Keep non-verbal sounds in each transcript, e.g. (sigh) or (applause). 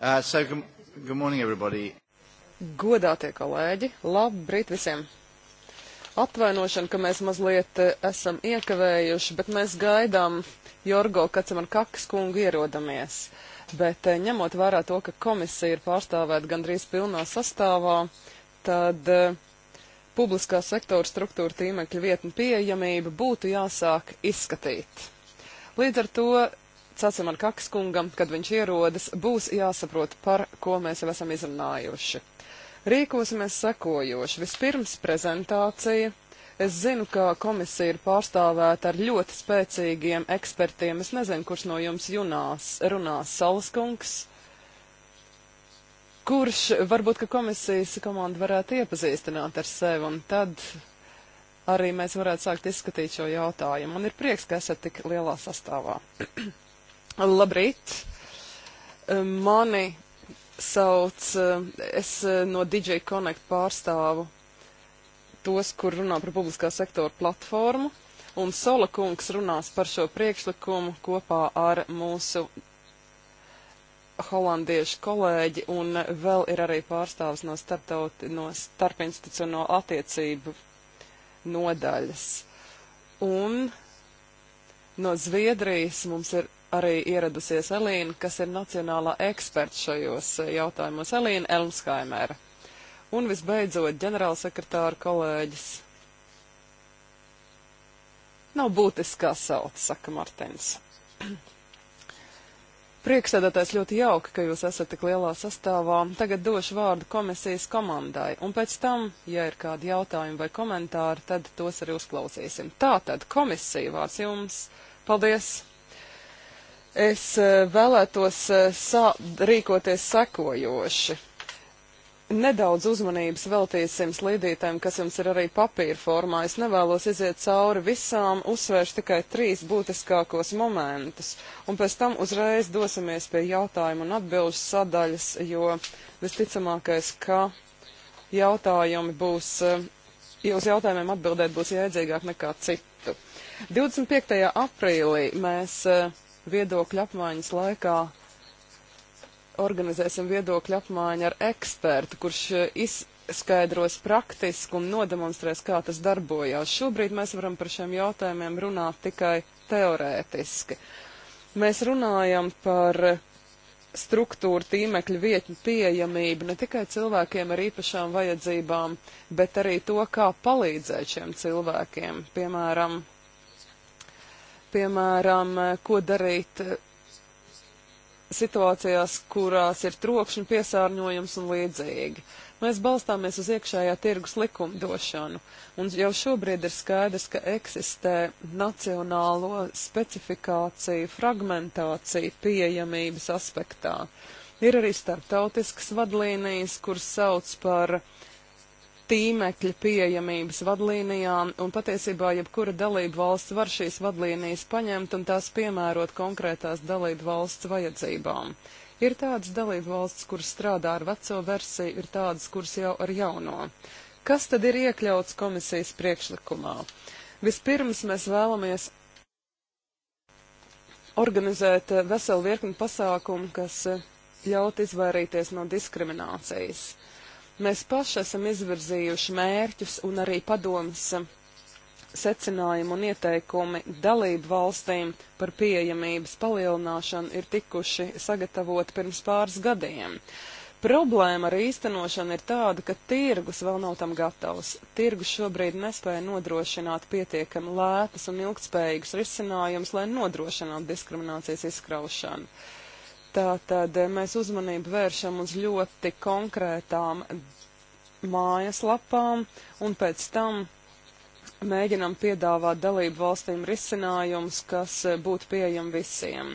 Uh, so, good, good morning, everybody. Godātie kolēģi, labrīt visiem! Atvainošana, ka mēs mazliet eh, esam iekavējuši, bet mēs gaidām Jorgo Kacamar Kakas kungu ierodamies. Bet eh, ņemot vērā to, ka komisija ir pārstāvēta gandrīz pilnā sastāvā, tad uh, publiskā sektora struktūra tīmekļa vietņu pieejamība būtu jāsāk izskatīt. Līdz ar to Cāciman Kakskungam, kad viņš ierodas, būs jāsaprot, par ko mēs jau esam izrunājuši. Rīkosimies sekojoši. Vispirms prezentācija. Es zinu, ka komisija ir pārstāvēta ar ļoti spēcīgiem ekspertiem. Es nezinu, kurš no jums junās, runās Salaskungs kurš varbūt, ka komisijas komanda varētu iepazīstināt ar sevi, un tad arī mēs varētu sākt izskatīt šo jautājumu. Man ir prieks, ka esat tik lielā sastāvā. (clears throat) Labrīt! Mani sauc, es eh, no DJ Connect pārstāvu tos, kur runā par publiskā sektora platformu, un Sola kungs runās par šo priekšlikumu kopā ar mūsu holandiešu kolēģi, un vēl ir arī pārstāvs no, no starpinstitucionālo attiecību nodaļas. Un no Zviedrijas mums ir arī ieradusies Elīna, kas ir nacionālā eksperta šajos eh, jautājumos, Elīna Elmskaimēra. Un visbeidzot, ģenerālsekretāra kolēģis. Nav būtiski, kā sauc, saka Martins. (clears throat) Priekšsēdētājs ļoti jauki, ka jūs esat tik lielā sastāvā. Tagad došu vārdu komisijas komandai, un pēc tam, ja ir kādi jautājumi vai komentāri, tad tos arī uzklausīsim. Tātad komisija vārds jums. Paldies! Es eh, vēlētos eh, sā, rīkoties sekojoši. Nedaudz uzmanības veltīsim slīdītēm, kas jums ir arī papīra formā. Es nevēlos iziet cauri visām, uzsvēršu tikai trīs būtiskākos momentus, un pēc tam uzreiz dosimies pie jautājumu un atbilžu sadaļas, jo visticamākais, ka jautājumi būs, ja eh, uz jautājumiem atbildēt būs jēdzīgāk nekā citu. 25. aprīlī mēs viedokļu apmaiņas laikā organizēsim viedokļu apmaiņu ar ekspertu, kurš eh, izskaidros praktiski un nodemonstrēs, kā tas darbojās. Šobrīd mēs varam par šiem jautājumiem runāt tikai teorētiski. Mēs runājam par struktūra, tīmekļa vietņu pieejamību ne tikai cilvēkiem ar īpašām vajadzībām, bet arī to, kā palīdzēt šiem cilvēkiem. Piemēram, piemēram, eh, ko darīt eh, situācijās, kurās ir trokšņa piesārņojums un līdzīgi. Mēs balstāmies uz iekšējā tirgus likumdošanu, un jau šobrīd ir skaidrs, ka eksistē nacionālo specifikāciju fragmentācija pieejamības aspektā. Ir arī starptautiskas vadlīnijas, kuras sauc par uh, tīmekļa pieejamības vadlīnijām, un patiesībā jebkura dalība valsts var šīs vadlīnijas paņemt un tās piemērot konkrētās dalība valsts vajadzībām. Ir tādas dalība valsts, kuras strādā ar veco versiju, ir tādas, kuras jau ar jauno. Kas tad ir iekļauts komisijas priekšlikumā? Vispirms mēs vēlamies organizēt eh, veselu virkni pasākumu, kas eh, ļaut izvairīties no diskriminācijas. Uh, Mēs paši esam izvirzījuši mērķus un arī padomas secinājumi un ieteikumi dalību valstīm par pieejamības palielināšanu ir tikuši sagatavoti pirms pāris gadiem. Problēma ar īstenošanu ir tāda, ka tirgus vēl nav tam gatavs. Tirgus šobrīd nespēja nodrošināt pietiekami lētas un ilgtspējīgas risinājumus, lai nodrošinātu diskriminācijas izkraušanu. Tātad eh, mēs uzmanību vēršam uz ļoti konkrētām mājaslapām, un pēc tam mēģinam piedāvāt dalību valstīm risinājumus, kas e, būtu pieejami visiem.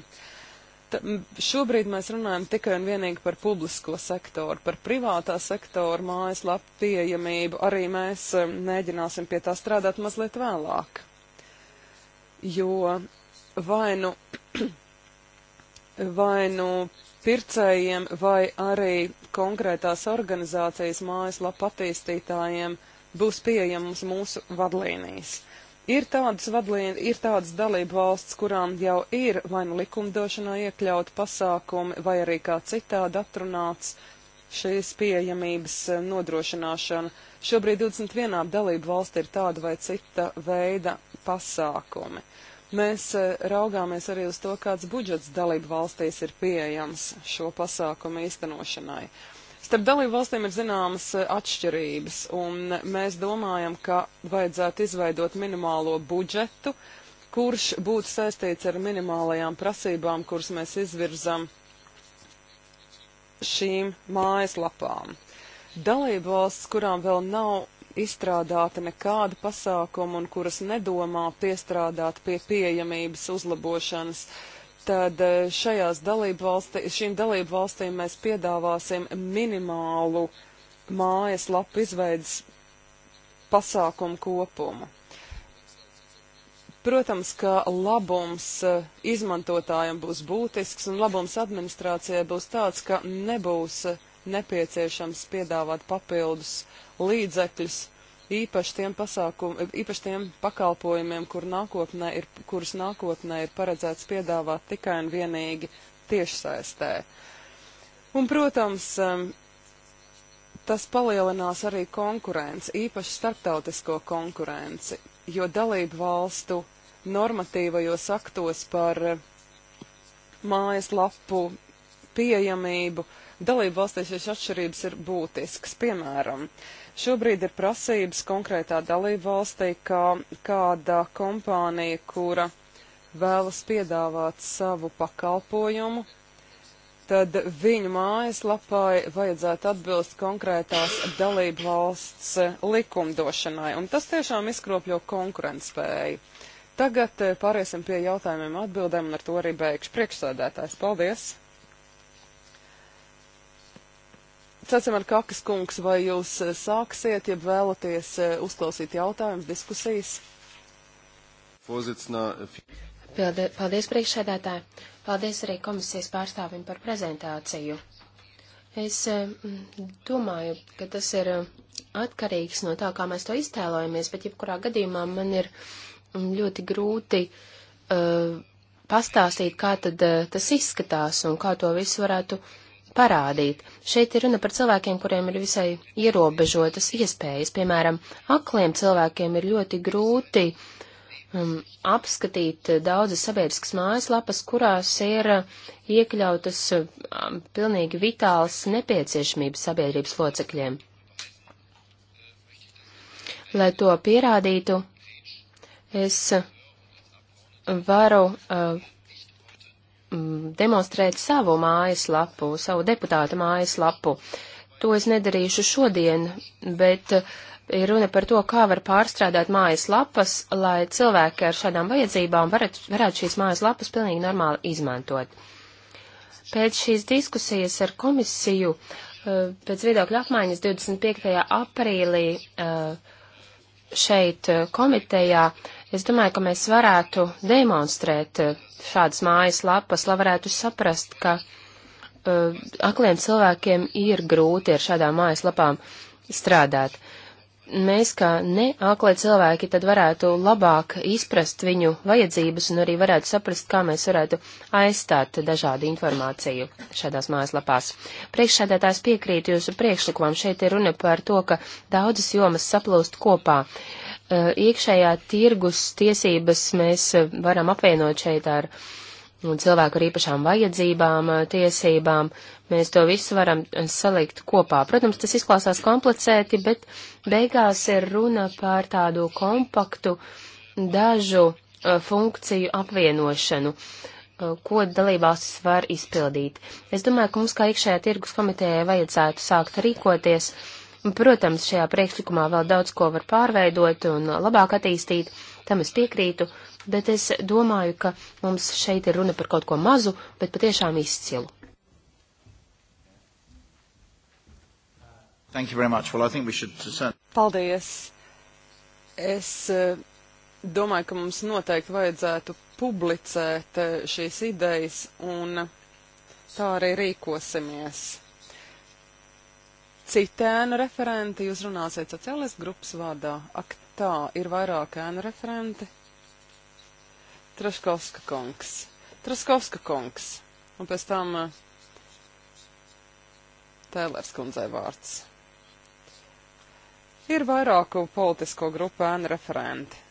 Ta, šobrīd mēs runājam tikai un vienīgi par publisko sektoru, par privātā sektora mājaslapu pieejamību. Arī mēs e, mēģināsim pie tā strādāt mazliet vēlāk. Jo vai nu, (clears throat) vai nu pircējiem, vai arī konkrētās organizācijas mājaslapu attīstītājiem būs pieejamas mūsu vadlīnijas. Ir tādas, vadlīn, ir tādas dalību valsts, kurām jau ir vai nu likumdošanā iekļauti pasākumi, vai arī kā citādi atrunāts šīs pieejamības eh, nodrošināšana. Šobrīd 21 dalību valsti ir tāda vai cita veida pasākumi. Uh, Mēs eh, raugāmies arī uz to, kāds budžets dalību valstīs ir pieejams šo pasākumu īstenošanai. Starp dalību valstīm ir zināmas eh, atšķirības, un mēs domājam, ka vajadzētu izveidot minimālo budžetu, kurš būtu saistīts ar minimālajām prasībām, kuras mēs izvirzam šīm mājaslapām. Dalību valsts, kurām vēl nav izstrādāta nekāda pasākuma un kuras nedomā piestrādāt pie pieejamības uzlabošanas, tad e, šajās dalību valstī, šīm dalību valstīm mēs piedāvāsim minimālu mājas lapu izveidas pasākumu kopumu. Protams, ka labums e, izmantotājiem būs būtisks un labums administrācijai būs tāds, ka nebūs uh, nepieciešams piedāvāt papildus līdzekļus īpaši tiem, pasākumu, īpaši tiem pakalpojumiem, kur nākotnē ir, kurus nākotnē ir paredzēts piedāvāt tikai un vienīgi tiešsaistē. Un, protams, tas palielinās arī konkurenci, īpaši starptautisko konkurenci, jo dalību valstu normatīvajos aktos par mājas lapu pieejamību uh, Dalību valstīs šīs atšķirības ir būtiskas. Piemēram, šobrīd ir prasības konkrētā dalību valstī, ka kāda kompānija, kura vēlas piedāvāt savu pakalpojumu, tad viņu mājaslapai vajadzētu atbilst konkrētās dalību valsts likumdošanai, un tas tiešām izkropļo konkurentspēju. Tagad eh, pāriesim pie jautājumiem atbildēm, un ar to arī beigšu priekšsēdētājs. Paldies! Cēsimēr Kakas kungs, vai jūs eh, sāksiet, ja vēlaties eh, uzklausīt jautājumus, diskusijas? Paldies, priekšsēdētāji. Paldies arī komisijas pārstāvim par prezentāciju. Es eh, domāju, ka tas ir atkarīgs no tā, kā mēs to iztēlojamies, bet jebkurā gadījumā man ir ļoti grūti uh, pastāstīt, kā tad uh, tas izskatās un kā to visu varētu uh, parādīt. Šeit ir runa par cilvēkiem, kuriem ir visai ierobežotas iespējas. Piemēram, akliem cilvēkiem ir ļoti grūti um, apskatīt daudzas sabiedriskas mājaslapas, kurās ir iekļautas um, pilnīgi vitāls nepieciešamības sabiedrības locekļiem. Lai to pierādītu, es varu uh, Mm, demonstrēt savu mājaslapu, savu deputāta mājaslapu. To es nedarīšu šodien, bet eh, ir runa par to, kā var pārstrādāt mājaslapas, lai cilvēki ar šādām vajadzībām varētu, varētu šīs mājaslapas pilnīgi normāli izmantot. Pēc šīs diskusijas ar komisiju, eh, pēc viedokļa apmaiņas 25. aprīlī eh, šeit komitejā, Es domāju, ka mēs varētu demonstrēt eh, šādas mājas lapas, lai varētu saprast, ka uh, akliem cilvēkiem ir grūti ar šādām mājas lapām strādāt. Mēs, kā neaklie cilvēki, tad varētu labāk izprast viņu vajadzības un arī varētu saprast, kā mēs varētu aizstāt dažādu informāciju šādās mājaslapās. Priekšsēdētājs piekrīt jūsu priekšlikumam. Šeit ir runa par to, ka daudzas jomas saplūst kopā. Uh, Eh, iekšējā tirgus tiesības mēs eh, varam apvienot šeit ar nu, cilvēku ar īpašām vajadzībām, eh, tiesībām. Mēs to visu varam salikt kopā. Protams, tas izklausās komplicēti, bet beigās ir runa par tādu kompaktu dažu funkciju apvienošanu, ko dalībvalstis var izpildīt. Es domāju, ka mums kā iekšējā tirgus komitejai vajadzētu sākt rīkoties Protams, šajā priekšlikumā vēl daudz ko var pārveidot un labāk attīstīt, tam es piekrītu, bet es domāju, ka mums šeit ir runa par kaut ko mazu, bet patiešām izcilu. Well, should... Paldies! Es eh, domāju, ka mums noteikti vajadzētu publicēt eh, šīs idejas un tā arī rīkosimies citi ēnu referenti, jūs runāsiet sociālistu grupas vārdā. Ak, tā, ir vairāk ēnu referenti. Traškovska kungs. Traškovska kungs. Un pēc tam uh, Tēlers kundzei vārds. Ir vairāku politisko grupu ēnu referenti.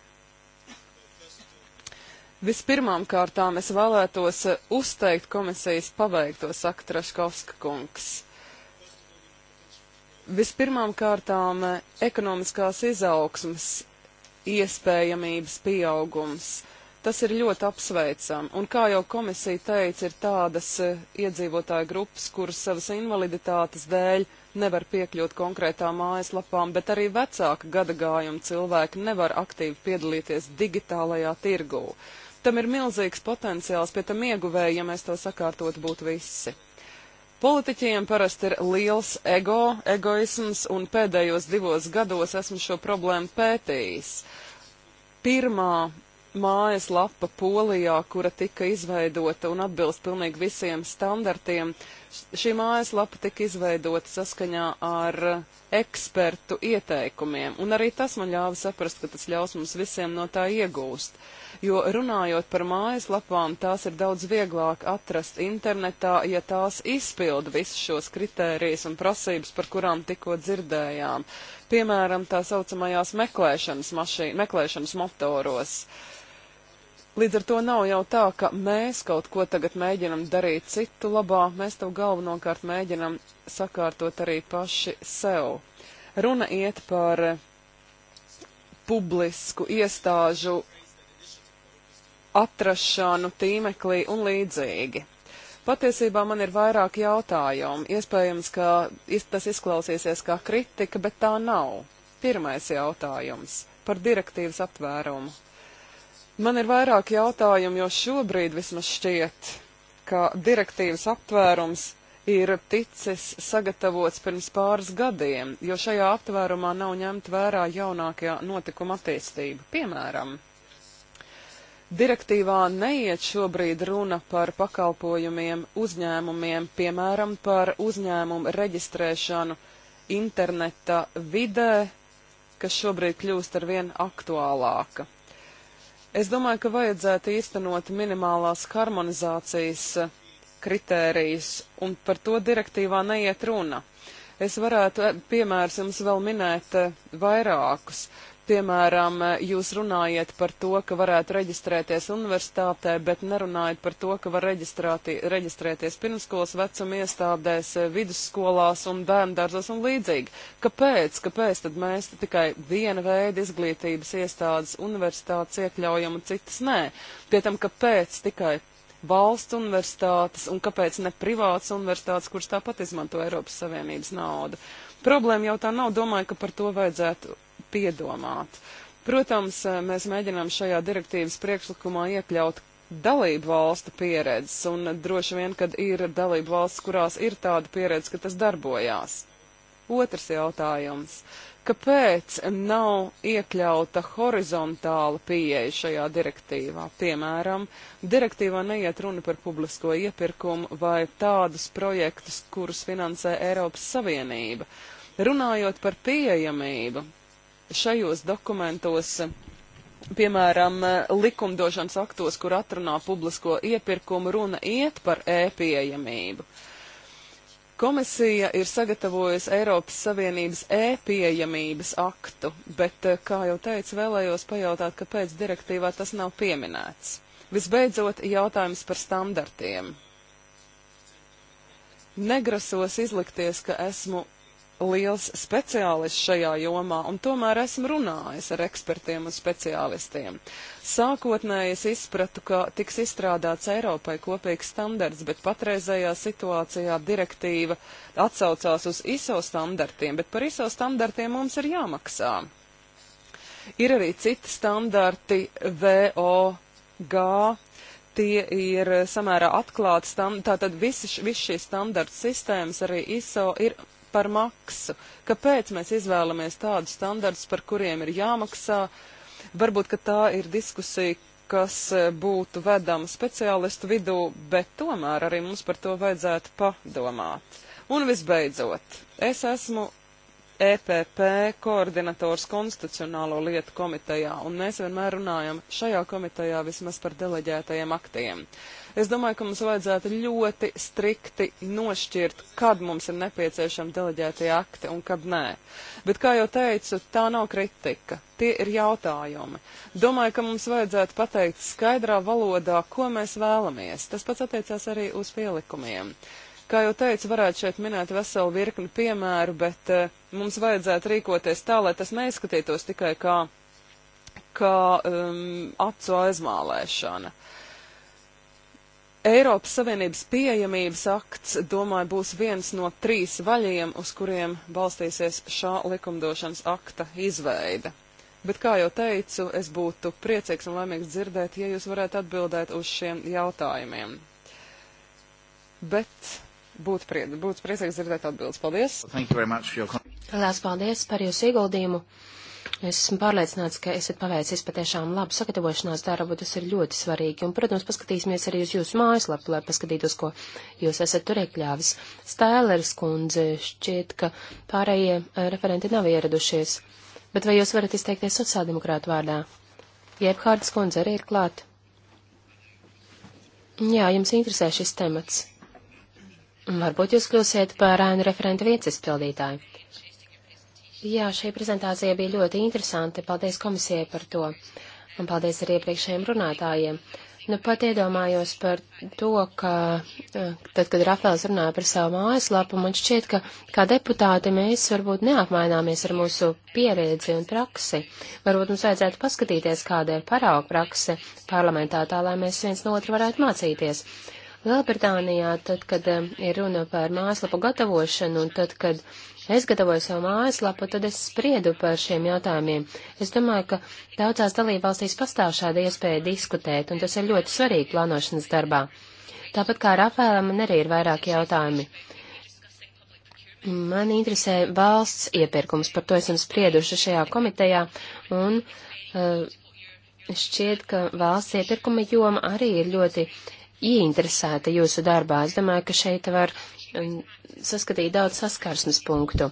Vispirmām kārtām es vēlētos eh, uzteikt komisijas paveikto, saka Traškovska kungs. Vispirmām kārtām eh, ekonomiskās izaugsmas iespējamības pieaugums. Tas ir ļoti apsveicam, un kā jau komisija teica, ir tādas eh, iedzīvotāju grupas, kuras savas invaliditātes dēļ nevar piekļūt konkrētām mājaslapām, bet arī vecāka gadagājuma cilvēki nevar aktīvi piedalīties digitālajā tirgū. Tam ir milzīgs potenciāls, pie tam ieguvēji, ja mēs to sakārtot būtu visi. Politiķiem parasti ir liels ego, egoisms, un pēdējos divos gados esmu šo problēmu pētījis. Pirmā mājaslapa Polijā, kura tika izveidota un atbilst pilnīgi visiem standartiem. Šī mājaslapa tika izveidota saskaņā ar ekspertu ieteikumiem, un arī tas man ļāva saprast, ka tas ļaus mums visiem no tā iegūst. Jo runājot par mājaslapām, tās ir daudz vieglāk atrast internetā, ja tās izpilda visus šos kritērijus un prasības, par kurām tikko dzirdējām. Piemēram, tā saucamajās meklēšanas, mašīna, meklēšanas motoros. Uh, Līdz ar to nav jau tā, ka mēs kaut ko tagad mēģinam darīt citu labā, mēs to galvenokārt mēģinam sakārtot arī paši sev. Runa iet par publisku iestāžu atrašanu tīmeklī un līdzīgi. Patiesībā man ir vairāk jautājumu. Iespējams, ka tas izklausīsies kā kritika, bet tā nav. Pirmais jautājums par direktīvas aptvērumu. Man ir vairāk jautājumu, jo šobrīd vismaz šķiet, ka direktīvas aptvērums ir ticis sagatavots pirms pāris gadiem, jo šajā aptvērumā nav ņemt vērā jaunākajā notikuma attīstība. Piemēram, direktīvā neiet šobrīd runa par pakalpojumiem uzņēmumiem, piemēram, par uzņēmumu reģistrēšanu interneta vidē, kas šobrīd kļūst arvien aktuālāka. Es domāju, ka vajadzētu īstenot minimālās harmonizācijas eh, kritērijus, un par to direktīvā neiet runa. Es varētu eh, piemērs jums vēl minēt eh, vairākus, Piemēram, jūs runājat par to, ka varētu reģistrēties universitātē, bet nerunājat par to, ka var reģistrēties pirmskolas vecuma iestādēs, vidusskolās un bērndārzos un līdzīgi. Kāpēc? Kāpēc tad mēs tikai viena veida izglītības iestādes universitātes iekļaujam un citas nē? Pie tam, kāpēc tikai valsts universitātes un kāpēc ne privātas universitātes, kuras tāpat izmanto Eiropas Savienības naudu. Problēma jau tā nav, domāju, ka par to vajadzētu piedomāt. Protams, eh, mēs mēģinām šajā direktīvas priekšlikumā iekļaut dalību valstu pieredzes, un droši vien, kad ir dalību valsts, kurās ir tāda pieredze, ka tas darbojās. Otrs jautājums. Kāpēc nav iekļauta horizontāla pieeja šajā direktīvā? Piemēram, direktīvā neiet runa par publisko iepirkumu vai tādus projektus, kurus finansē Eiropas Savienība. Runājot par pieejamību, šajos dokumentos, piemēram, likumdošanas aktos, kur atrunā publisko iepirkumu, runa iet par ēpieejamību. Komisija ir sagatavojusi Eiropas Savienības e-pieejamības aktu, bet, eh, kā jau teicu, vēlējos pajautāt, kāpēc direktīvā tas nav pieminēts. Visbeidzot, jautājums par standartiem. Negrasos izlikties, ka esmu liels speciālists šajā jomā, un tomēr esmu runājis ar ekspertiem un speciālistiem. Sākotnēji es izpratu, ka tiks izstrādāts Eiropai kopīgs standarts, bet patreizējā situācijā direktīva atsaucās uz ISO standartiem, bet par ISO standartiem mums ir jāmaksā. Ir arī citi standarti VOG. Tie ir samērā atklāti, tātad visi, visi šīs standarta sistēmas, arī ISO, ir par maksu. Kāpēc mēs izvēlamies tādus standartus, par kuriem ir jāmaksā? Varbūt, ka tā ir diskusija, kas e, būtu vedama speciālistu vidū, bet tomēr arī mums par to vajadzētu padomāt. Un visbeidzot, es esmu EPP koordinators konstitucionālo lietu komitejā, un mēs vienmēr runājam šajā komitejā vismaz par deleģētajiem aktiem. Uh, Es domāju, ka mums vajadzētu ļoti strikti nošķirt, kad mums ir nepieciešami deleģētie akti un kad nē. Bet, kā jau teicu, tā nav kritika. Tie ir jautājumi. Domāju, ka mums vajadzētu pateikt skaidrā valodā, ko mēs vēlamies. Tas pats attiecās arī uz pielikumiem kā jau teicu, varētu šeit minēt veselu virkni piemēru, bet uh, mums vajadzētu rīkoties tā, lai tas neizskatītos tikai kā, kā um, acu aizmālēšana. Uh, Eiropas Savienības pieejamības akts, domāju, būs viens no trīs vaļiem, uz kuriem balstīsies šā likumdošanas akta izveide. Bet, kā jau teicu, es būtu priecīgs un laimīgs dzirdēt, ja jūs varētu atbildēt uz šiem jautājumiem. Bet būtu, prie, būtu priecīgs dzirdēt atbildes. Paldies! Lielas your... paldies par jūsu ieguldījumu! Esmu pārliecināts, ka esat paveicis patiešām labu sagatavošanās darbu, tas ir ļoti svarīgi. Un, protams, paskatīsimies arī uz jūsu mājaslapu, lai paskatītos, ko jūs esat tur iekļāvis. Stēlers kundze, šķiet, ka pārējie eh, referenti nav ieradušies. Bet vai jūs varat izteikties sociāldemokrātu vārdā? Jebhārdas kundze arī ir klāt. Jā, jums interesē šis temats. Varbūt jūs kļūsiet par ēnu referenta vietas pildītāju. Jā, šī prezentācija bija ļoti interesanti. Paldies komisijai par to. Un paldies arī iepriekšējiem runātājiem. Nu, pat iedomājos par to, ka eh, tad, kad Rafēls runāja par savu mājaslapu, man šķiet, ka kā deputāti mēs varbūt neapmaināmies ar mūsu pieredzi un praksi. Varbūt mums vajadzētu paskatīties, kāda ir parauga prakse parlamentā, tā lai mēs viens no otru varētu mācīties. Lielbritānijā, tad, kad um, ir runa par mājaslapu gatavošanu, un tad, kad es gatavoju savu mājaslapu, tad es spriedu par šiem jautājumiem. Es domāju, ka daudzās dalībvalstīs pastāv šāda iespēja diskutēt, un tas ir ļoti svarīgi plānošanas darbā. Tāpat kā Rafēlam, man arī ir vairāki jautājumi. Man interesē valsts iepirkums, par to esam sprieduši šajā komitejā, un uh, šķiet, ka valsts iepirkuma joma arī ir ļoti ieinteresēta jūsu darbā. Es domāju, ka šeit var um, saskatīt daudz saskarsmes punktu.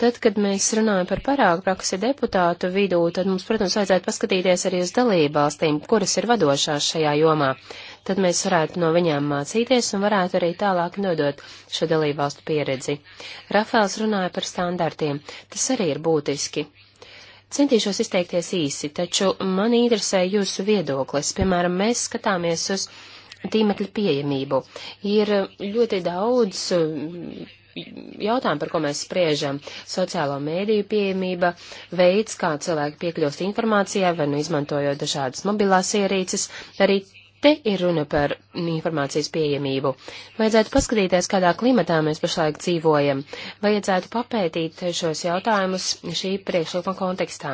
Tad, kad mēs runājam par parāgu praksi deputātu vidū, tad mums, protams, vajadzētu paskatīties arī uz dalībvalstīm, kuras ir vadošās šajā jomā. Tad mēs varētu no viņām mācīties un varētu arī tālāk nodot šo dalībvalstu pieredzi. Rafēls runāja par standartiem. Tas arī ir būtiski. Centīšos izteikties īsi, taču man interesē jūsu viedoklis. Piemēram, mēs skatāmies uz tīmekļa pieejamību. Ir ļoti daudz mm, jautājumu, par ko mēs spriežam. Sociālo mēdīju pieejamība, veids, kā cilvēki piekļūst informācijai, vai nu izmantojot dažādas mobilās ierīces, arī Te ir runa par informācijas pieejamību. Vajadzētu paskatīties, kādā klimatā mēs pašlaik dzīvojam. Vajadzētu papētīt šos jautājumus šī priekšlikuma kontekstā.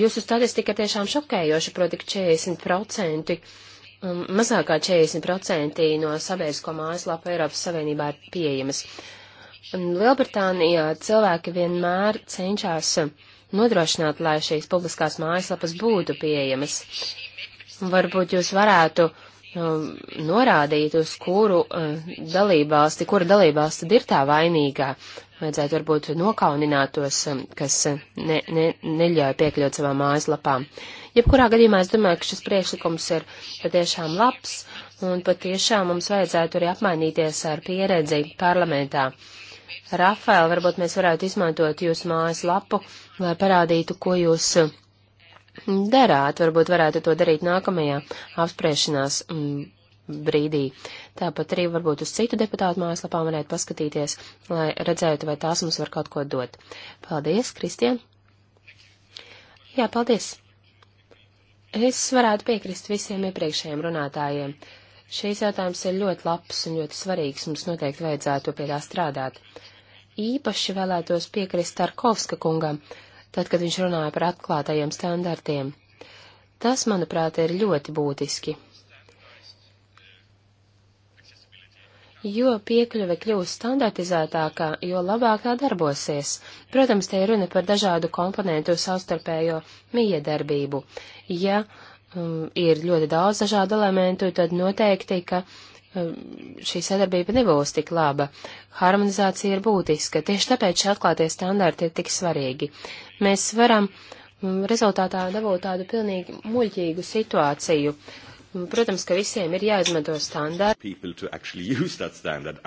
Jūsu statistika tiešām šokējoša, proti 40% Um, mazākā 40% no sabiedrisko mājaslapu Eiropas Savienībā ir pieejamas. Lielbritānijā cilvēki vienmēr cenšas nodrošināt, lai šīs publiskās mājaslapas būtu pieejamas. Varbūt jūs varētu um, norādīt, uz kuru uh, dalībvalsti, kura dalībvalsti ir tā vainīgā. Vajadzētu varbūt nokaunināt tos, um, kas uh, ne, ne, neļauj piekļūt savām mājaslapām. Uh, Jebkurā gadījumā es domāju, ka šis priekšlikums ir patiešām labs, un patiešām mums vajadzētu arī apmainīties ar pieredzi parlamentā. Rafael, varbūt mēs varētu izmantot jūsu mājas lapu, lai parādītu, ko jūs mm, darāt. Varbūt varētu to darīt nākamajā apspriešanās mm, brīdī. Tāpat arī varbūt uz citu deputātu mājaslapām varētu paskatīties, lai redzētu, vai tās mums var kaut ko dot. Paldies, Kristien! Jā, paldies! Es varētu piekrist visiem iepriekšējiem runātājiem. Šīs jautājums ir ļoti labs un ļoti svarīgs, mums noteikti vajadzētu pie tā strādāt. Īpaši vēlētos piekrist Tarkovska kungam, tad, kad viņš runāja par atklātajiem standartiem. Tas, manuprāt, ir ļoti būtiski. jo piekļuve kļūs standartizētākā, jo labāk tā darbosies. Protams, te ir runa par dažādu komponentu savstarpējo miedarbību. Ja um, ir ļoti daudz dažādu elementu, tad noteikti, ka um, šī sadarbība nebūs tik laba. Harmonizācija ir būtiska, tieši tāpēc šie atklātie standarti ir tik svarīgi. Mēs varam um, rezultātā dabūt tādu pilnīgi muļķīgu situāciju. Uh, Protams, ka visiem ir jāizmanto standarti. (laughs) Standard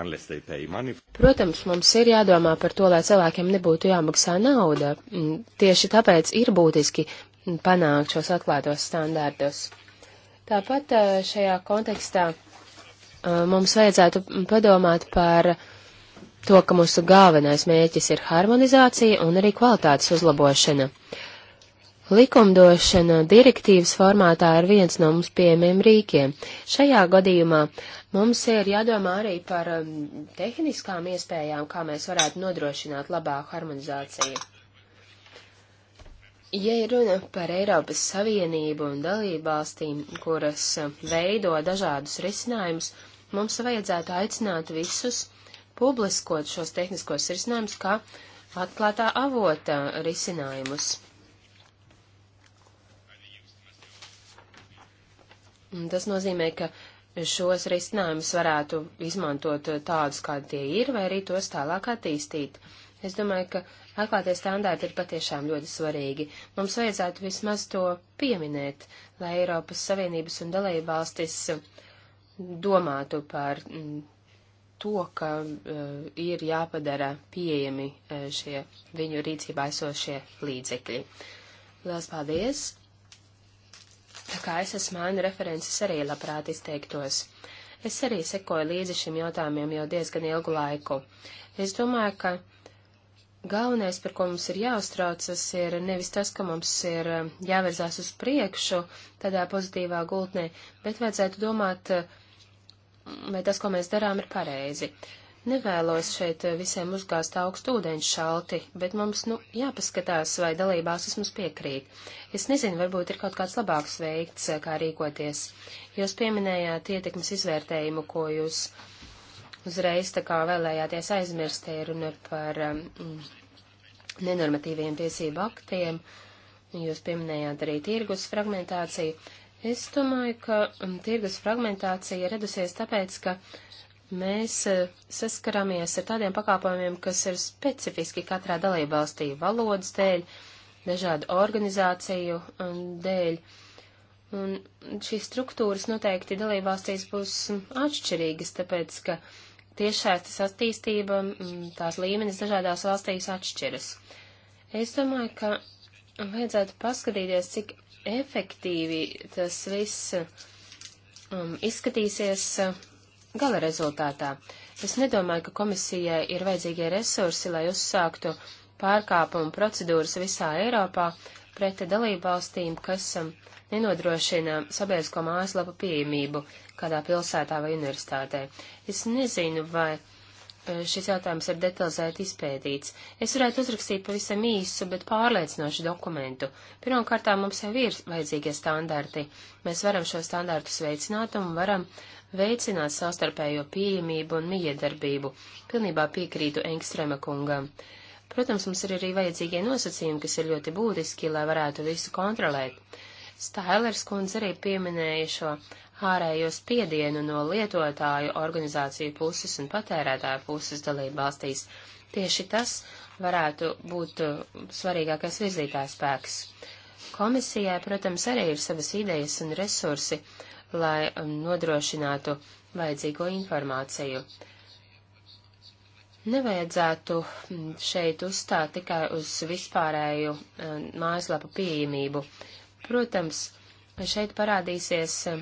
Protams, mums ir jādomā par to, lai cilvēkiem nebūtu jāmaksā nauda. Tieši tāpēc ir būtiski panākt šos atklātos standārtus. Tāpat šajā kontekstā mums vajadzētu padomāt par to, ka mūsu galvenais mērķis ir harmonizācija un arī kvalitātes uzlabošana. Uh, Likumdošana direktīvas formātā ir viens no mums pieejamiem rīkiem. Šajā gadījumā mums ir jādomā arī par um, tehniskām iespējām, kā mēs varētu nodrošināt labāku harmonizāciju. Ja ir runa par Eiropas Savienību un dalībvalstīm, kuras um, veido dažādus risinājumus, mums vajadzētu aicināt visus publiskot šos tehniskos risinājumus kā atklātā avota risinājumus. Tas nozīmē, ka šos risinājumus varētu izmantot tādus, kādi tie ir, vai arī tos tālāk attīstīt. Es domāju, ka atklātie standārti ir patiešām ļoti svarīgi. Mums vajadzētu vismaz to pieminēt, lai Eiropas Savienības un dalība valstis domātu par mm, to, ka uh, ir jāpadara pieejami uh, šie viņu rīcībā esošie līdzekļi. Lielas paldies! tā kā es esmu ēnu references arī labprāt izteiktos. Es arī sekoju līdzi šim jautājumiem jau diezgan ilgu laiku. Es domāju, ka galvenais, par ko mums ir jāuztraucas, ir nevis tas, ka mums ir eh, jāvirzās uz priekšu tādā pozitīvā gultnē, bet vajadzētu domāt, eh, vai tas, ko mēs darām, ir pareizi. Nevēlos šeit eh, visiem uzgāzt augstu ūdeņu šalti, bet mums, nu, jāpaskatās, vai dalībās vismaz piekrīt. Es nezinu, varbūt ir kaut kāds labāks veikts, eh, kā rīkoties. Jūs pieminējāt ietekmes izvērtējumu, ko jūs uzreiz tā kā vēlējāties aizmirst, ir runa par mm, nenormatīviem tiesību aktiem. Jūs pieminējāt arī tirgus fragmentāciju. Es domāju, ka mm, tirgus fragmentācija redusies tāpēc, ka mēs e, saskaramies ar tādiem pakāpojumiem, kas ir specifiski katrā dalībvalstī valodas dēļ, dažādu organizāciju um, dēļ. Un šīs struktūras noteikti dalībvalstīs būs um, atšķirīgas, tāpēc, ka tiešsaistes attīstība, um, tās līmenis dažādās valstīs atšķiras. Es domāju, ka vajadzētu paskatīties, cik efektīvi tas viss um, izskatīsies gala rezultātā. Es nedomāju, ka komisijai ir vajadzīgie resursi, lai uzsāktu pārkāpumu procedūras visā Eiropā pret dalību valstīm, kas um, nenodrošina sabiedrisko mājaslapu pieejamību kādā pilsētā vai universitātē. Es nezinu, vai uh, šis jautājums ir detalizēti izpētīts. Es varētu uzrakstīt pavisam īsu, bet pārliecinošu dokumentu. Pirmkārtām mums jau ir vajadzīgie standarti. Mēs varam šo standartu sveicināt un varam uh, veicināt savstarpējo pieejamību un miedarbību. Pilnībā piekrītu Engstrēma kungam. Protams, mums ir arī vajadzīgie nosacījumi, kas ir ļoti būtiski, lai varētu visu kontrolēt. Stailers kundze arī pieminēja šo ārējo spiedienu no lietotāju organizāciju puses un patērētāju puses dalību valstīs. Tieši tas varētu būt uh, svarīgākais virzītājspēks. Komisijai, protams, arī ir savas idejas un resursi, lai um, nodrošinātu vajadzīgo informāciju. Nevajadzētu mm, šeit uzstāt tikai uz vispārēju um, mājaslapu pieejamību. Protams, šeit parādīsies um,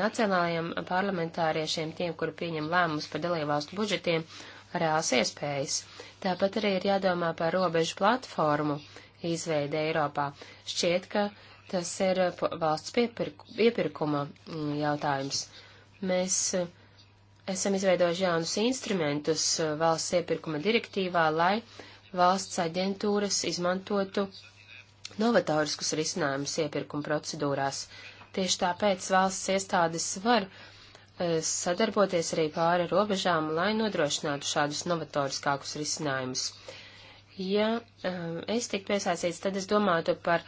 nacionālajiem parlamentāriešiem, tiem, kuri pieņem lēmumus par dalībvalstu budžetiem, reāls iespējas. Tāpat arī ir jādomā par robežu platformu izveidi Eiropā. Šķiet, ka Tas ir eh, valsts piepirku, iepirkuma mm, jautājums. Mēs eh, esam izveidojuši jaunus instrumentus eh, valsts iepirkuma direktīvā, lai valsts aģentūras izmantotu novatoriskus risinājumus iepirkuma procedūrās. Tieši tāpēc valsts iestādes var sadarboties arī pāri robežām, lai nodrošinātu šādus novatoriskākus risinājumus. Ja um, es tiktu iesaistīts, tad es domātu par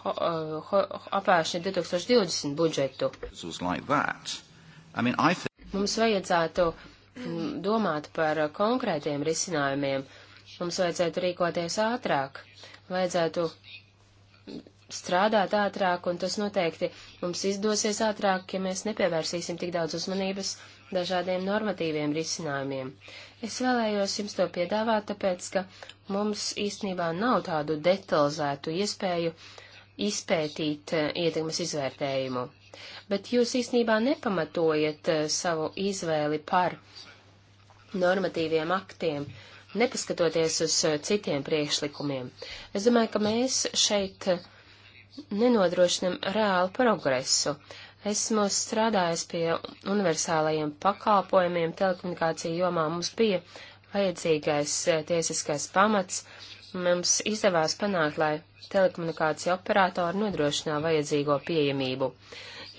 ho, eh, ho, apvēršanu 2020 budžetu. I mean, I think... Mums vajadzētu mm, domāt par konkrētiem risinājumiem. Mums vajadzētu rīkoties ātrāk. Vajadzētu strādāt ātrāk, un tas noteikti mums izdosies ātrāk, ja mēs nepievērsīsim tik daudz uzmanības dažādiem normatīviem risinājumiem. Es vēlējos jums to piedāvāt, tāpēc, ka mums īstenībā nav tādu detalizētu iespēju izpētīt eh, ietekmes izvērtējumu. Bet jūs īstenībā nepamatojat eh, savu izvēli par normatīviem aktiem, nepaskatoties uz eh, citiem priekšlikumiem. Es domāju, ka mēs šeit nenodrošinam reālu progresu. Esmu strādājis pie universālajiem pakalpojumiem telekomunikāciju jomā. Mums bija vajadzīgais eh, tiesiskais pamats. Mums izdevās panākt, lai telekomunikāciju operatori nodrošinā vajadzīgo pieejamību.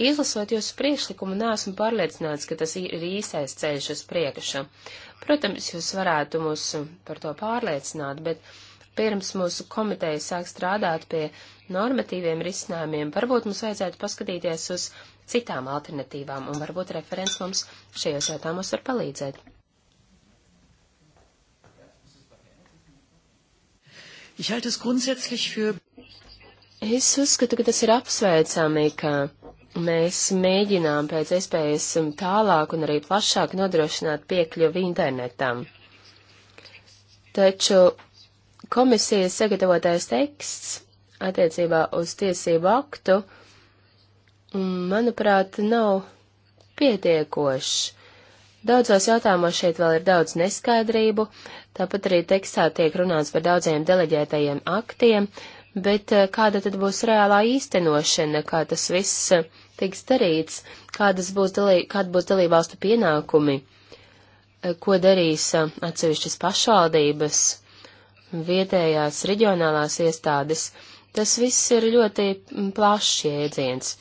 Izlasot jūsu priekšlikumu, neesmu pārliecināts, ka tas ir īsais ceļš uz priekšu. Protams, jūs varētu mūs par to pārliecināt, bet pirms mūsu komiteja sāk strādāt pie normatīviem risinājumiem, varbūt mums vajadzētu paskatīties uz citām alternatīvām, un varbūt referents mums šajos jautājumos var palīdzēt. Es uzskatu, ka tas ir apsveicami, ka mēs mēģinām pēc iespējas tālāk un arī plašāk nodrošināt piekļuvi internetam. Taču komisijas sagatavotais teksts attiecībā uz tiesību aktu uh, manuprāt, nav pietiekošs. Daudzos jautājumos šeit vēl ir daudz neskaidrību, tāpat arī tekstā tiek runāts par daudziem deleģētajiem aktiem, bet eh, kāda tad būs reālā īstenošana, kā tas viss eh, tiks darīts, kādas būs, dalī, kāda būs dalībvalstu pienākumi, eh, ko darīs atsevišķas pašvaldības, vietējās reģionālās iestādes. Tas viss ir ļoti mm, plašs jēdziens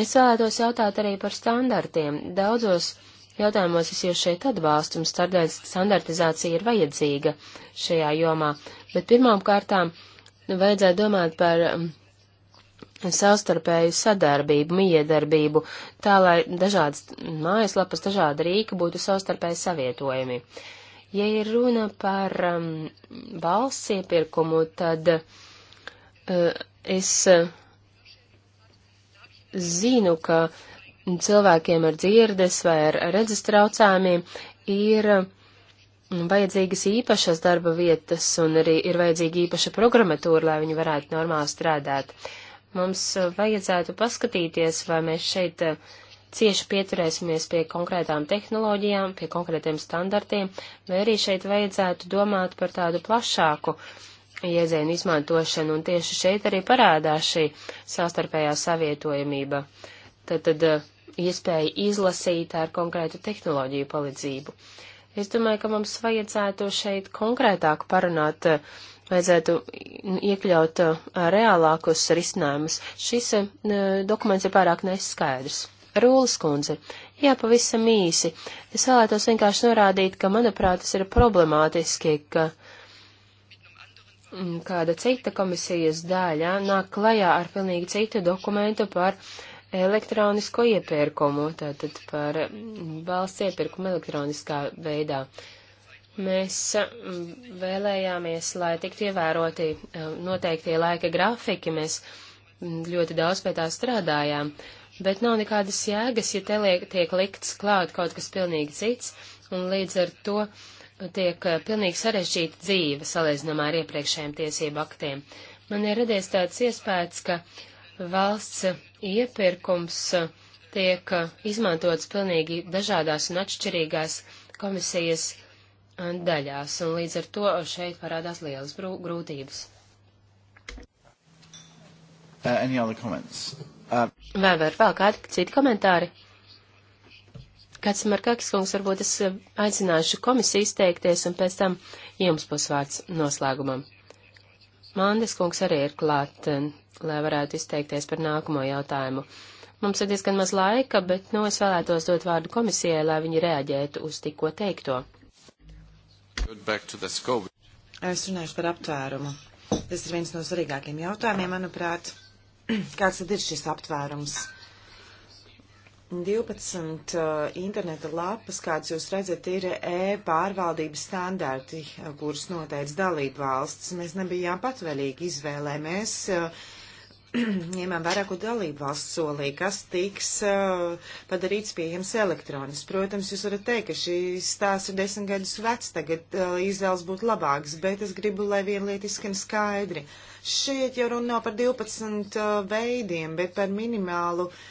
es vēlētos jautāt arī par standartiem. Daudzos jautājumos es jūs šeit atbalstu, un standartizācija ir vajadzīga šajā jomā, bet pirmām kārtām nu, vajadzētu domāt par um, savstarpēju sadarbību, miedarbību, tā lai dažādas mājaslapas, dažāda rīka būtu savstarpēji savietojami. Ja ir runa par um, valsts iepirkumu, tad uh, es. Uh, zinu, ka cilvēkiem ar dzirdes vai ar redzes traucējumiem ir mm, vajadzīgas īpašas darba vietas un arī ir vajadzīga īpaša programmatūra, lai viņi varētu normāli strādāt. Mums vajadzētu paskatīties, vai mēs šeit eh, cieši pieturēsimies pie konkrētām tehnoloģijām, pie konkrētiem standartiem, vai arī šeit vajadzētu domāt par tādu plašāku uh, jēdzienu izmantošanu, un tieši šeit arī parādās šī sastarpējā savietojamība. Tad, tad eh, iespēja izlasīt ar konkrētu tehnoloģiju palīdzību. Es domāju, ka mums vajadzētu šeit konkrētāk parunāt, eh, vajadzētu iekļaut eh, reālākus risinājumus. Šis dokuments ir pārāk neskaidrs. Rūlis kundze, jā, pavisam īsi. Es vēlētos vienkārši norādīt, ka, manuprāt, tas ir problemātiski, ka Mm, kāda cita komisijas daļa nāk klajā ar pilnīgi citu dokumentu par elektronisko iepirkumu, tātad par mm, valsts iepirkumu elektroniskā veidā. Mēs mm, vēlējāmies, lai tiktu ievēroti noteiktie laika grafiki, mēs ļoti daudz pie tā strādājām, bet nav nekādas jēgas, ja te liek, tiek likts klāt kaut kas pilnīgi cits, un līdz ar to uh, tiek eh, pilnīgi sarežģīta dzīve salīdzinām ar iepriekšējiem tiesību aktiem. Man ir radies tāds iespējas, ka valsts iepirkums eh, tiek eh, izmantots pilnīgi dažādās un atšķirīgās komisijas daļās, un līdz ar to šeit parādās lielas grūtības. Uh, uh... Vai var vēl kādi citi komentāri? Kāds Markakis kungs, varbūt es eh, aicināšu komisiju izteikties, un pēc tam jums būs vārds noslēgumam. Mandes kungs arī ir klāt, eh, lai varētu izteikties par nākamo jautājumu. Mums ir diezgan maz laika, bet, nu, es vēlētos dot vārdu komisijai, lai viņi reaģētu uz tikko teikto. Es runāšu par aptvērumu. Tas ir viens no svarīgākiem jautājumiem, manuprāt. (clears throat) Kāds tad ir šis aptvērums? 12 uh, interneta lapas, kādas jūs redzat, ir e-pārvaldības standarti, uh, kurus noteica dalību valsts. Mēs nebijām patvaļīgi izvēlē. Mēs uh, (clears throat) ņēmām vairāku dalību valsts solī, kas tiks padarīts pieejams elektronis. Protams, jūs varat teikt, ka šīs tās ir desmit gadus vecs, tagad izvēles būtu labākas, bet es gribu, lai viena lieta izskan skaidri. Šeit jau runa nav par 12 veidiem, bet par minimālu uh,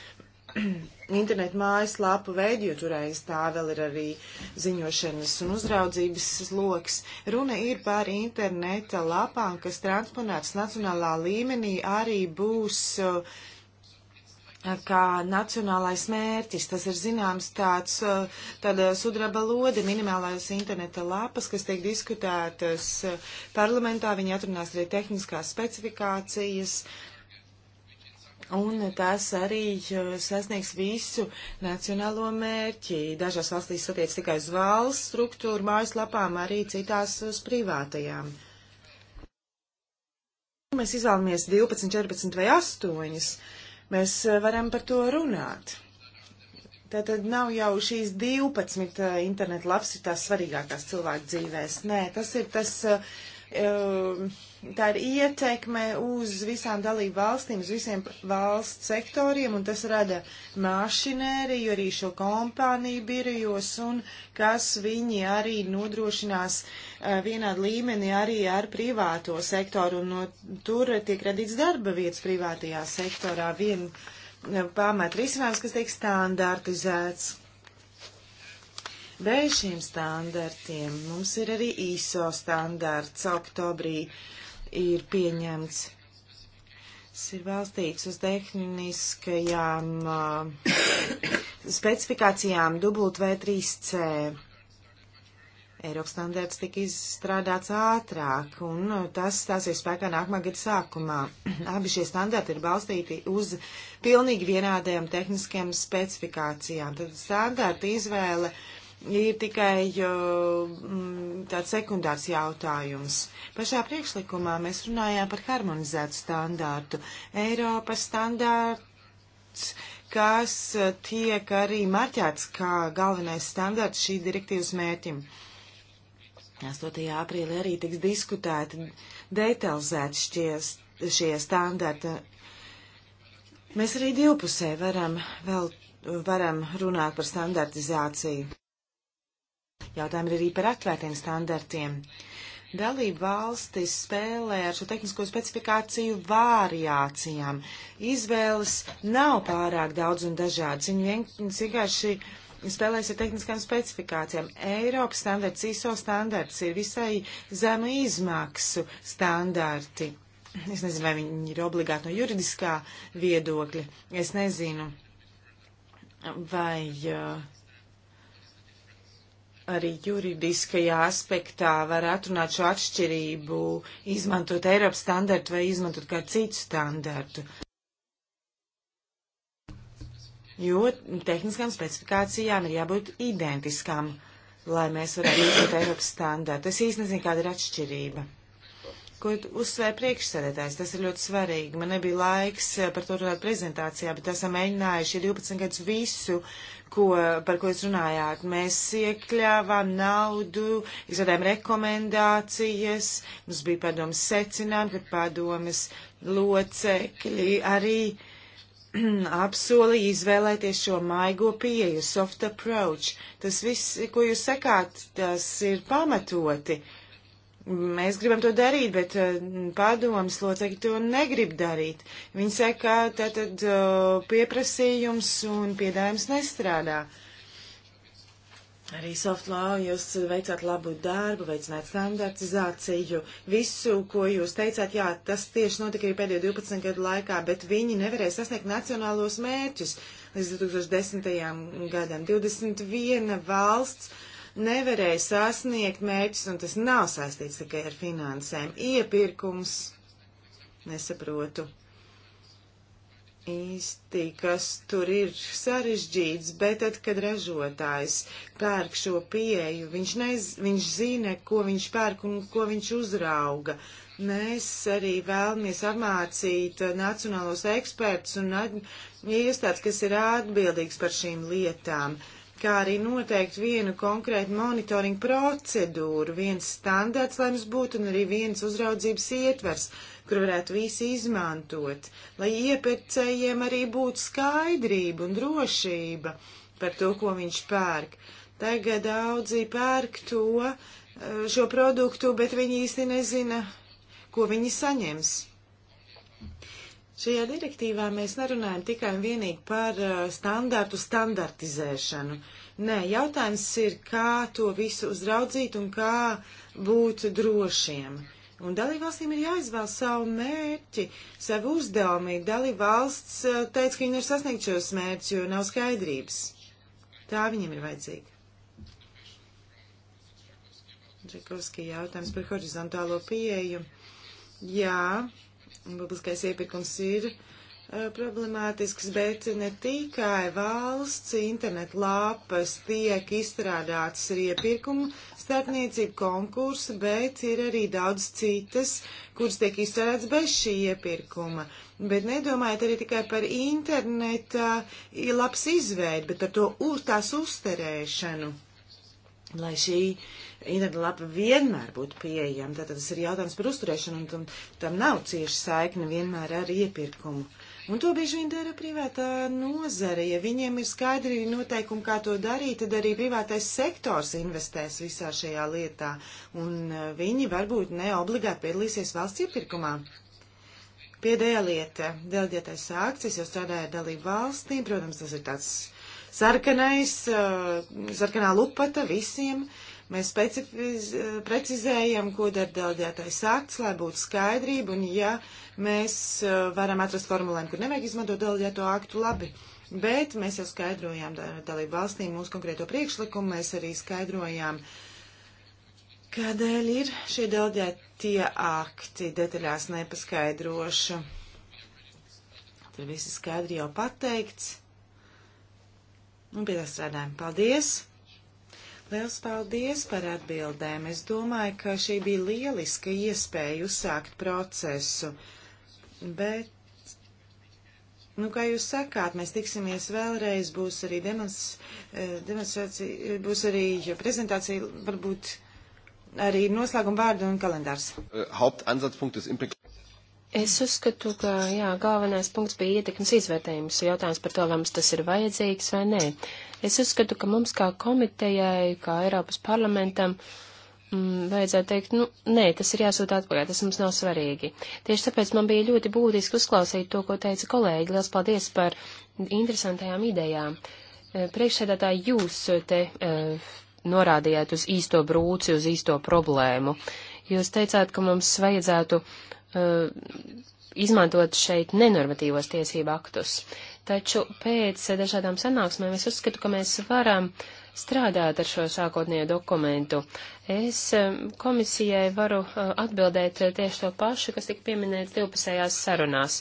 (clears throat) internetu mājaslapu veidu, jo toreiz tā vēl ir arī ziņošanas un uzraudzības sloks. Runa ir par interneta lapām, kas transponētas nacionālā līmenī arī būs uh, kā nacionālais mērķis. Tas ir zināms tāds, uh, tāda sudraba lode, minimālās interneta lapas, kas tiek diskutētas uh, parlamentā. Viņi atrunās arī tehniskās specifikācijas. Uh, un tās arī uh, sasniegs visu nacionālo mērķi. Dažās valstīs attiec tikai uz valsts struktūru mājaslapām, arī citās uz privātajām. Mēs izvēlamies 12, 14 vai 8. Mēs uh, varam par to runāt. Tātad nav jau šīs 12 uh, internetu lapas ir tās svarīgākās cilvēku dzīvēs. Nē, tas ir tas. Uh, Ehm, tā ir ietekme uz visām dalību valstīm, uz visiem valsts sektoriem, un tas rada mašinēriju, arī šo kompāniju birojos, un kas viņi arī nodrošinās eh, vienā līmenī arī ar privāto sektoru, un no tur tiek radīts darba vietas privātajā sektorā. Vien eh, pamat risinājums, kas tiek standartizēts. Bez šiem standartiem mums ir arī ISO standarts. Oktobrī ir pieņemts. Tas ir valstīts uz tehniskajām uh, specifikācijām W3C. Eiropas standarts tika izstrādāts ātrāk, un tas stāsies spēkā nākamā gada sākumā. (clears throat) Abi šie standarti ir balstīti uz pilnīgi vienādajām tehniskajām specifikācijām. Tad standarta izvēle uh, ir tikai mm, tāds sekundārs jautājums. Pašā priekšlikumā mēs runājām par harmonizētu standārtu. Eiropas standārts, kas tiek arī marķēts kā galvenais standārts šī direktīvas mērķim. 8. aprīlī arī tiks diskutēti detalizēti šie, šie standarti. Mēs arī divpusē varam, vēl, varam runāt par standartizāciju. Jautājumi ir arī par atvērtiem standartiem. Dalība valstis spēlē ar šo tehnisko specifikāciju variācijām. Izvēles nav pārāk daudz un dažādas. Viņi vienkārši spēlēs ar tehniskām specifikācijām. Eiropas standarts, ISO standarts ir visai zemu izmaksu standarti. Es nezinu, vai viņi ir obligāti no juridiskā viedokļa. Es nezinu, vai. Uh, arī juridiskajā aspektā var atrunāt šo atšķirību, izmantot Eiropas standartu vai izmantot kādu citu standartu. Jo tehniskām specifikācijām ir jābūt identiskām, lai mēs varētu izmantot Eiropas standartu. Es īsti nezinu, kāda ir atšķirība ko uzsvēra priekšsēdētājs. Tas ir ļoti svarīgi. Man nebija laiks eh, par to runāt prezentācijā, bet esam mēģinājuši 12 gadus visu, ko, par ko jūs runājāt. Mēs iekļāvām naudu, izradājām rekomendācijas, mums bija padomas secinājumi, ka padomas locekļi arī (clears throat) apsolīja izvēlēties šo maigo pieeju, soft approach. Tas viss, ko jūs sakāt, tas ir pamatoti. Uh, Mēs gribam to darīt, bet eh, padomas locekļi to negrib darīt. Viņi saka, ka tātad eh, pieprasījums un piedājums nestrādā. Arī soft law jūs veicāt labu darbu, veicināt standartizāciju, visu, ko jūs teicāt, jā, tas tieši notika arī pēdējo 12 gadu laikā, bet viņi nevarēja sasniegt nacionālos mērķus līdz 2010. gadam. 21 valsts nevarēja sasniegt mērķus, un tas nav saistīts tikai ar finansēm. Iepirkums, nesaprotu īsti, kas tur ir sarežģīts, bet tad, kad ražotājs pērk šo pieeju, viņš, nez, viņš zina, ko viņš pērk un ko viņš uzrauga. Mēs arī vēlamies apmācīt nacionālos ekspertus un iestādes, kas ir atbildīgs par šīm lietām. Uh, kā arī noteikt vienu konkrētu monitoringu procedūru, viens standarts, lai mums būtu, un arī viens uzraudzības ietvers, kur varētu visi izmantot, lai iepirkējiem arī būtu skaidrība un drošība par to, ko viņš pērk. Tagad daudzi pērk to, eh, šo produktu, bet viņi īsti nezina, ko viņi saņems. Šajā direktīvā mēs nerunājam tikai un vienīgi par uh, standārtu standartizēšanu. Nē, jautājums ir, kā to visu uzraudzīt un kā būt drošiem. Un dalībvalstīm ir jāizvēl savu mērķi, savu uzdevumu. Dalībvalsts uh, teica, ka viņi nevar sasniegt šos mērķus, jo nav skaidrības. Tā viņiem ir vajadzīga. Džekovski jautājums par horizontālo pieeju. Jā. Publiskais iepirkums ir eh, problemātisks, bet ne tikai valsts internetlapas tiek izstrādātas ar iepirkumu starpniecību konkursu, bet ir arī daudz citas, kuras tiek izstrādātas bez šī iepirkuma. Bet nedomājiet arī tikai par interneta eh, labs izveidu, bet par to uz tās uzterēšanu lai šī internetlapa vienmēr būtu pieejama. Tātad tas ir jautājums par uzturēšanu, un tam, tam nav cieši saikni vienmēr ar iepirkumu. Un to bieži vien dara privātā nozare. Ja viņiem ir skaidri noteikumi, kā to darīt, tad arī privātais sektors investēs visā šajā lietā, un eh, viņi varbūt ne obligāti piedalīsies valsts iepirkumā. Pēdējā lieta - delģētais akcijas, jo strādāja dalību valstīm, protams, tas ir tāds sarkanais, eh, sarkanā lupata visiem. Mēs specifiz, eh, precizējam, ko dara delģētais akts, lai būtu skaidrība, un ja mēs eh, varam atrast formulēm, kur nevajag izmantot delģēto aktu, labi. Bet mēs jau skaidrojām dalību valstīm mūsu konkrēto priekšlikumu, mēs arī skaidrojām, kādēļ ir šie delģētie akti detaļās nepaskaidroši. Tur viss skaidri jau pateikts un pie tā strādājam. Paldies! Liels paldies par atbildēm. Es domāju, ka šī bija lieliska iespēja uzsākt procesu, bet, nu, kā jūs sakāt, mēs tiksimies vēlreiz, būs arī eh, demonstrācija, būs arī prezentācija, varbūt arī noslēguma vārdu un kalendārs. Äh, Es uzskatu, ka jā, galvenais punkts bija ietekmes izvērtējums. Jautājums par to, vai mums tas ir vajadzīgs vai nē. Es uzskatu, ka mums kā komitejai, kā Eiropas parlamentam, mm, vajadzētu teikt, nu, nē, tas ir jāsūt atpakaļ, tas mums nav svarīgi. Tieši tāpēc man bija ļoti būtiski uzklausīt to, ko teica kolēģi. Lielas paldies par interesantajām idejām. Eh, priekšsēdētāji, jūs te uh, norādījāt uz īsto brūci, uz īsto problēmu. Jūs teicāt, ka mums vajadzētu uh, Eh, izmantot šeit nenormatīvos tiesību aktus. Taču pēc dažādām sanāksmēm es uzskatu, ka mēs varam strādāt ar šo sākotnējo dokumentu. Es eh, komisijai varu eh, atbildēt tieši to pašu, kas tika pieminēts divpusējās sarunās.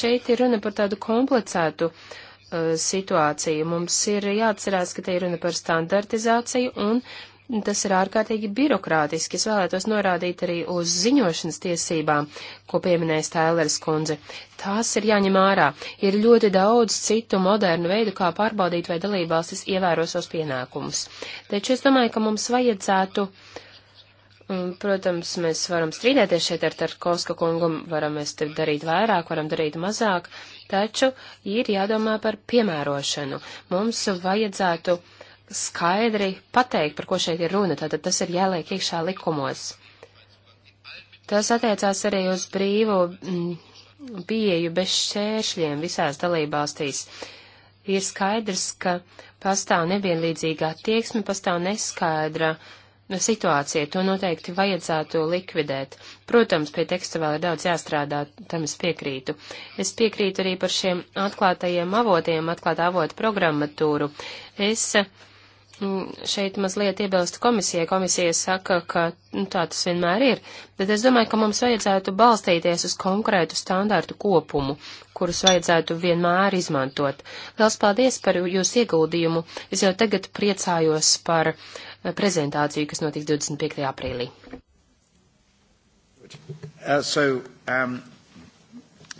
Šeit ir runa par tādu komplicētu uh, situāciju. Mums ir jāatcerās, ka te ir runa par standartizāciju un Tas ir ārkārtīgi birokrātiski. Es vēlētos norādīt arī uz ziņošanas tiesībām, ko pieminēja Tēlers kundze. Tās ir jāņem ārā. Ir ļoti daudz citu modernu veidu, kā pārbaudīt, vai dalībvalstis ievēro savus pienākumus. Taču es domāju, ka mums vajadzētu uh, protams, mēs varam strīdēties šeit ar Tarkovska kungumu, varam mēs te darīt vairāk, varam darīt mazāk, taču ir jādomā par piemērošanu. Mums vajadzētu skaidri pateikt, par ko šeit ir runa, tātad tas ir jāliek iekšā likumos. Tas attiecās arī uz brīvu mm, pieeju bez šķēršļiem visās dalībvalstīs. Ir skaidrs, ka pastāv nevienlīdzīgā tieksme, pastāv neskaidra situācija, to noteikti vajadzētu likvidēt. Protams, pie teksta vēl ir daudz jāstrādā, tam es piekrītu. Es piekrītu arī par šiem atklātajiem avotiem, atklātā avota programmatūru. Es uh, šeit mazliet iebilstu komisijai. Komisija saka, ka nu, tā tas vienmēr ir, bet es domāju, ka mums vajadzētu balstīties uz konkrētu standārtu kopumu, kurus vajadzētu vienmēr izmantot. Liels paldies par jūsu ieguldījumu. Es jau tagad priecājos par eh, prezentāciju, kas notiks 25. aprīlī. Uh, so, um...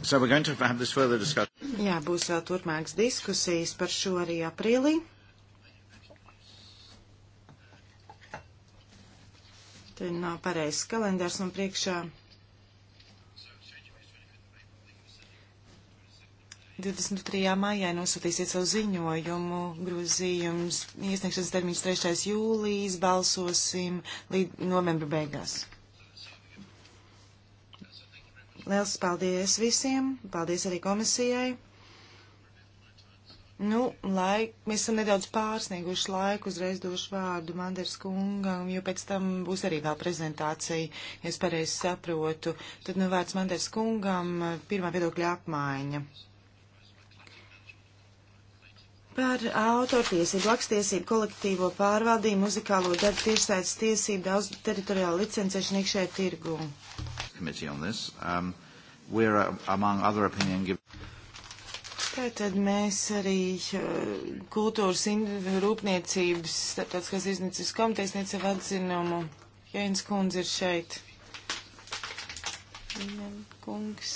So Jā, būs vēl turpmākas diskusijas par šo arī aprīlī. Te nav pareizs kalendārs un priekšā 23. maijā nosūtīsiet savu ziņojumu, grozījums, iesniegšanas termiņš 3. jūlijas, balsosim līdz novembra beigās. Liels paldies visiem, paldies arī komisijai. Nu, laik, mēs esam nedaudz pārsnieguši laiku, uzreiz došu vārdu Manders kungam, jo pēc tam būs arī vēl prezentācija, ja es pareizi saprotu. Tad nu vārds Manders kungam, pirmā viedokļa apmaiņa. Par autortiesību, lakstiesību, kolektīvo pārvaldību, muzikālo darbu, tiešsaistes tiesību, daudz teritoriālu licencēšanu iekšējā tirgū. Um, Kā tad mēs arī eh, kultūras rūpniecības starptautiskās izniecības komitejas niecēv atzinumu. Jēns kundze ir šeit. Viņam kungs.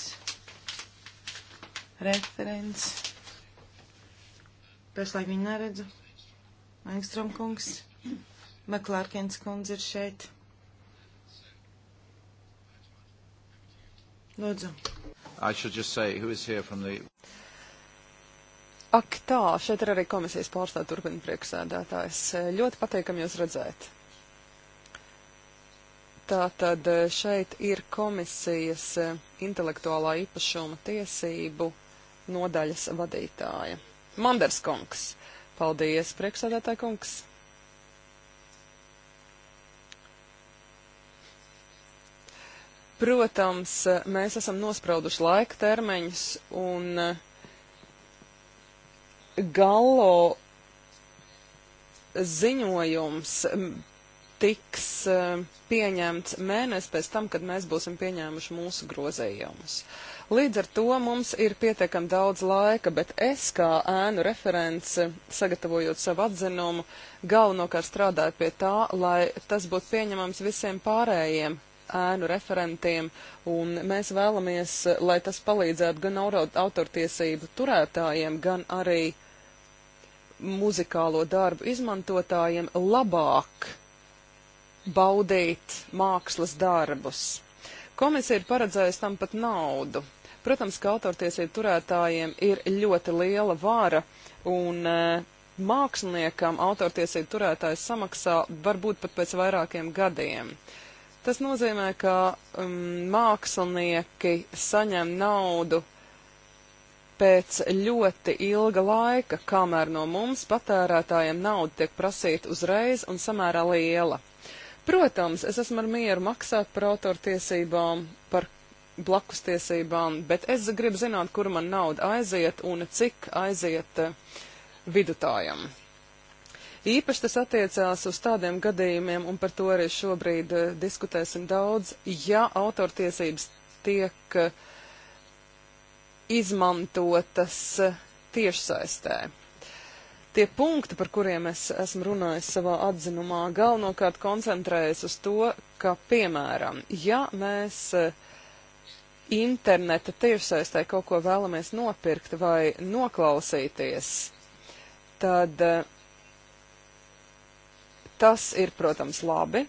Referents. Pašlaik viņu neredzu. Angstrom kungs. Maklārkens kundze ir šeit. Lūdzu. I should just say who is here from the Ak tā, šeit ir arī komisijas pārstāv turpina priekšsēdētājs. Ļoti patīkam jūs redzēt. Tātad eh, šeit ir komisijas eh, intelektuālā īpašuma tiesību nodaļas vadītāja. Manders kungs. Paldies, priekšsēdētāja kungs. Protams, eh, mēs esam nosprauduši laika termiņus un uh, Gallo ziņojums tiks e, pieņemts mēnesi pēc tam, kad mēs būsim pieņēmuši mūsu grozējumus. Līdz ar to mums ir pietiekami daudz laika, bet es kā ēnu referents, sagatavojot savu atzinumu, galvenokārt strādāju pie tā, lai tas būtu pieņemams visiem pārējiem ēnu referentiem, un mēs vēlamies, lai tas palīdzētu gan autortiesību turētājiem, gan arī muzikālo darbu izmantotājiem labāk baudīt mākslas darbus. Komisija ir paredzējusi tam pat naudu. Protams, ka autortiesību turētājiem ir ļoti liela vara, un eh, māksliniekam autortiesību turētājs samaksā varbūt pat pēc vairākiem gadiem. Tas nozīmē, ka um, mākslinieki saņem naudu pēc ļoti ilga laika, kamēr no mums patērētājiem nauda tiek prasīta uzreiz un samērā liela. Protams, es esmu ar mieru maksāt par autortiesībām, par blakus tiesībām, bet es gribu zināt, kur man nauda aiziet un cik aiziet eh, vidutājam. Īpaši tas attiecās uz tādiem gadījumiem, un par to arī šobrīd eh, diskutēsim daudz, ja autortiesības tiek eh, izmantotas eh, tiešsaistē. Tie punkti, par kuriem es esmu runājis savā atzinumā, galvenokārt koncentrējas uz to, ka, piemēram, ja mēs interneta tiešsaistē kaut ko vēlamies nopirkt vai noklausīties, tad uh, Tas ir, protams, labi,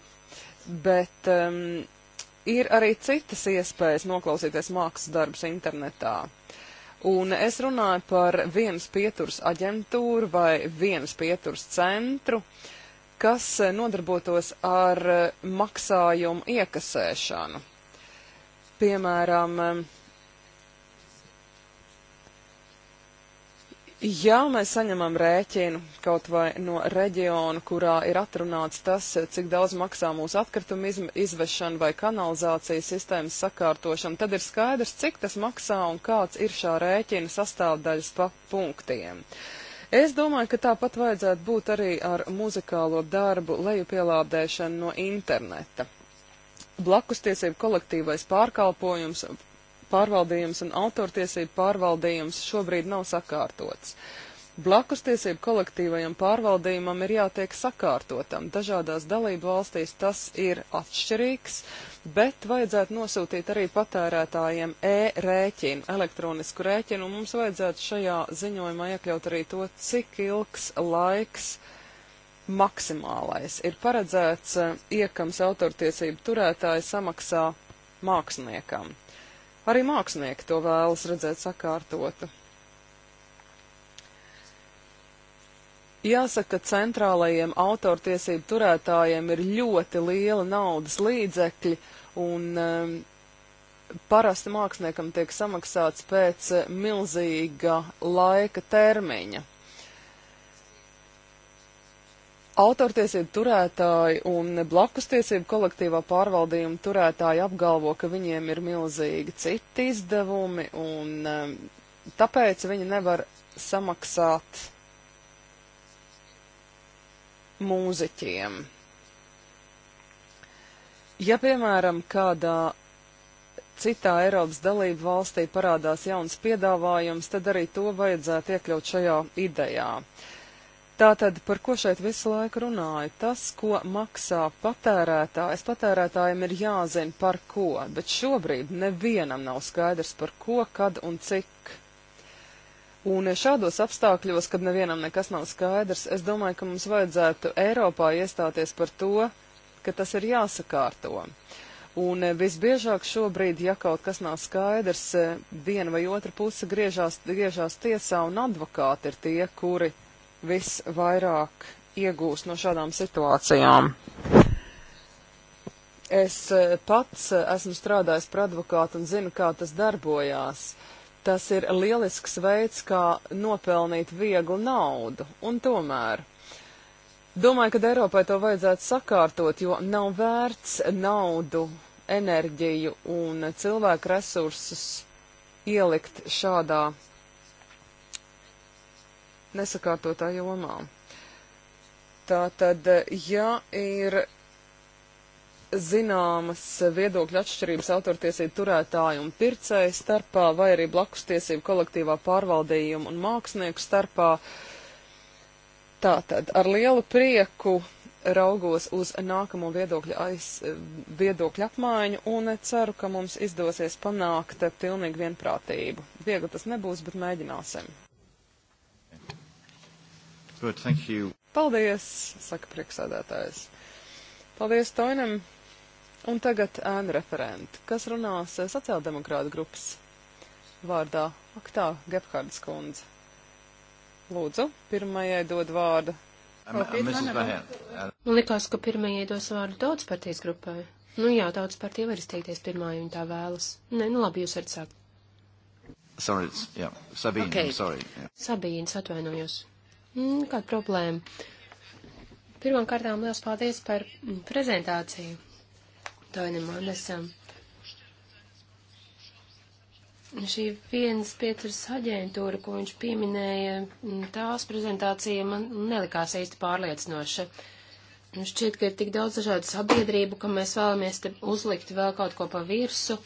bet um, ir arī citas iespējas noklausīties mākslas darbus internetā. Un es runāju par vienas pieturas aģentūru vai vienas pieturas centru, kas nodarbotos ar uh, maksājumu iekasēšanu. Piemēram, um, Ja mēs saņemam rēķinu kaut vai no reģiona, kurā ir atrunāts tas, cik daudz maksā mūsu atkritumu izvešana vai kanalizācijas sistēmas sakārtošana, tad ir skaidrs, cik tas maksā un kāds ir šā rēķina sastāvdaļas pa punktiem. Es domāju, ka tāpat vajadzētu būt arī ar muzikālo darbu lejupielādēšanu no interneta. Blakus tiesību kolektīvais pārkalpojums pārvaldījums un autortiesību pārvaldījums šobrīd nav sakārtots. Blakus tiesību kolektīvajam pārvaldījumam ir jātiek sakārtotam. Dažādās dalību valstīs tas ir atšķirīgs, bet vajadzētu nosūtīt arī patērētājiem e-rēķinu, elektronisku rēķinu, un mums vajadzētu šajā ziņojumā iekļaut arī to, cik ilgs laiks maksimālais ir paredzēts e, iekams autortiesību turētāji samaksā māksliniekam. Arī mākslinieki to vēlas redzēt sakārtotu. Jāsaka, ka centrālajiem autortiesību turētājiem ir ļoti liela naudas līdzekļi, un um, parasti māksliniekam tiek samaksāts pēc uh, milzīga laika termiņa. Autortiesību turētāji un blakustiesību kolektīvā pārvaldījuma turētāji apgalvo, ka viņiem ir milzīgi citi izdevumi un um, tāpēc viņi nevar samaksāt mūziķiem. Ja, piemēram, kādā citā Eiropas dalību valstī parādās jauns piedāvājums, tad arī to vajadzētu iekļaut šajā idejā. Uh, Tātad, par ko šeit visu laiku runāju, tas, ko maksā patērētājs, patērētājiem ir jāzina par ko, bet šobrīd nevienam nav skaidrs par ko, kad un cik. Un šādos apstākļos, kad nevienam nekas nav skaidrs, es domāju, ka mums vajadzētu Eiropā iestāties par to, ka tas ir jāsakārto. Un visbiežāk šobrīd, ja kaut kas nav skaidrs, viena vai otra puse griežās, griežās tiesā un advokāti ir tie, kuri visvairāk iegūst no šādām situācijām. Es e, pats e, esmu strādājis par advokātu un zinu, kā tas darbojās. Tas ir lielisks veids, kā nopelnīt vieglu naudu, un tomēr Domāju, ka Eiropai to vajadzētu sakārtot, jo nav vērts naudu, enerģiju un cilvēku resursus ielikt šādā nesakārtotā jomā. Tātad, ja ir zināmas viedokļu atšķirības autortiesību turētāju un pircēju starpā, vai arī blakus tiesību kolektīvā pārvaldījuma un mākslinieku starpā, tātad ar lielu prieku raugos uz nākamo viedokļu, aiz, viedokļu apmaiņu un ceru, ka mums izdosies panākt pilnīgi vienprātību. Viegli tas nebūs, bet mēģināsim. Good, thank you. Paldies, saka priekšsēdētājs. Paldies Toinam. Un tagad ēna referenti, kas runās sociāldemokrāta grupas vārdā. Ak tā, Gephardas kundze. Lūdzu, pirmajai dod vārdu. Um, uh, uh, Man likās, ka pirmajai dos vārdu daudz partijas grupai. Nu jā, daudz partija var izteikties pirmā, ja viņa tā vēlas. Nē, nu labi, jūs varat sākt. Sorry, yeah. Sabīne, okay. sorry. Yeah. Sabīnes, atvainojos. Mm, kāda problēma? Pirmām kārtām liels paldies par prezentāciju. Toinam Andesam. Šī vienas pieturas aģentūra, ko viņš pieminēja, mm, tās prezentācija man nelikās īsti pārliecinoša. Nu, šķiet, ka ir tik daudz dažādu sabiedrību, ka mēs vēlamies te uzlikt vēl kaut ko pa virsu,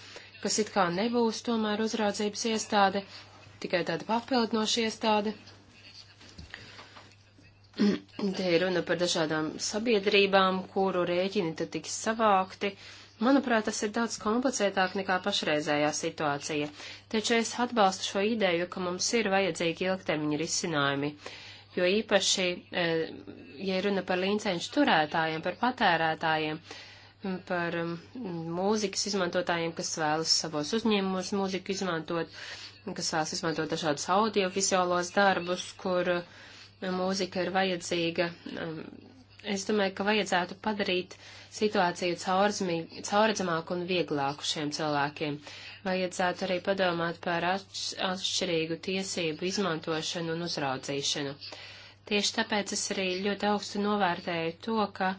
kas it kā nebūs tomēr uzraudzības iestāde, tikai tāda papildinoša iestāde. Mm, te ir runa par dažādām sabiedrībām, kuru rēķini tad tiks savākti. Manuprāt, tas ir daudz komplicētāk nekā pašreizējā situācija, taču es atbalstu šo ideju, ka mums ir vajadzīgi ilgtermiņa risinājumi, jo īpaši, e, ja runa par līnceņu turētājiem, par patērētājiem, par mūzikas izmantotājiem, kas vēlas savos uzņēmumos mūziku izmantot, kas vēlas izmantot dažādus audiovizuālos darbus, kur uh, mūzika ir vajadzīga. Um, es domāju, ka vajadzētu padarīt situāciju caurredzamāku un vieglāku šiem cilvēkiem. Vajadzētu arī padomāt par atšķirīgu tiesību izmantošanu un uzraudzīšanu. Tieši tāpēc es arī ļoti augstu novērtēju to, ka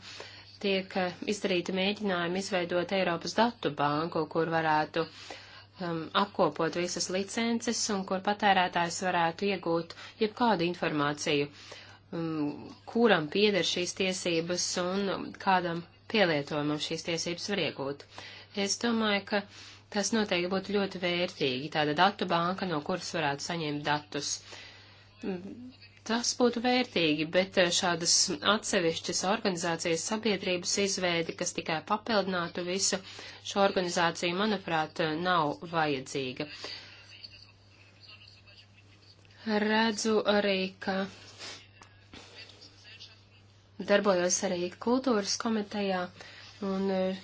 tiek uh, izdarīti mēģinājumi izveidot Eiropas datu banku, kur varētu uh, um, apkopot visas licences un kur patērētājs varētu iegūt jebkādu informāciju, um, kuram pieder šīs tiesības un um, kādam pielietojumam šīs tiesības var iegūt. Es domāju, ka tas noteikti būtu ļoti vērtīgi, tāda datu banka, no kuras varētu saņemt datus. Mm, Tas būtu vērtīgi, bet eh, šādas atsevišķas organizācijas sabiedrības izveidi, kas tikai papildinātu visu šo organizāciju, manuprāt, eh, nav vajadzīga. Redzu arī, ka darbojos arī kultūras komitejā, un eh,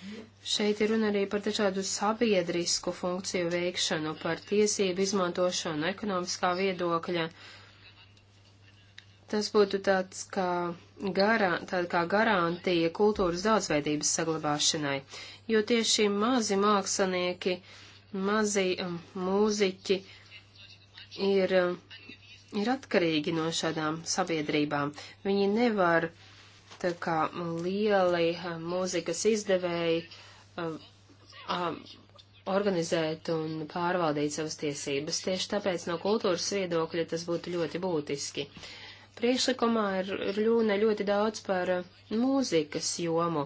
šeit ir runa arī par dažādu sabiedrisku funkciju veikšanu, par tiesību izmantošanu ekonomiskā viedokļa Tas būtu tāds kā, garā, tāda kā garantija kultūras daudzveidības saglabāšanai, jo tieši mazi mākslinieki, mazi um, mūziķi ir, um, ir atkarīgi no šādām sabiedrībām. Viņi nevar tā kā lieli um, mūzikas izdevēji organizēt un pārvaldīt savas tiesības. Tieši tāpēc no kultūras viedokļa tas būtu ļoti būtiski. Uh, Priekšlikumā ir ļūne ļoti daudz par eh, mūzikas jomu.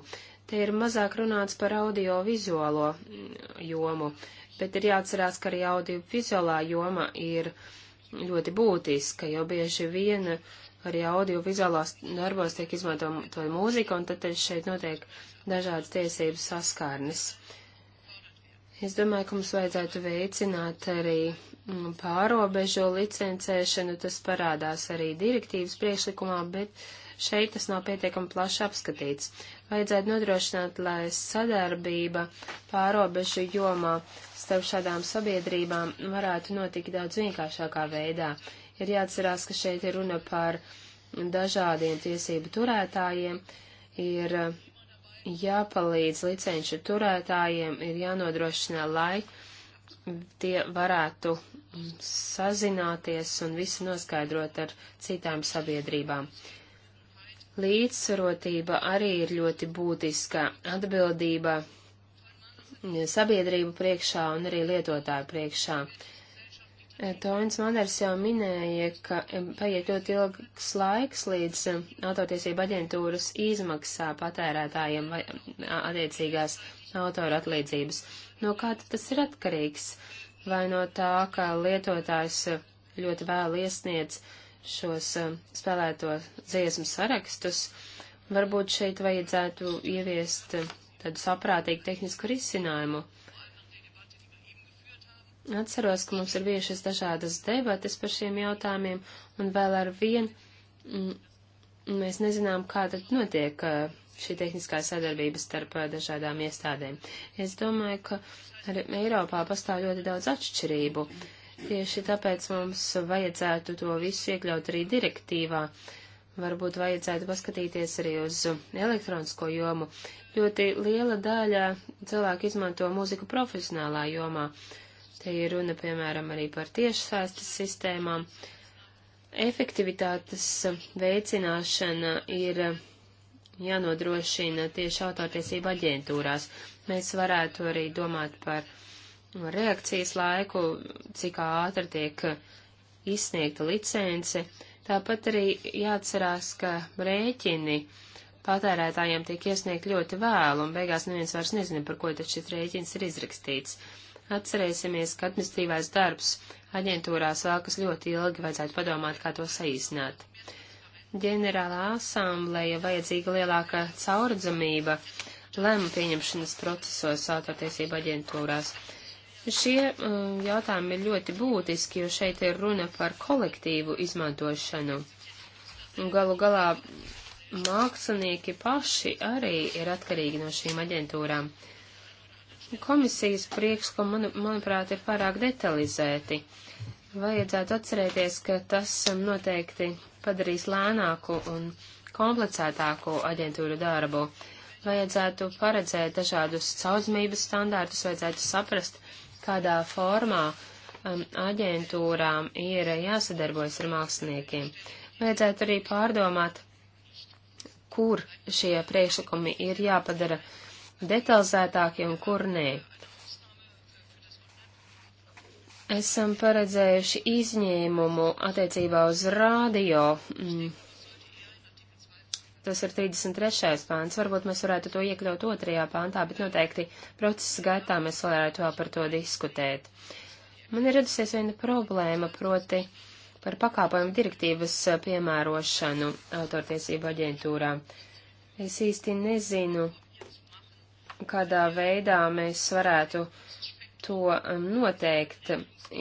Te ir mazāk runāts par audio-vizuālo mm, jomu, bet ir jāatcerās, ka arī audio-vizuālā joma ir ļoti būtiska, jo bieži vien arī audio-vizuālās darbos tiek izmantota mūzika, un tad šeit notiek dažādas tiesības saskārnes. Es domāju, ka mums vajadzētu veicināt arī Mm, pārobežu licencēšanu, tas parādās arī direktīvas priekšlikumā, bet šeit tas nav pietiekami plaši apskatīts. Vajadzētu nodrošināt, lai sadarbība pārobežu jomā starp šādām sabiedrībām varētu notikt daudz vienkāršākā veidā. Ir jāatcerās, ka šeit ir runa par dažādiem tiesību turētājiem, ir jāpalīdz licenču turētājiem, ir jānodrošina, lai tie varētu sazināties un visu noskaidrot ar citām sabiedrībām. Līdzsvarotība arī ir ļoti būtiska atbildība sabiedrību priekšā un arī lietotāju priekšā. E, Toņs Manders jau minēja, ka paiet ļoti ilgs laiks, līdz e, autotiesība aģentūras izmaksā patērētājiem vai attiecīgās autora atlīdzības. No kā tas ir atkarīgs? vai no tā, ka lietotājs eh, ļoti vēl iesniedz šos eh, spēlēto dziesmu sarakstus, varbūt šeit vajadzētu ieviest eh, tādu saprātīgu tehnisku risinājumu. Atceros, ka mums ir bijušas dažādas debates par šiem jautājumiem, un vēl ar vienu mm, mēs nezinām, kā tad notiek šī tehniskā sadarbība starp dažādām iestādēm. Es domāju, ka arī Eiropā pastāv ļoti daudz atšķirību. Tieši tāpēc mums vajadzētu to visu iekļaut arī direktīvā. Varbūt vajadzētu paskatīties arī uz elektronisko jomu. Ļoti liela daļa cilvēku izmanto mūziku profesionālā jomā. Te ir runa, piemēram, arī par tiešsaistes sistēmām. Efektivitātes veicināšana ir jānodrošina tieši autortiesība aģentūrās. Mēs varētu arī domāt par reakcijas laiku, cik ātri tiek izsniegta licence. Tāpat arī jāatcerās, ka rēķini patērētājiem tiek iesniegt ļoti vēlu, un beigās neviens vairs nezina, par ko tad šis rēķins ir izrakstīts. Atcerēsimies, ka administratīvais darbs aģentūrās vēl kas ļoti ilgi vajadzētu padomāt, kā to saīsināt ģenerālā asambleja vajadzīga lielāka caurdzamība lēmu pieņemšanas procesos autortiesība aģentūrās. Šie um, jautājumi ir ļoti būtiski, jo šeit ir runa par kolektīvu izmantošanu. Un galu galā mākslinieki paši arī ir atkarīgi no šīm aģentūrām. Komisijas priekšlikumi, manu, manuprāt, ir pārāk detalizēti. Vajadzētu atcerēties, ka tas mm, noteikti padarīs lēnāku un komplicētāku aģentūru darbu. Vajadzētu paredzēt dažādus cauzmības standārtus, vajadzētu saprast, kādā formā um, aģentūrām ir jāsadarbojas ar māksliniekiem. Vajadzētu arī pārdomāt, kur šie priekšlikumi ir jāpadara detalizētāki un kur nē esam paredzējuši izņēmumu attiecībā uz rādio. Mm. Tas ir 33. pāns. Varbūt mēs varētu to iekļaut otrajā pāntā, bet noteikti procesa gaitā mēs varētu vēl par to diskutēt. Man ir radusies viena problēma, proti par pakāpojumu direktīvas piemērošanu autortiesību aģentūrā. Es īsti nezinu, kādā veidā mēs varētu uh, to um, noteikt.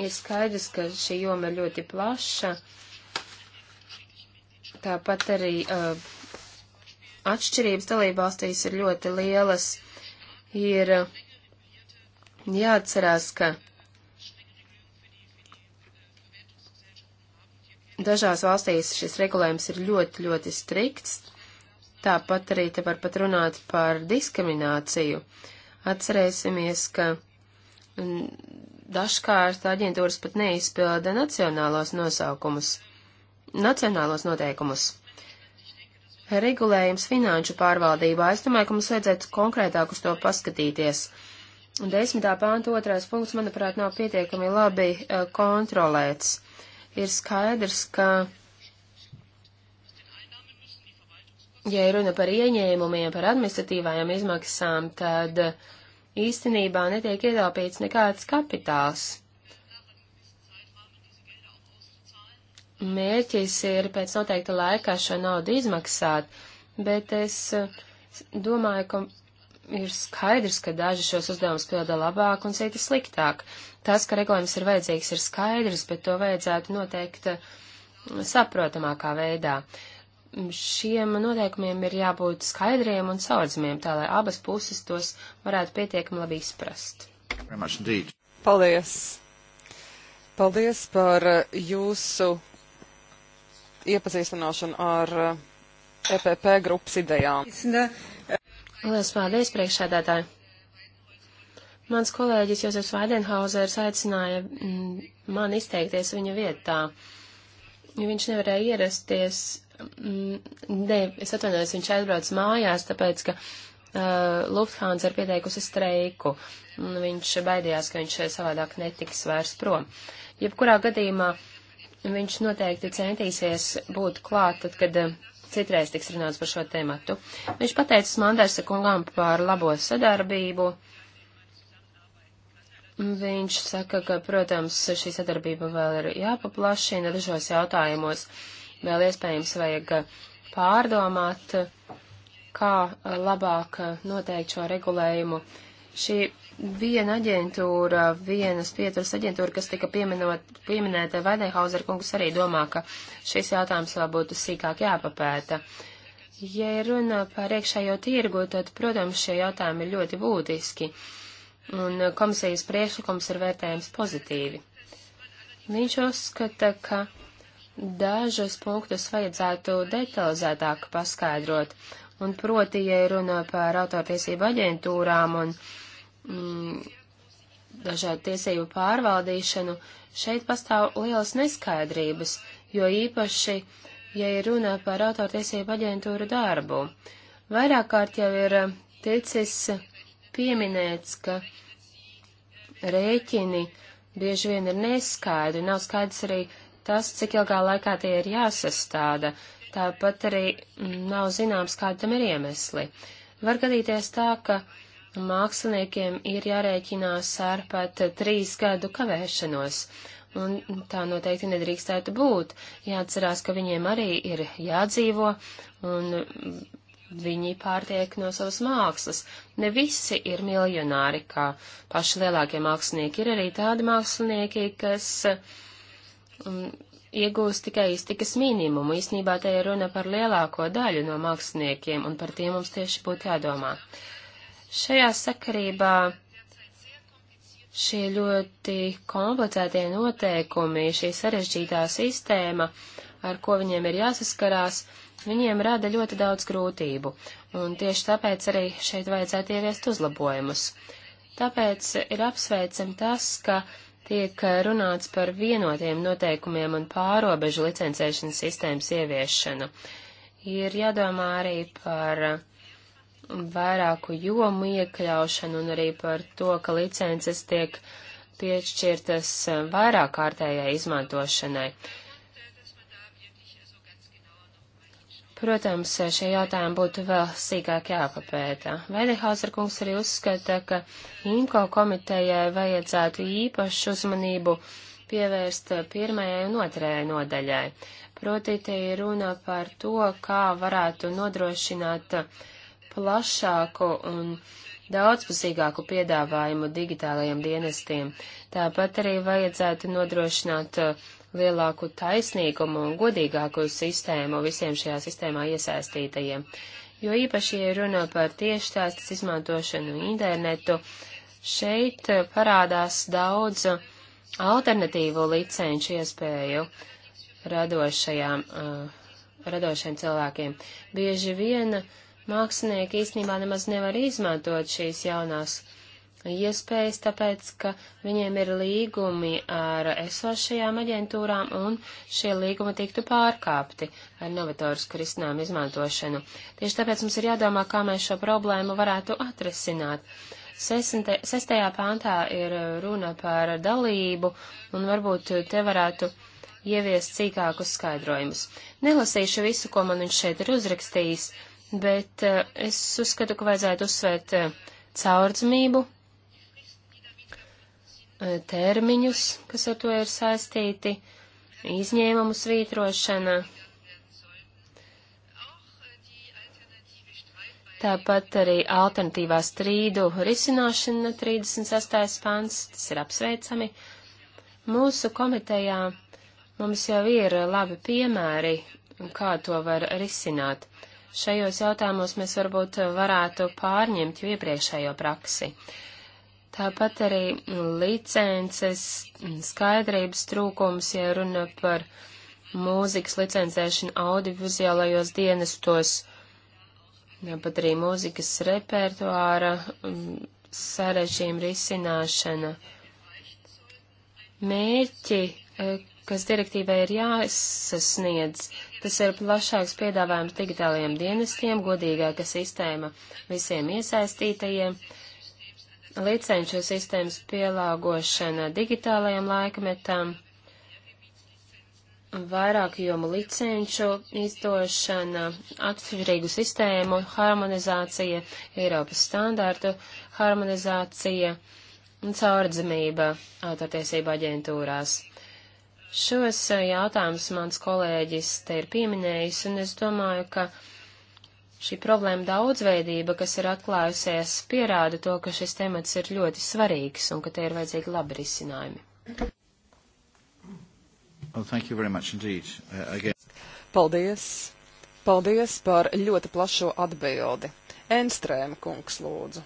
Ir skaidrs, ka šī joma ir ļoti plaša. Tāpat arī uh, atšķirības dalībvalstīs ir ļoti lielas. Ir uh, jāatcerās, ka dažās valstīs šis regulējums ir ļoti, ļoti strikts. Tāpat arī te var pat runāt par diskrimināciju. Atcerēsimies, ka Dažkārt aģentūras pat neizpilda nacionālos nosaukumus, nacionālos noteikumus. Regulējums finanšu pārvaldībā, es domāju, ka mums vajadzētu konkrētāk uz to paskatīties. Desmitā pānta otrais punkts, manuprāt, nav pietiekami labi eh, kontrolēts. Ir skaidrs, ka ja runa par ieņēmumiem, par administratīvajām izmaksām, tad īstenībā netiek ietaupīts nekāds kapitāls. Mērķis ir pēc noteikta laikā šo naudu izmaksāt, bet es eh, domāju, ka ir skaidrs, ka daži šos uzdevumus pilda labāk un citi sliktāk. Tas, ka regulējums ir vajadzīgs, ir skaidrs, bet to vajadzētu noteikt eh, saprotamākā veidā. Uh, šiem noteikumiem ir jābūt skaidriem un saudzamiem, tā lai abas puses tos varētu pietiekami labi izprast. Paldies! Paldies par jūsu iepazīstināšanu ar EPP grupas idejām. Lielas paldies, priekšsēdētāji! Mans kolēģis Josefs Vaidenhauzers aicināja mm, man izteikties viņa vietā. Viņš nevarēja ierasties Mm, nē, es atvainojos, viņš aizbrauc mājās, tāpēc, ka uh, Lufthansa ir pieteikusi streiku. Viņš baidījās, ka viņš savādāk netiks vairs prom. Jebkurā gadījumā viņš noteikti centīsies būt klāt, tad, kad uh, citreiz tiks runāts par šo tēmatu. Viņš pateicis Mandersa kungām par labo sadarbību. Viņš saka, ka, protams, šī sadarbība vēl ir jāpaplašina dažos jautājumos. Uh, Vēl iespējams vajag uh, pārdomāt, uh, kā uh, labāk noteikt šo regulējumu. Šī viena aģentūra, vienas pieturas aģentūra, kas tika pieminot, pieminēta Vaidehauser kungs, arī domā, ka šis jautājums vēl būtu sīkāk jāpapēta. Ja runa par iekšējo tirgu, tad, protams, šie jautājumi ir ļoti būtiski, un komisijas priekšlikums ir vērtējams pozitīvi. Viņš uzskata, ka dažus punktus vajadzētu detalizētāk paskaidrot. Un proti, ja runa par autortiesību aģentūrām un mm, dažādu tiesību pārvaldīšanu, šeit pastāv lielas neskaidrības, jo īpaši, ja ir runa par autortiesību aģentūru darbu. Vairāk kārt jau ir eh, ticis pieminēts, ka rēķini bieži vien ir neskaidri, nav skaidrs arī, tas, cik ilgā laikā tie ir jāsastāda. Tāpat arī nav zināms, kādam ir iemesli. Var gadīties tā, ka māksliniekiem ir jārēķinās ar pat trīs gadu kavēšanos. Un tā noteikti nedrīkstētu būt. Jāatcerās, ka viņiem arī ir jādzīvo, un viņi pārtiek no savas mākslas. Ne visi ir miljonāri, kā paši lielākie mākslinieki. Ir arī tādi mākslinieki, kas uh, iegūst tikai iztikas minimumu. Īsnībā te ir runa par lielāko daļu no māksliniekiem, un par tiem mums tieši būtu jādomā. Šajā sakarībā šie ļoti komplicētie noteikumi, šī sarežģītā sistēma, ar ko viņiem ir jāsaskarās, viņiem rada ļoti daudz grūtību, un tieši tāpēc arī šeit vajadzētu ieviest uzlabojumus. Tāpēc ir apsveicam tas, ka tiek eh, runāts par vienotiem noteikumiem un pārobežu licencēšanas sistēmas ieviešanu. Ir jādomā arī par eh, vairāku jomu iekļaušanu un arī par to, ka licences tiek piešķirtas eh, vairāk kārtējai izmantošanai. Uh, Protams, šie jautājumi būtu vēl sīkāk jāpapēta. Veidehauser kungs arī uzskata, ka IMCO komitejai vajadzētu īpašu uzmanību pievērst pirmajai un otrajai nodaļai. Proti, te ir runa par to, kā varētu nodrošināt plašāku un uh, daudzpusīgāku piedāvājumu digitālajiem dienestiem. Tāpat arī vajadzētu nodrošināt uh, lielāku taisnīgumu un godīgāku sistēmu visiem šajā sistēmā iesaistītajiem. Jo īpaši, ja runā par tiešstāstas izmantošanu internetu, šeit uh, parādās daudz uh, alternatīvu licenču iespēju radošajām, uh, radošiem cilvēkiem. Bieži viena uh, mākslinieki īstenībā nemaz nevar izmantot šīs jaunās iespējas, tāpēc, ka viņiem ir līgumi ar esošajām aģentūrām, un šie līgumi tiktu pārkāpti ar novatorisku risinājumu izmantošanu. Tieši tāpēc mums ir jādomā, kā mēs šo problēmu varētu atrisināt. Sesinte, sestajā pāntā ir runa par dalību, un varbūt te varētu ieviest cīkākus skaidrojumus. Nelasīšu visu, ko man viņš šeit ir uzrakstījis bet eh, es uzskatu, ka vajadzētu uzsvērt eh, caurdzmību, eh, termiņus, kas ar to ir saistīti, izņēmumu svītrošana. Tāpat arī alternatīvā strīdu risināšana 36. pants, tas ir apsveicami. Mūsu komitejā mums jau ir labi piemēri, kā to var risināt. Šajos jautājumos mēs varbūt varētu pārņemt jau iepriekšējo praksi. Tāpat arī licences skaidrības trūkums, ja runa par mūzikas licencēšanu audiovizuālajos dienestos, tāpat arī mūzikas repertuāra mm, sarežģījuma risināšana. Mērķi, eh, kas direktīvai ir jāsasniedz, kas ir plašāks piedāvājums digitālajiem dienestiem, godīgāka sistēma visiem iesaistītajiem, licenšu sistēmas pielāgošana digitālajam laikmetam, vairāk jomu licenšu izdošana, atšķirīgu sistēmu harmonizācija, Eiropas standārtu harmonizācija un caurdzamība autortiesība aģentūrās. Šos eh, jautājumus mans kolēģis te ir pieminējis, un es domāju, ka šī problēma daudzveidība, kas ir atklājusies, pierāda to, ka šis temats ir ļoti svarīgs un ka te ir vajadzīgi labi risinājumi. Well, thank you very much indeed. Uh, again. Paldies! Paldies par ļoti plašo atbildi. Enstrēma kungs lūdzu.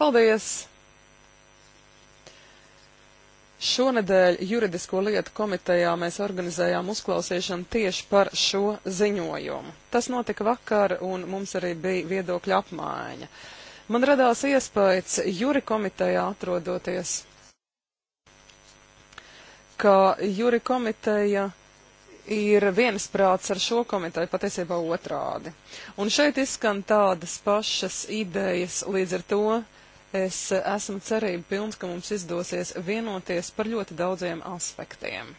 Paldies! Šonedēļ juridisko lietu komitejā mēs organizējām uzklausīšanu tieši par šo ziņojumu. Tas notika vakar, un mums arī bija viedokļa apmaiņa. Man radās iespējas juri komitejā atrodoties, ka juri komiteja ir viensprāts ar šo komiteju, patiesībā otrādi. Un šeit izskan tādas pašas idejas, līdz ar to Es esmu cerību pilns, ka mums izdosies vienoties par ļoti daudziem aspektiem.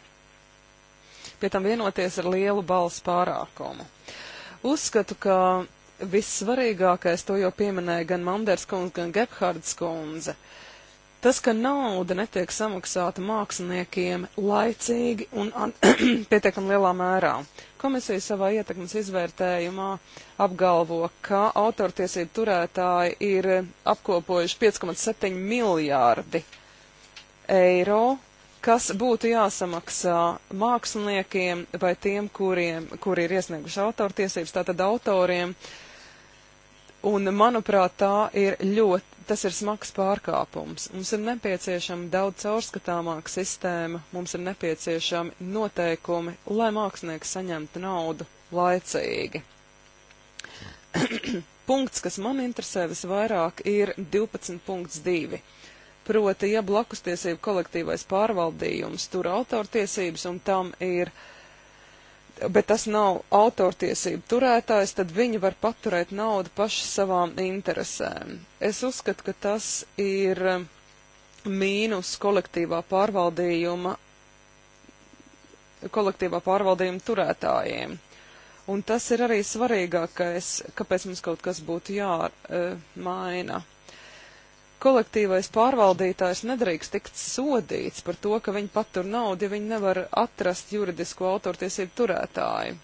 Pie tam vienoties ar lielu balsu pārākumu. Uzskatu, ka vissvarīgākais, to jau pieminēja gan Manders kundze, gan Gebhards kundze, Tas, ka nauda netiek samaksāta māksliniekiem laicīgi un (clears throat) pietiekami lielā mērā, Komisija savā ietekmes izvērtējumā apgalvo, ka autortiesību turētāji ir apkopojuši 5,7 miljārdi eiro, kas būtu jāsamaksā māksliniekiem vai tiem, kuriem, kuri ir iesnieguši autortiesības, tātad autoriem. Un, manuprāt, tā ir ļoti, tas ir smags pārkāpums. Mums ir nepieciešama daudz caurskatāmāka sistēma, mums ir nepieciešami noteikumi, lai mākslinieks saņemtu naudu laicīgi. (clears throat) Punkts, kas man interesē visvairāk, ir 12.2. Proti, ja blakustiesību kolektīvais pārvaldījums tur autortiesības un tam ir uh, bet tas nav autortiesību turētājs, tad viņi var paturēt naudu paši savām interesēm. Es uzskatu, ka tas ir um, mīnus kolektīvā pārvaldījuma, kolektīvā pārvaldījuma turētājiem. Un tas ir arī svarīgākais, kāpēc mums kaut kas būtu jāmaina. Uh, kolektīvais pārvaldītājs nedrīkst tikt sodīts par to, ka viņi patur naudu, ja viņi nevar atrast juridisko autortiesību turētāju.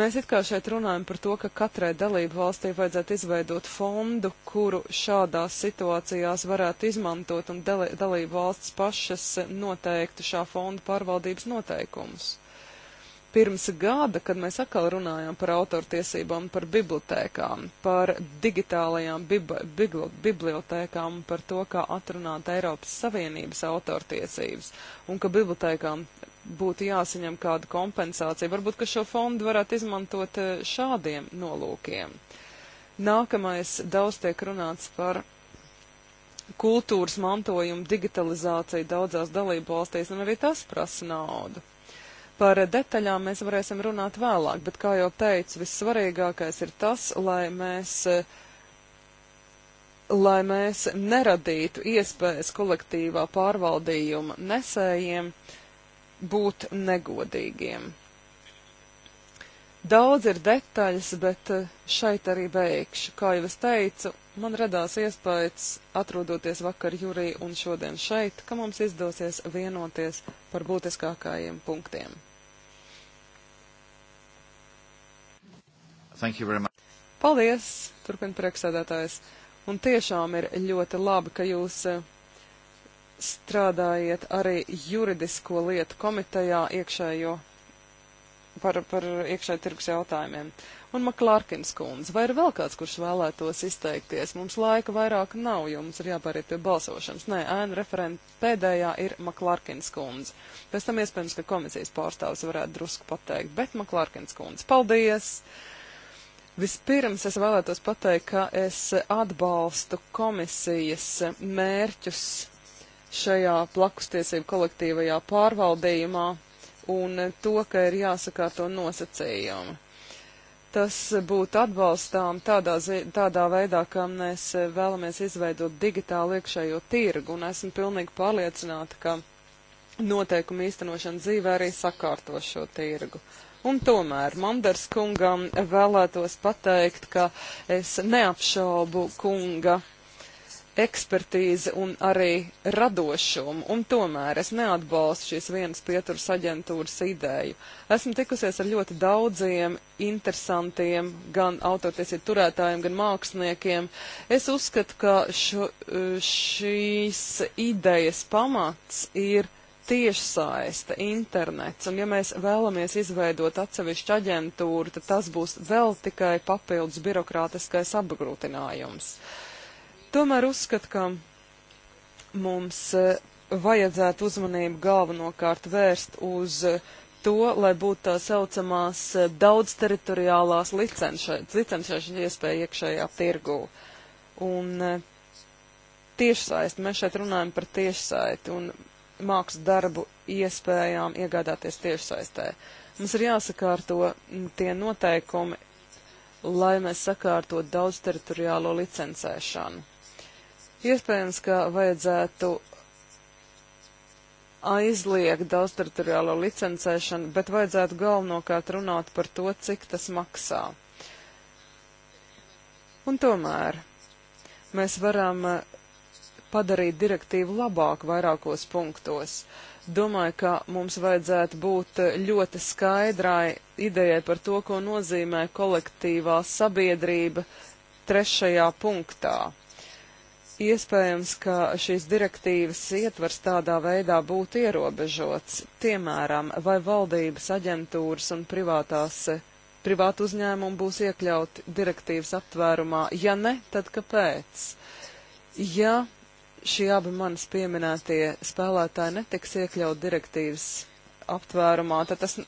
Mēs it kā šeit runājam par to, ka katrai dalību valstī vajadzētu izveidot fondu, kuru šādās situācijās varētu izmantot un dalību valsts pašas noteiktu šā fonda pārvaldības noteikumus pirms gada, kad mēs atkal runājām par autortiesībām, par bibliotekām, par digitālajām bibli, bibli, bibliotekām, par to, kā atrunāt Eiropas Savienības autortiesības, un ka bibliotekām būtu jāsaņem kāda kompensācija. Varbūt, ka šo fondu varētu izmantot eh, šādiem nolūkiem. Nākamais daudz tiek runāts par kultūras mantojumu digitalizāciju daudzās dalību valstīs, un arī tas prasa naudu. Par detaļām mēs varēsim runāt vēlāk, bet, kā jau teicu, vissvarīgākais ir tas, lai mēs, lai mēs neradītu iespējas kolektīvā pārvaldījuma nesējiem būt negodīgiem. Daudz ir detaļas, bet šeit arī beigšu. Kā jau es teicu, Man radās iespējas, atrodoties vakar jūrī un šodien šeit, ka mums izdosies vienoties par būtiskākajiem punktiem. Paldies, turpina priekšsēdētājs. Un tiešām ir ļoti labi, ka jūs eh, strādājiet arī juridisko lietu komitejā iekšējo par, par iekšēju tirgus jautājumiem un Maklārkins kundze. Vai ir vēl kāds, kurš vēlētos izteikties? Mums laika vairāk nav, jo mums ir jāpāriet pie balsošanas. Nē, ēna referenta pēdējā ir Maklārkins kundze. Pēc tam iespējams, ka komisijas pārstāvis varētu drusku pateikt, bet Maklārkins kundze, paldies! Vispirms es vēlētos pateikt, ka es atbalstu komisijas mērķus šajā plakustiesību kolektīvajā pārvaldījumā un to, ka ir jāsakārto nosacījumi tas būtu atbalstām tādā, tādā veidā, kā mēs eh, vēlamies izveidot digitālu iekšējo tirgu, un esmu pilnīgi pārliecināta, ka noteikumu īstenošana dzīvē arī sakārto šo tirgu. Un tomēr Manders kungam vēlētos pateikt, ka es neapšaubu kunga ekspertīzi un arī radošumu, un tomēr es neatbalstu šīs vienas pieturas aģentūras ideju. Esmu tikusies ar ļoti daudziem interesantiem gan autortiesību turētājiem, gan māksliniekiem. Es uzskatu, ka šo, šīs idejas pamats ir tiešsaiste, internets, un ja mēs vēlamies izveidot atsevišķu aģentūru, tad tas būs vēl tikai papildus birokrātiskais apgrūtinājums. Uh, Tomēr uzskat, ka mums eh, vajadzētu uzmanību galvenokārt vērst uz eh, to, lai būtu tā saucamās eh, daudz teritoriālās licencēšanas iespēja iekšējā tirgū. Un tiešsaisti, mēs šeit runājam par tiešsaiti un mākslas darbu iespējām iegādāties tiešsaistē. Mums ir jāsakārto mm, tie noteikumi, lai mēs sakārtot daudz teritoriālo licencēšanu. Iespējams, ka vajadzētu aizliegt daudzteritoriālo licencēšanu, bet vajadzētu galvenokārt runāt par to, cik tas maksā. Un tomēr mēs varam eh, padarīt direktīvu labāk vairākos punktos. Domāju, ka mums vajadzētu būt eh, ļoti skaidrai idejai par to, ko nozīmē kolektīvā sabiedrība trešajā punktā. Iespējams, ka šīs direktīvas ietvars tādā veidā būtu ierobežots, piemēram, vai valdības aģentūras un privātās, privātu uzņēmumu būs iekļauti direktīvas aptvērumā, ja ne, tad kāpēc? Ja šie abi manis pieminētie spēlētāji netiks iekļaut direktīvas aptvērumā, tad tas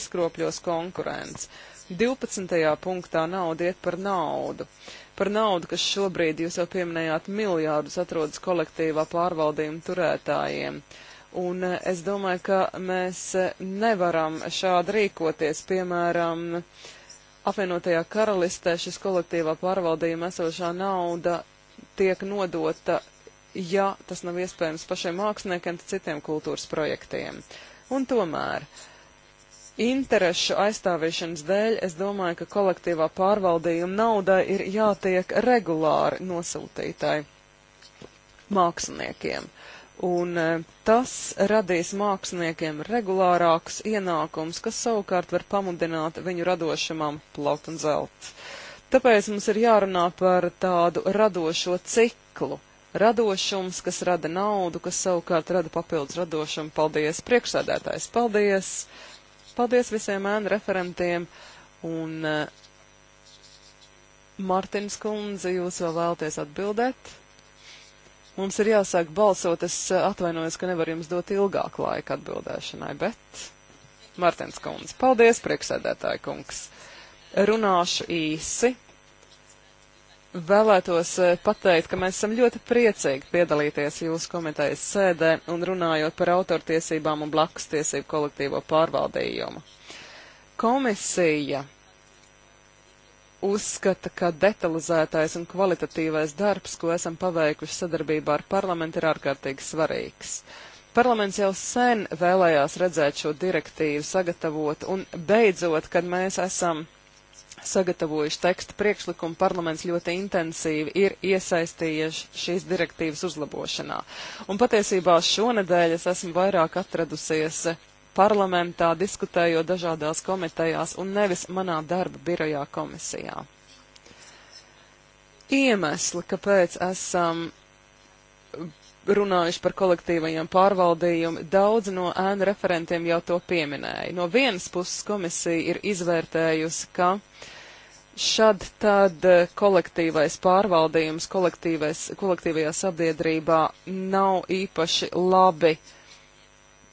izkropļos konkurence. 12. punktā nauda iet par naudu. Par naudu, kas šobrīd, jūs jau pieminējāt, miljārdus atrodas kolektīvā pārvaldījuma turētājiem. Un eh, es domāju, ka mēs eh, nevaram šādi rīkoties, piemēram, apvienotajā karalistē šis kolektīvā pārvaldījuma esošā nauda tiek nodota, ja tas nav iespējams pašiem māksliniekiem, tad citiem kultūras projektiem. Un tomēr uh, interešu aizstāvēšanas dēļ es domāju, ka kolektīvā pārvaldījuma naudai ir jātiek regulāri nosūtītai māksliniekiem. Un e, tas radīs māksliniekiem regulārākus ienākums, kas savukārt var pamudināt viņu radošumam plaut un zelt. Tāpēc mums ir jārunā par tādu radošo ciklu. Radošums, kas rada naudu, kas savukārt rada papildus radošumu. Paldies, priekšsēdētājs, paldies! Paldies visiem ēnu referentiem un eh, Martins kundze, jūs vēl vēlties atbildēt? Mums ir jāsāk balsot, es eh, atvainojos, ka nevaru jums dot ilgāku laiku atbildēšanai, bet Martins kundze, paldies, priekšsēdētāji kungs. Runāšu īsi. Vēlētos eh, pateikt, ka mēs esam ļoti priecīgi piedalīties jūsu komitejas sēdē un runājot par autortiesībām un blakus tiesību kolektīvo pārvaldījumu. Komisija uzskata, ka detalizētais un kvalitatīvais darbs, ko esam paveikuši sadarbībā ar parlamentu, ir ārkārtīgi svarīgs. Parlaments jau sen vēlējās redzēt šo direktīvu sagatavot, un beidzot, kad mēs esam sagatavojuši teksta priekšlikumu, parlaments ļoti intensīvi ir iesaistījies šīs direktīvas uzlabošanā. Un patiesībā šonadēļ es esmu vairāk atradusies parlamentā, diskutējot dažādās komitejās un nevis manā darba birojā komisijā. Iemesli, kāpēc esam runājuši par kolektīvajiem pārvaldījumu, daudz no ēnu referentiem jau to pieminēja. No vienas puses komisija ir izvērtējusi, ka šad tad eh, kolektīvais pārvaldījums kolektīvajā sabiedrībā nav īpaši labi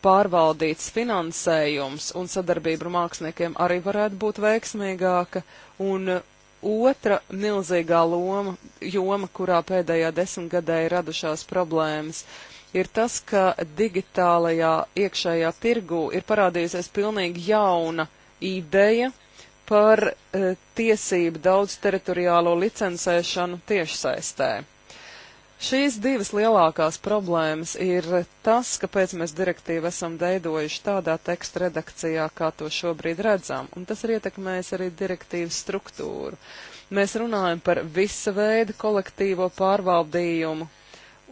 pārvaldīts finansējums un sadarbība ar māksliniekiem arī varētu būt veiksmīgāka, un otra milzīgā loma, joma, kurā pēdējā desmitgadē ir radušās problēmas, ir tas, ka digitālajā iekšējā tirgu ir parādījusies pilnīgi jauna ideja par e, tiesību daudz teritoriālo licencēšanu tiešsaistē. Šīs divas lielākās problēmas ir tas, kāpēc mēs direktīvu esam veidojuši tādā teksta redakcijā, kā to šobrīd redzam, un tas ir ietekmējis arī direktīvas struktūru. Mēs runājam par visa veida kolektīvo pārvaldījumu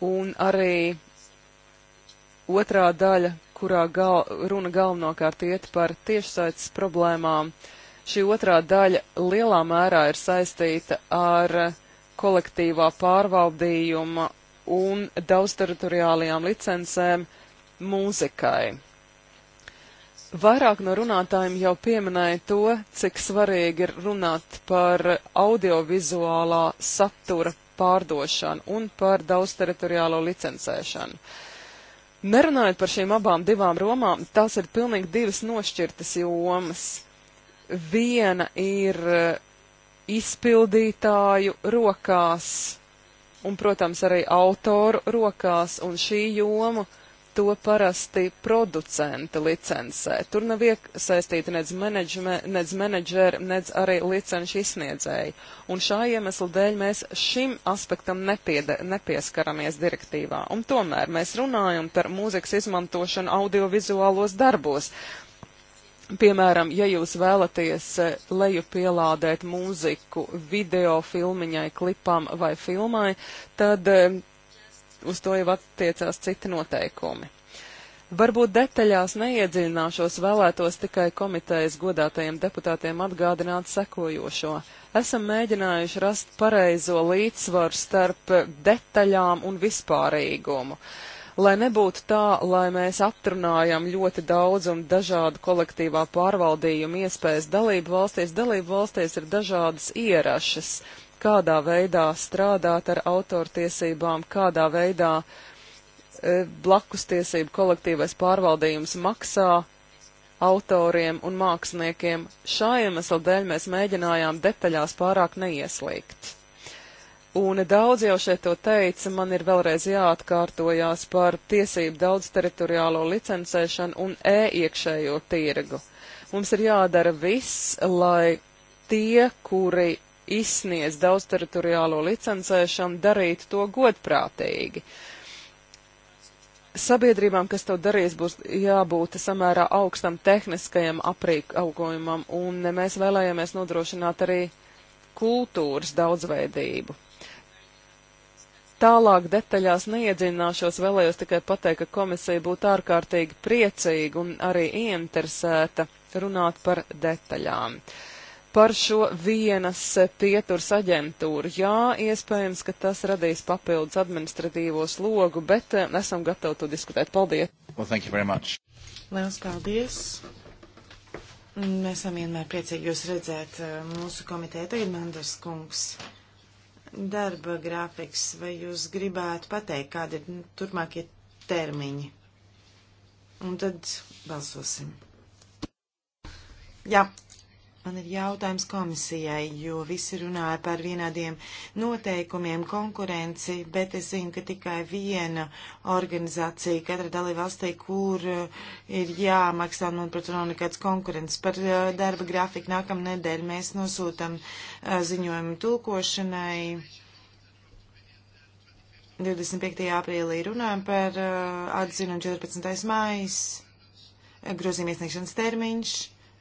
un arī otrā daļa, kurā gal, runa galvenokārt iet par tiešsaistes problēmām. Šī otrā daļa lielā mērā ir saistīta ar kolektīvā pārvaldījuma un daudzteritoriālajām licencēm mūzikai. Vairāk no runātājiem jau pieminēja to, cik svarīgi ir runāt par audiovizuālā satura pārdošanu un par daudzteritoriālo licencēšanu. Nerunājot par šīm abām divām romām, tās ir pilnīgi divas nošķirtas jomas. Viena ir izpildītāju rokās un, protams, arī autoru rokās, un šī joma to parasti producenta licencē. Tur nav iesaistīta nec, menedžme, nec menedžeri, nec arī licenšu izsniedzēji. Un šā iemesla dēļ mēs šim aspektam nepiede, nepieskaramies direktīvā. Un tomēr mēs runājam par mūzikas izmantošanu audiovizuālos darbos. Piemēram, ja jūs vēlaties eh, lejupielādēt mūziku video filmiņai, klipam vai filmai, tad eh, uz to jau attiecās citi noteikumi. Varbūt detaļās neiedziļināšos, vēlētos tikai komitejas godātajiem deputātiem atgādināt sekojošo. Esam mēģinājuši rast pareizo līdzsvaru starp detaļām un vispārīgumu. Uh, lai nebūtu tā, lai mēs atrunājam ļoti daudz un dažādu kolektīvā pārvaldījuma iespējas dalību valstīs. Dalību valstīs ir dažādas ierašas, kādā veidā strādāt ar autortiesībām, kādā veidā e, blakus tiesību kolektīvais pārvaldījums maksā autoriem un māksliniekiem. Šā iemesla dēļ mēs mēģinājām detaļās pārāk neieslīgt. Un daudz jau šeit to teica, man ir vēlreiz jāatkārtojās par tiesību daudz teritoriālo licencēšanu un e-iekšējo tirgu. Mums ir jādara viss, lai tie, kuri izsniedz daudz teritoriālo licencēšanu, darītu to godprātīgi. Sabiedrībām, kas to darīs, būs jābūt samērā augstam tehniskajam aprīkojumam, un mēs vēlējāmies nodrošināt arī kultūras daudzveidību. Tālāk detaļās neiedzināšos, vēlējos tikai pateikt, ka komisija būtu ārkārtīgi priecīga un arī ieinteresēta runāt par detaļām. Par šo vienas pieturas aģentūru. Jā, iespējams, ka tas radīs papildus administratīvo slogu, bet eh, esam gatavi to diskutēt. Paldies! Well, thank you very much. Liels paldies! Mēs esam vienmēr priecīgi jūs redzēt eh, mūsu komiteja. Tagad Manders kungs darba grafiks, vai jūs gribētu pateikt, kādi ir nu, turpmākie termiņi? Un tad balsosim. Jā, Man ir jautājums komisijai, jo visi runāja par vienādiem noteikumiem, konkurenci, bet es zinu, ka tikai viena organizācija katra dalībvalstī, kur eh, ir jāmaksā, un, manuprāt, nav nekāds konkurents. Par eh, darba grafiku nākamnedēļ mēs nosūtam eh, ziņojumu tulkošanai. 25. aprīlī runājam par atzinu 14. mājas, grozījuma iesniegšanas termiņš.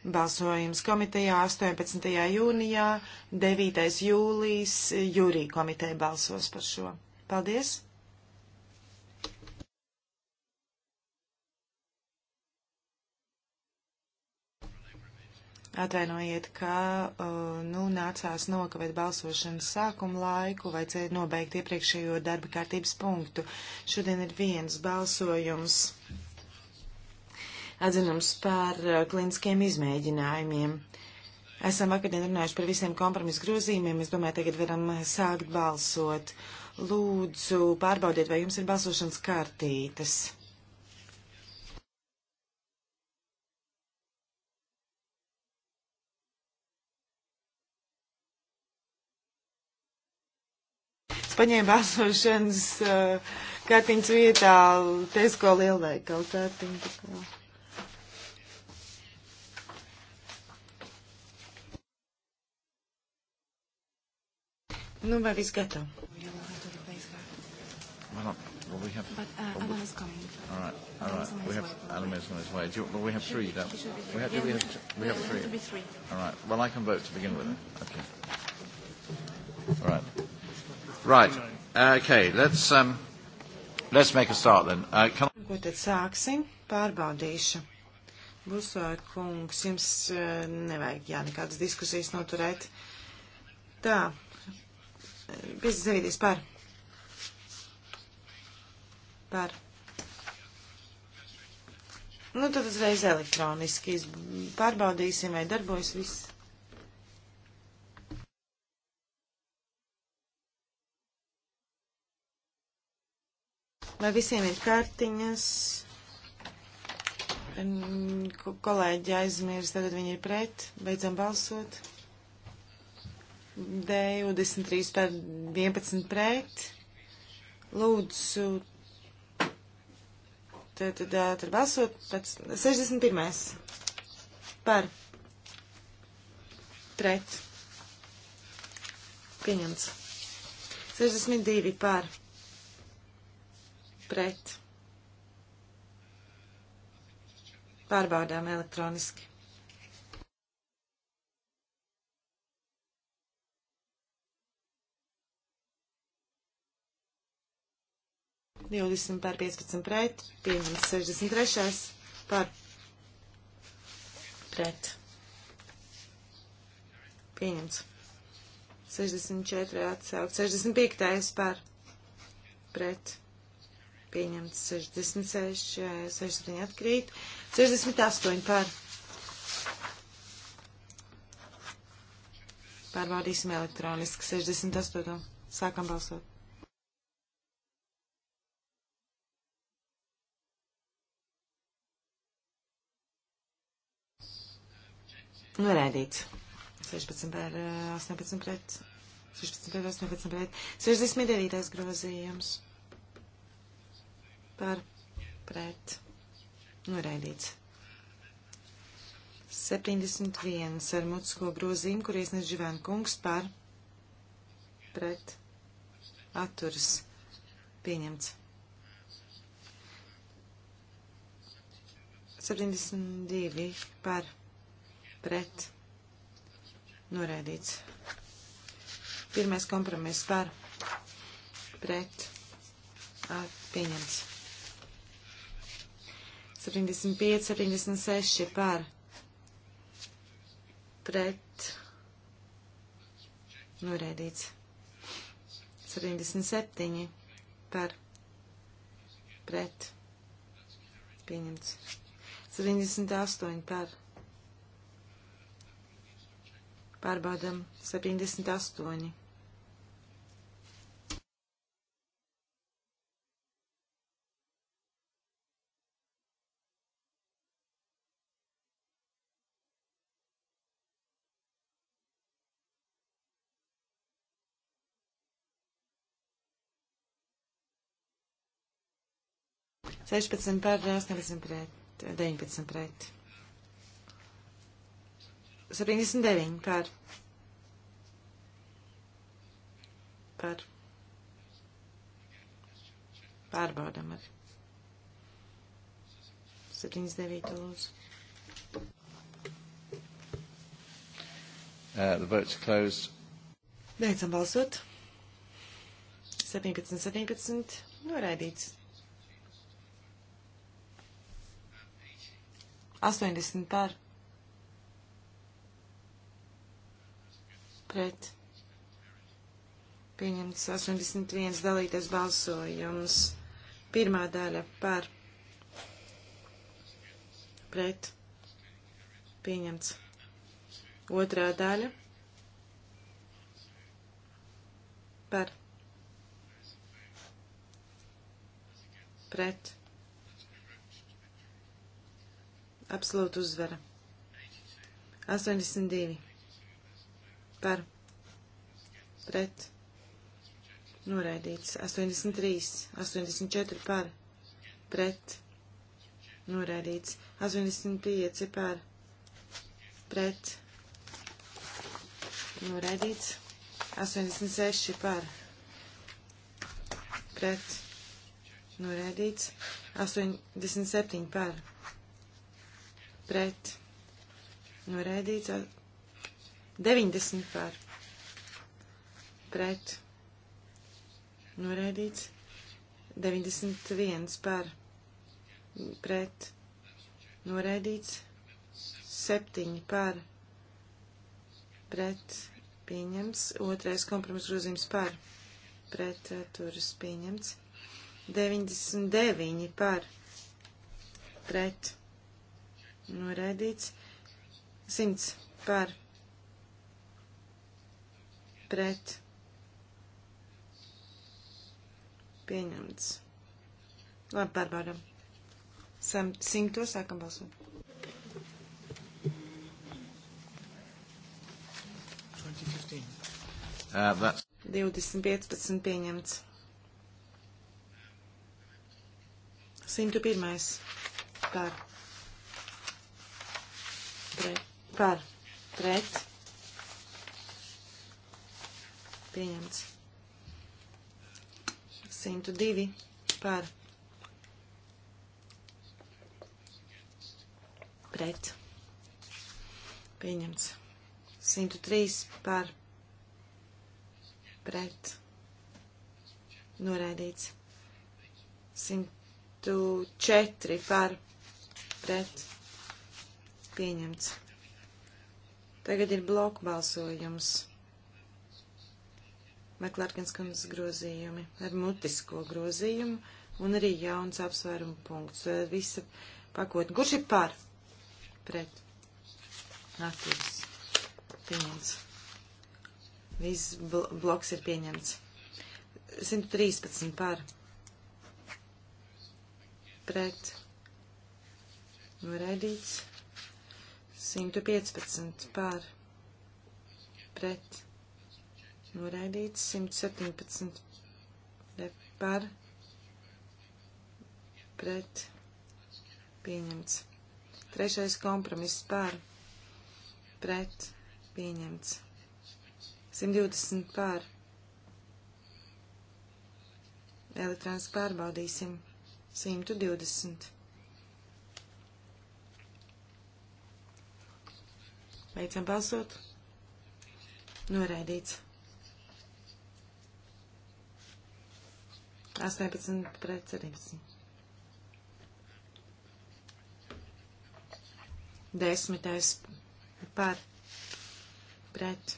Balsojums komitejā 18. jūnijā, 9. jūlijas jūrī komiteja balsos par šo. Paldies! Atvainojiet, ka uh, nu, nācās nokavēt balsošanas sākumu laiku, vajadzēja nobeigt iepriekšējo darba kārtības punktu. Šodien ir viens balsojums atzinums par uh, kliniskiem izmēģinājumiem. Esam vakardien runājuši par visiem kompromisu grozījumiem. Es domāju, tagad varam uh, sākt balsot. Lūdzu, pārbaudiet, vai jums ir balsošanas kartītes. paņēma balsošanas uh, kartiņas vietā Tesko lielveikalu kartiņu. Nu, vai viss gatavs? Well, well, we have. But uh, well, Alan is coming. All right, all right. We have Alan is on his way. Do you, well, we have three. Don't we? Have, do we have? We have three. three. All right. Well, I can vote to begin with. Okay. All right. Right. Okay. Let's um, let's make a start then. Uh, can. Ko tad sāksim? Pārbaudīšu. Busoja kungs, jums uh, nevajag jā, nekādas diskusijas noturēt. Tā, 59 par. Par. Nu, tad uzreiz elektroniski pārbaudīsim, vai darbojas viss. Vai visiem ir kartiņas? Kolēģi aizmirst, tagad viņi ir pret. Beidzam balsot. 23 par 11 pret. Lūdzu, tad, tad, tad balsot pēc 61. par pret. Pieņemts. 62 par pret. Pārbaudām elektroniski. 20 pār 15 pret, pieņemts 63 pār pret. Pieņemts. 64 atsaukt, 65 pār pret. Pieņemts 66, 67 atkrīt, 68 pār. Pārbaudīsim elektroniski 68. Sākam balsot. Noraidīts. 16 par 18 pret. 16 pret 18 pret. 69. grozījums. Par pret. Noraidīts. 71 ar mutisko grozījumu, kur iesniedz Živēna kungs par pret atturas pieņemts. 72 par pret pret noraidīts. Pirmais kompromiss par pret pieņemts. 75, 76 par pret noraidīts. 77 par pret pieņemts. 78 par pret Pārbaudam 78. Sešpadsmit pār, astoņpadsmit pret, deviņpadsmit pret. 79 par. Par. Pārbaudam arī. 79 lūdzu. Uh, the vote's closed. Beidzam balsot. 17, 17. Noraidīts. 80 par pret pieņemts 81 dalīties balsojums. Pirmā daļa par pret pieņemts. Otrā daļa par pret absolūtu uzvara. 82 par pret noraidīts. 83, 84 par pret noraidīts. 85 par pret noraidīts. 86 par pret noraidīts. 87 par pret noraidīts. 90 par pret noraidīts. 91 par pret noraidīts. 7 par pret pieņemts. Otrais kompromiss grozījums par pret turas pieņemts. 99 par pret noraidīts. 100 par pret pret pieņemts. Labi, pārbaudam. Sam, simto sākam balsot. Uh, 2015 pieņemts. 101. Par. Pret. Par. Pret pieņemts. 102 par pret pieņemts. 103 par pret noraidīts. 104 par pret pieņemts. Tagad ir bloku balsojums. Meklārkins kundzes grozījumi ar mutisko grozījumu un arī jauns apsvērumu punkts. Visa pakotne. Kurš ir par? Pret. Atturis. Pieņemts. Viss bl bloks ir pieņemts. 113 par. Pret. Noraidīts. 115 par. Pret noraidīts 117 par pret pieņemts. Trešais kompromiss par pret pieņemts. 120 par elektrons pārbaudīsim 120. Beidzam balsot. Noraidīts. 18 pret 17. 10. par pret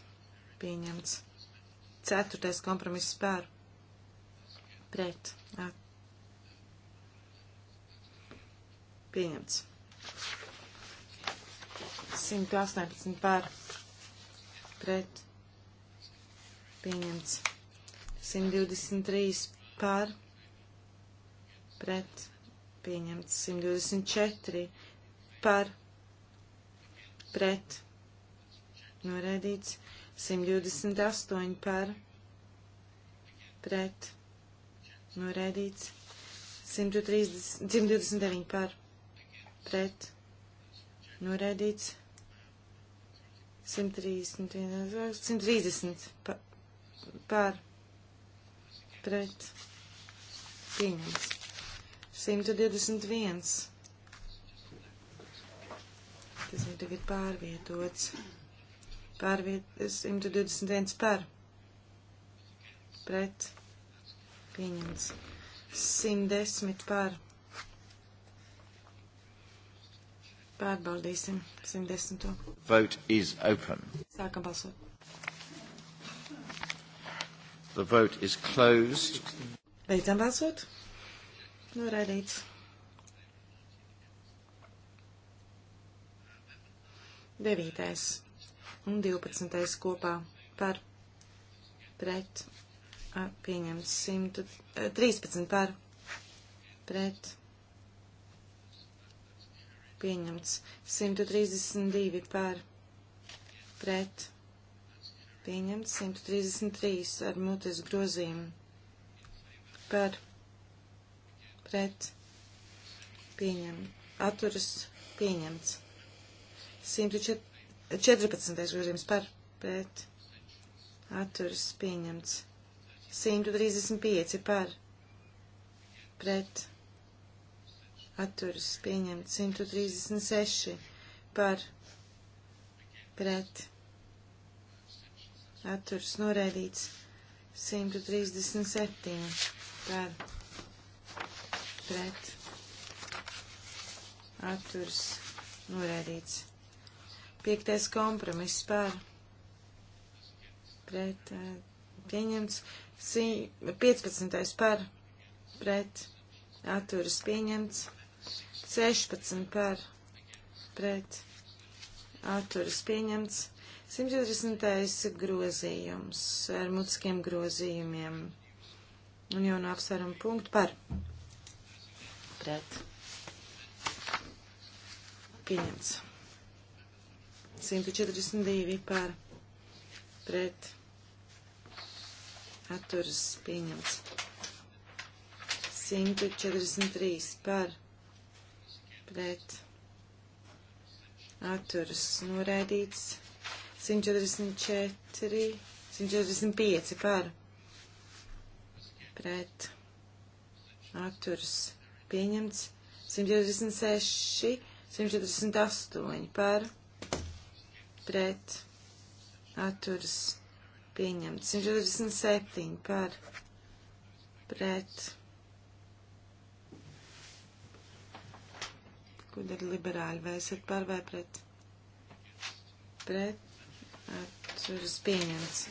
pieņemts. 4. kompromiss par pret pieņemts. 118 par pret pieņemts. 123 par pret pieņemts 124 par pret norēdīts 128 par pret norēdīts 130, 129 par pret norēdīts 130, 130 par pret pieņemts. 121. Tas ir tagad pārvietots. Pārviet 121 par pret pieņemts. 110 par Pārbaudīsim 110. Vote is open. Sākam balsot. The vote is closed. Beidzam balsot. Noraidīts. Devītais un divpadsmitais kopā par pret pieņemts 113 par pret pieņemts 132 par pret pieņemts 133 ar mutes grozījumu par pret pieņem, atturas pieņemts. 114. grozījums par pret atturas pieņemts. 135 par pret atturas pieņemts. 136 par pret atturas noraidīts 137 par pret atturas noraidīts. Piektais kompromiss par pret eh, pieņemts 15. par pret atturas pieņemts 16 par pret atturas pieņemts 140. grozījums ar mutiskiem grozījumiem un jaunu apsvērumu punktu par pret. Pieņemts. 142 par pret. Atturas pieņemts. 143 par pret. Atturas noraidīts. 144, 145 par pret atturs pieņemts 146, 148 par pret atturs pieņemts 147 par pret kur ir liberāļi vai esat par vai pret pret atturas pieņemts.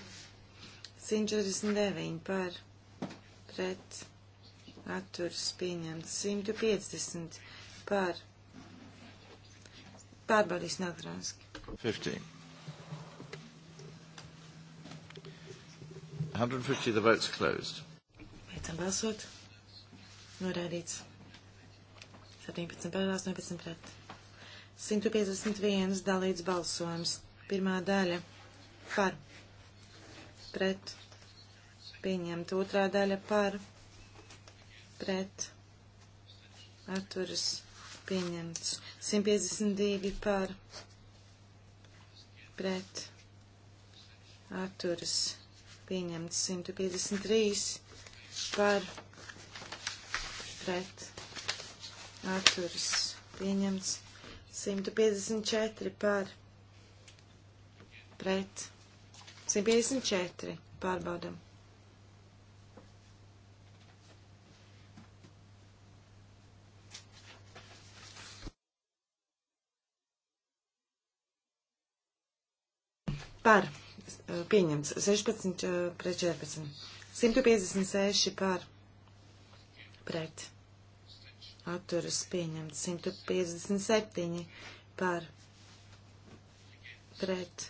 149 par pret atturas pieņemts. 150 par pārbaudīs elektroniski. 15. 150 the votes closed. Beidzam balsot. Norādīts. 17 par 18 pret. 151 dalīts balsojums. Pirmā daļa par pret pieņemt. Otrā daļa par pret atturas pieņemts. 152 par pret atturas pieņemts. 153 par pret atturas pieņemts. 154 par pret pret 154 pārbaudam. Par eh, pieņemts 16 eh, pret 14. 156 par pret. Atturas pieņemts 157 par pret.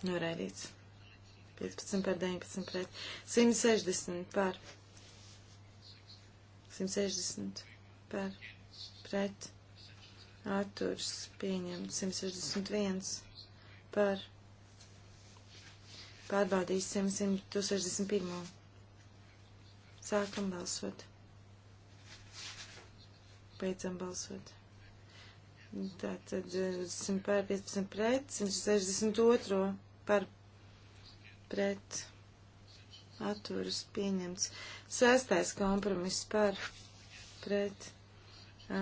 Noraidīts. 15 par 19 pret. 160 par. 160 par. Pret. Atturs pieņemt. 161 par. Pārbaudīsim 161. Sākam balsot. Beidzam balsot. Tātad 100 pār 15 pret 162 par pret atturas pieņemts. Sestais kompromiss par pret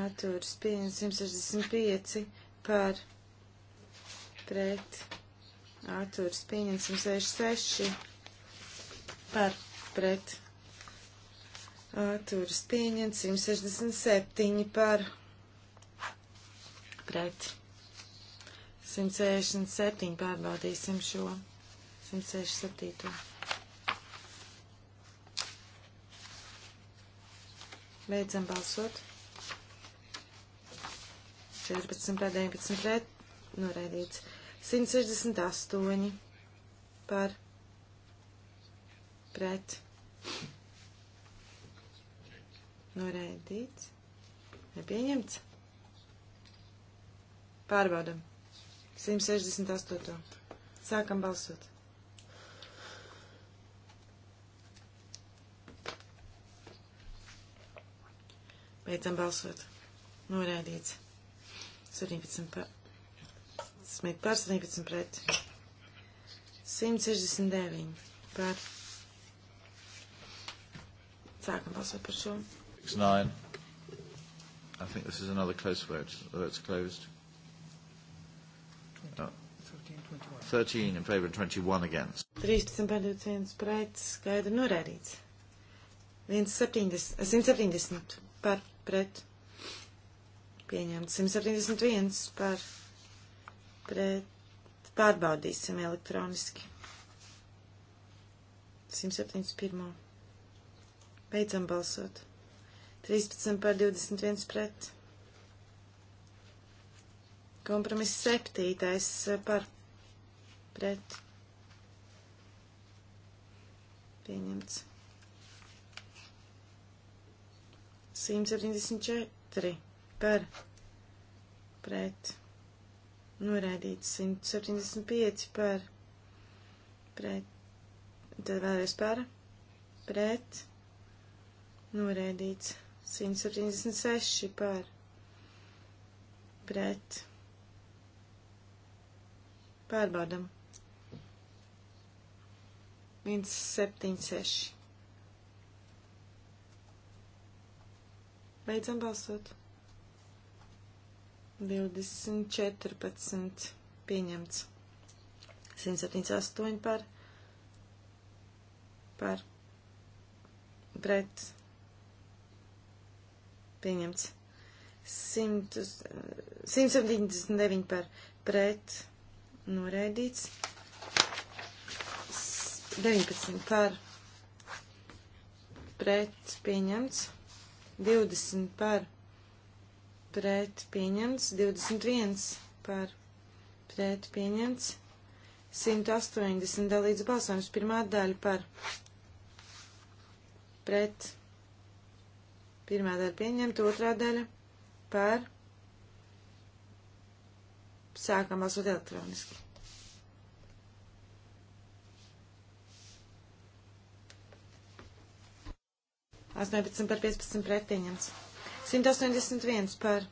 atturas pieņemts. 165 par pret atturas pieņemts. 166 par pret atturas pieņemts. 167 par pret 167 pārbaudīsim šo. 167. Beidzam balsot. 14 pret 19 pret noraidīts. 168 par pret noraidīts. Nepieņemts. Pārbaudam. 168. 168. Sākam balsot. Beidzam balsot. Norādīts. 17 par, 17 par 17 pret. 169 par. Sākam balsot par šo. 69. I think this is another close vote. The vote's closed. 13 in favor and 21 against. 13 par 21 pret, skaidri norādīts. 170, 170 par pret. Pieņemts 171 par pret. Pārbaudīsim elektroniski. 171. Beidzam balsot. 13 par 21 pret. Kompromiss septītais par pret pieņemts. 174 par pret noraidīts 175 par pret tad vēlreiz par pret noraidīts 176 par pret pārbaudam 176 176. Beidzam balsot. 2014 pieņemts. 178 par par pret pieņemts. 100, 179 par pret noraidīts. 19 par pret pieņemts, 20 par pret pieņemts, 21 par pret pieņemts, 180 dalīts balsojums, pirmā daļa par pret, pirmā daļa pieņemta, otrā daļa par, sākam balsot elektroniski. 18 par 15 pretiņams. 181 par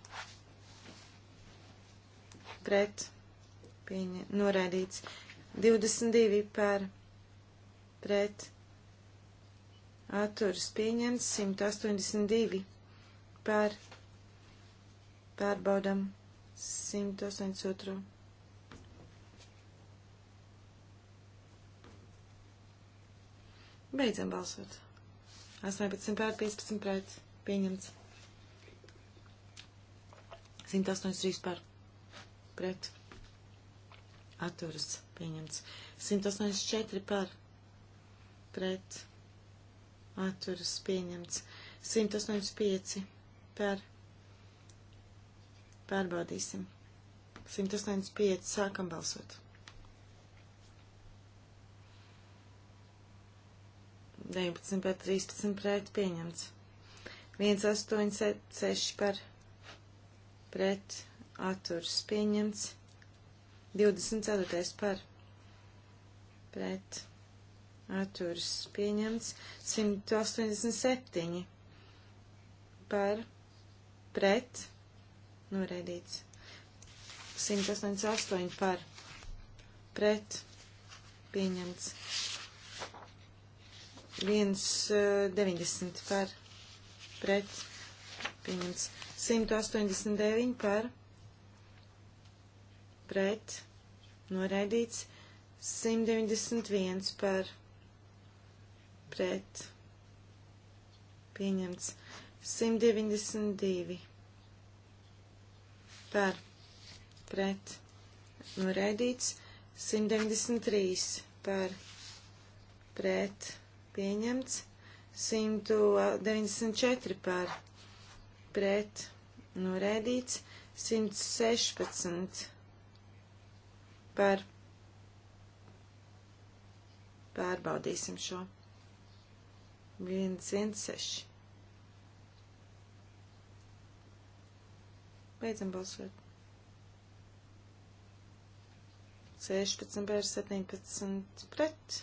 pret pieņa, noraidīts. 22 par pret atturas pieņemts. 182 par pārbaudam 182. Beidzam balsot. 18 pār 15 pret. Pieņemts. 183 pār pret. Atturas. Pieņemts. 184 pār pret. Atturas. Pieņemts. 185 pār. Pārbaudīsim. 185. Sākam balsot. 19 par 13 pret pieņemts. 1, 8, 6 par pret atturs pieņemts. 24 par pret atturs pieņemts. 187 par pret noraidīts. 188 par pret pieņemts. 190 eh, par pret pieņemts. 189 par pret noraidīts. 191 par pret pieņemts. 192 par pret noraidīts. 193 par pret pieņemts pieņemts 194 par pret noraidīts 116 par pārbaudīsim šo 116. Beidzam balsot. 16 par 17 pret.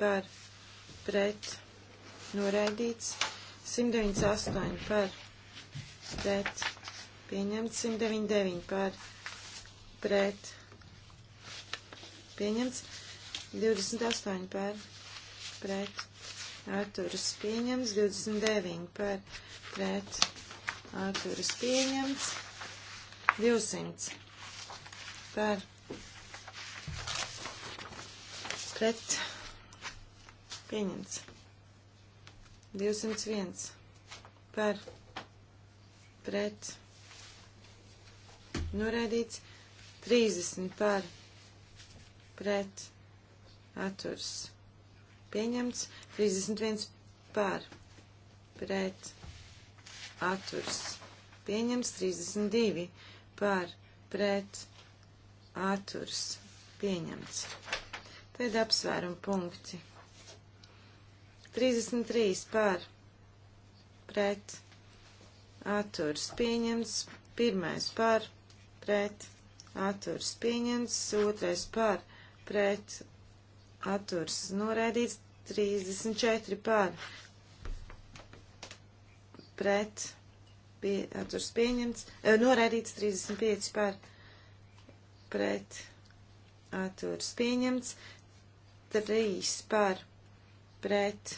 par pret noraidīts, 198 par pret pieņemts, 199 par pret pieņemts, 28 par pret atturas pieņemts, 29 par pret atturas pieņemts, 200 par pret Pieņemts. 201 par pret. Noraidīts. 30 par pret. Atturs. Pieņemts. 31 par pret. Atturs. Pieņemts. 32 par pret. Atturs. Pieņemts. Tad apsvērumu punkti. 33 par pret atturs pieņemts, pirmais par pret atturs pieņemts, otrais par pret atturs noraidīts, 34 par pret pie, atturs pieņemts, eh, noraidīts 35 par pret atturs pieņemts, 3 par pret pret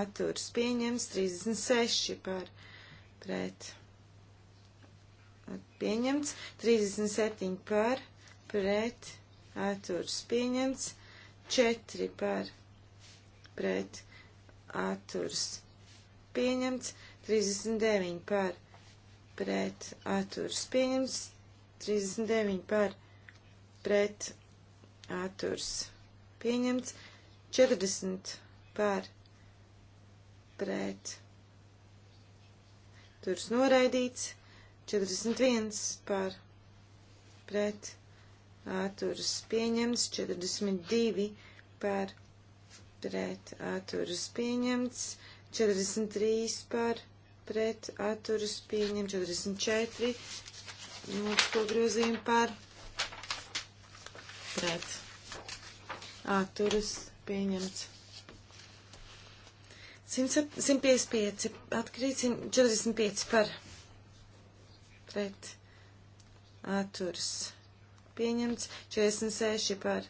atturs pieņems 36 par pret pieņemts 37 par pret atturs pieņemts 4 par pret atturs pieņemts 39 par pret atturs pieņemts 39 par pret atturs pieņemts 40 pār pret. Turas noraidīts. 41 pār pret. Āturas pieņemts. 42 pār pret. Āturas pieņemts. 43 pār pret. Āturas pieņemts. 44 mūsu grozījumu pār pret. Āturas pieņemts pieņemts. 155 atkrīt, 145 par pret atturs pieņemts, 46 par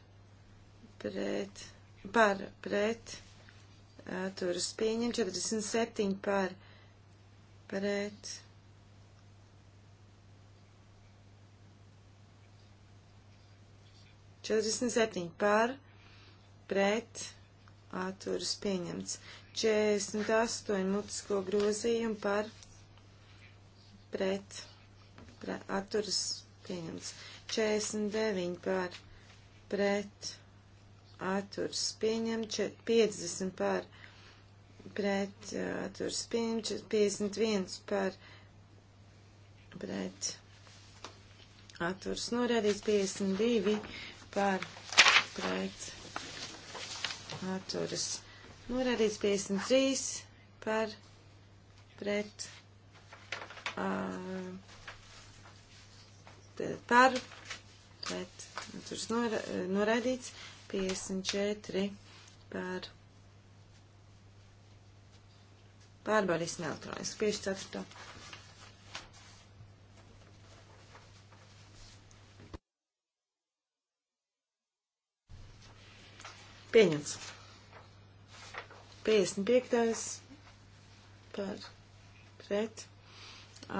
pret, par pret atturs pieņemts, 47 par pret. Četrdesmit septiņi par pret atturas pieņemts. 48 mutisko grozījumu par pret, pret atturas pieņemts. 49 par pret atturas pieņemts. 50 par pret atturas pieņemts. 51 par pret atturas norādīts. 52 par pret atturas norādīts 53 par pret uh, par pret atturas nora, norādīts 54 par pārbaudīsim elektroniski 54. Pieņemts. 55. par pret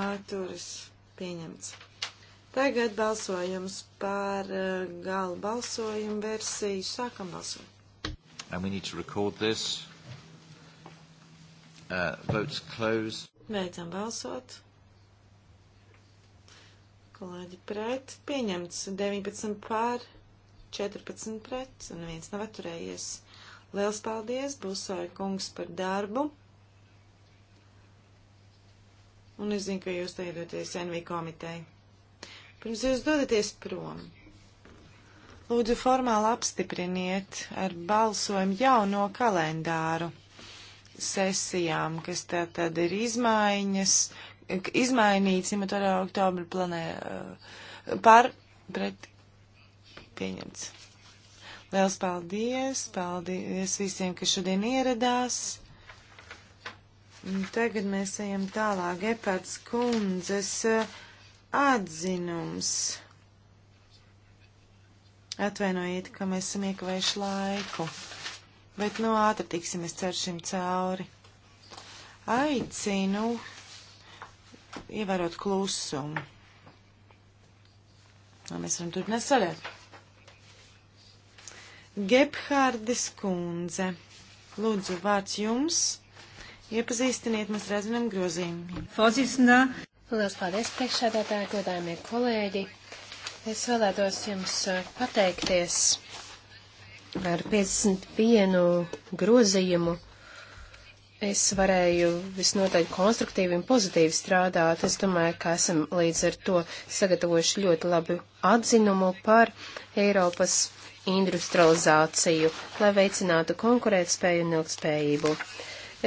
atturas pieņemts. Tagad balsojums par uh, eh, galu balsojumu versiju. Sākam balsot. And we need to record this. Uh, votes closed. Beidzam balsot. Kolēģi pret. Pieņemts 19 pār 14 pret, un neviens nav atturējies. Liels paldies, Busoja kungs, par darbu. Un es zinu, ka jūs te iedoties NV komitei. Pirms jūs dodaties prom, lūdzu formāli apstipriniet ar balsojumu jauno kalendāru sesijām, kas tā tad ir izmaiņas, izmainīts 1. oktobra planē eh, par pret pieņemts. Liels paldies! Paldies visiem, kas šodien ieradās! Un tagad mēs ejam tālāk. Epats kundzes eh, atzinums. Atvainojiet, ka mēs esam iekavējuši laiku, bet nu ātri tiksimies cer šim cauri. Aicinu ievērot klusumu. Un mēs varam turpināt saļēt. Gebhārdis Kundze. Lūdzu, vārds jums. Iepazīstiniet mums ar atzinam grozījumiem. Pozicinā. Lielas paldies, priekšsēdētāji, godājumie kolēģi. Es vēlētos jums pateikties ar 51 grozījumu. Es varēju visnotaļ konstruktīvi un pozitīvi strādāt. Es domāju, ka esam līdz ar to sagatavojuši ļoti labu atzinumu par Eiropas industrializāciju, lai veicinātu konkurētspēju un ilgspējību.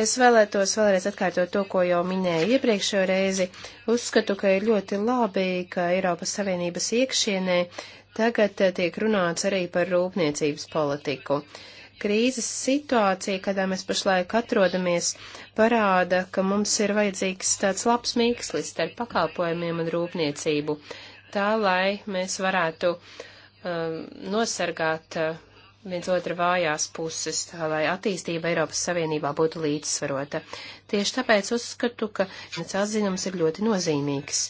Es vēlētos vēlreiz atkārtot to, ko jau minēju iepriekšējo reizi. Uzskatu, ka ir ļoti labi, ka Eiropas Savienības iekšienē tagad tiek runāts arī par rūpniecības politiku. Krīzes situācija, kādā mēs pašlaik atrodamies, parāda, ka mums ir vajadzīgs tāds labs mīkslis starp pakalpojumiem un rūpniecību, tā lai mēs varētu uh, um, nosargāt uh, viens otru vājās puses, tā, lai attīstība Eiropas Savienībā būtu līdzsvarota. Tieši tāpēc uzskatu, ka šis atzinums ir ļoti nozīmīgs.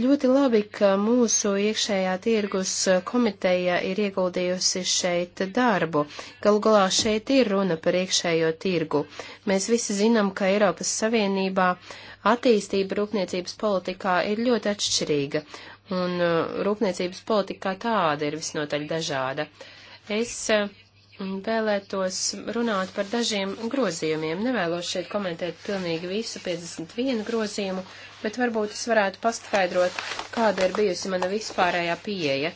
Ļoti labi, ka mūsu iekšējā tirgus komiteja ir ieguldījusi šeit darbu. Galu galā šeit ir runa par iekšējo tirgu. Mēs visi zinām, ka Eiropas Savienībā attīstība rūpniecības politikā ir ļoti atšķirīga, un uh, rūpniecības politika kā tāda ir visnotaļ dažāda. Es uh, vēlētos runāt par dažiem grozījumiem. Nevēlos šeit komentēt pilnīgi visu 51 grozījumu, bet varbūt es varētu paskaidrot, kāda ir bijusi mana vispārējā pieeja.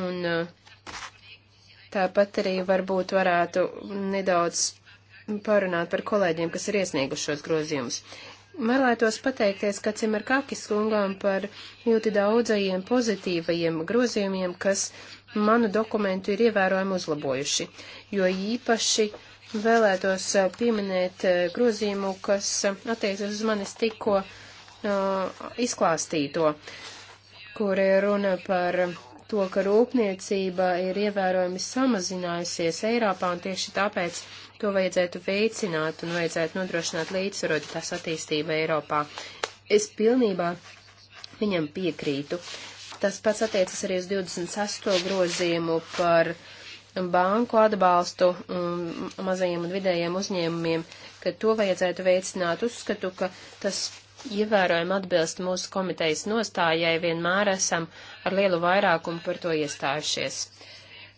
Un uh, tāpat arī varbūt varētu nedaudz parunāt par kolēģiem, kas ir iesniegušos grozījumus. Vēlētos pateikties Kacimar Kakis kungām par ļoti daudzajiem pozitīvajiem grozījumiem, kas manu dokumentu ir ievērojami uzlabojuši, jo īpaši vēlētos uh, pieminēt uh, grozījumu, kas uh, attiecas uz manis tikko uh, izklāstīto, kur ir runa par um, to, ka rūpniecība ir ievērojami samazinājusies Eiropā un tieši tāpēc To vajadzētu veicināt un vajadzētu nodrošināt līdzsvarot tās attīstību Eiropā. Es pilnībā viņam piekrītu. Tas pats attiecas arī uz 26. grozījumu par banku atbalstu um, mazajiem un vidējiem uzņēmumiem, ka to vajadzētu veicināt. Uzskatu, ka tas ievērojami atbilst mūsu komitejas nostājai, vienmēr esam ar lielu vairākumu par to iestājušies. Uh,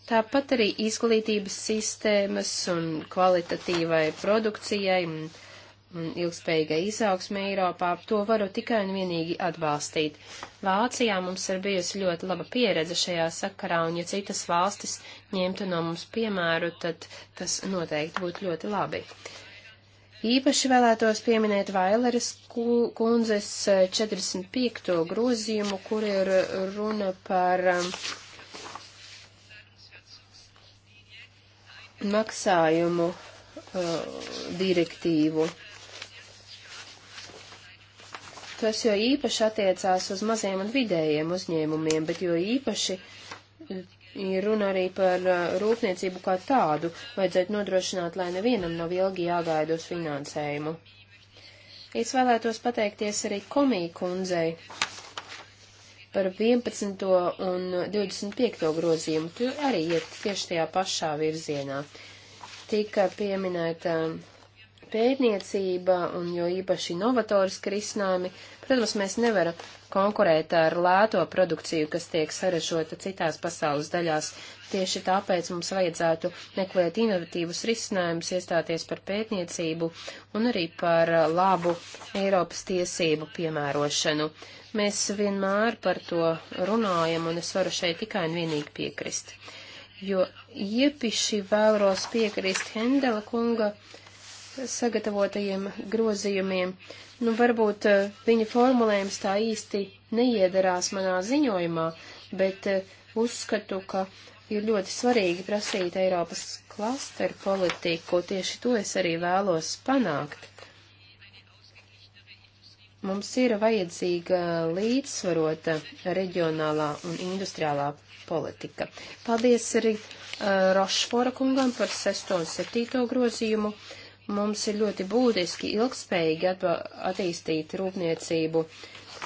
Tāpat arī izglītības sistēmas un kvalitatīvai produkcijai un, un ilgspējīgai izaugsmē Eiropā to varu tikai un vienīgi atbalstīt. Vācijā mums ir bijusi ļoti laba pieredze šajā sakarā, un ja citas valstis ņemtu no mums piemēru, tad tas noteikti būtu ļoti labi. Īpaši vēlētos pieminēt Vaileres kundzes 45. Eh, grozījumu, kur ir runa par um, maksājumu uh, direktīvu. Tas jo īpaši attiecās uz maziem un vidējiem uzņēmumiem, bet jo īpaši uh, ir runa arī par uh, rūpniecību kā tādu, vajadzētu nodrošināt, lai nevienam nav ilgi jāgaida uz finansējumu. Es vēlētos pateikties arī komiju kundzei Par 11. un 25. grozījumu tu arī iet tieši tajā pašā virzienā. Tika pieminēta pētniecība un jo īpaši novatoriski risinājumi. Protams, mēs nevaram konkurēt ar lēto produkciju, kas tiek sarežota citās pasaules daļās. Tieši tāpēc mums vajadzētu meklēt inovatīvus risinājumus, iestāties par pētniecību un arī par labu Eiropas tiesību piemērošanu. Mēs vienmēr par to runājam, un es varu šeit tikai un vienīgi piekrist. Jo iepiši vēlos piekrist Hendela kunga sagatavotajiem grozījumiem. Nu, varbūt eh, viņa formulējums tā īsti neiedarās manā ziņojumā, bet eh, uzskatu, ka ir ļoti svarīgi prasīt Eiropas klasteru politiku, tieši to es arī vēlos panākt. Mums ir vajadzīga līdzsvarota reģionālā un industriālā politika. Paldies arī uh, Rošfora kungam par 6. un 7. grozījumu. Mums ir ļoti būtiski ilgspējīgi attīstīt rūpniecību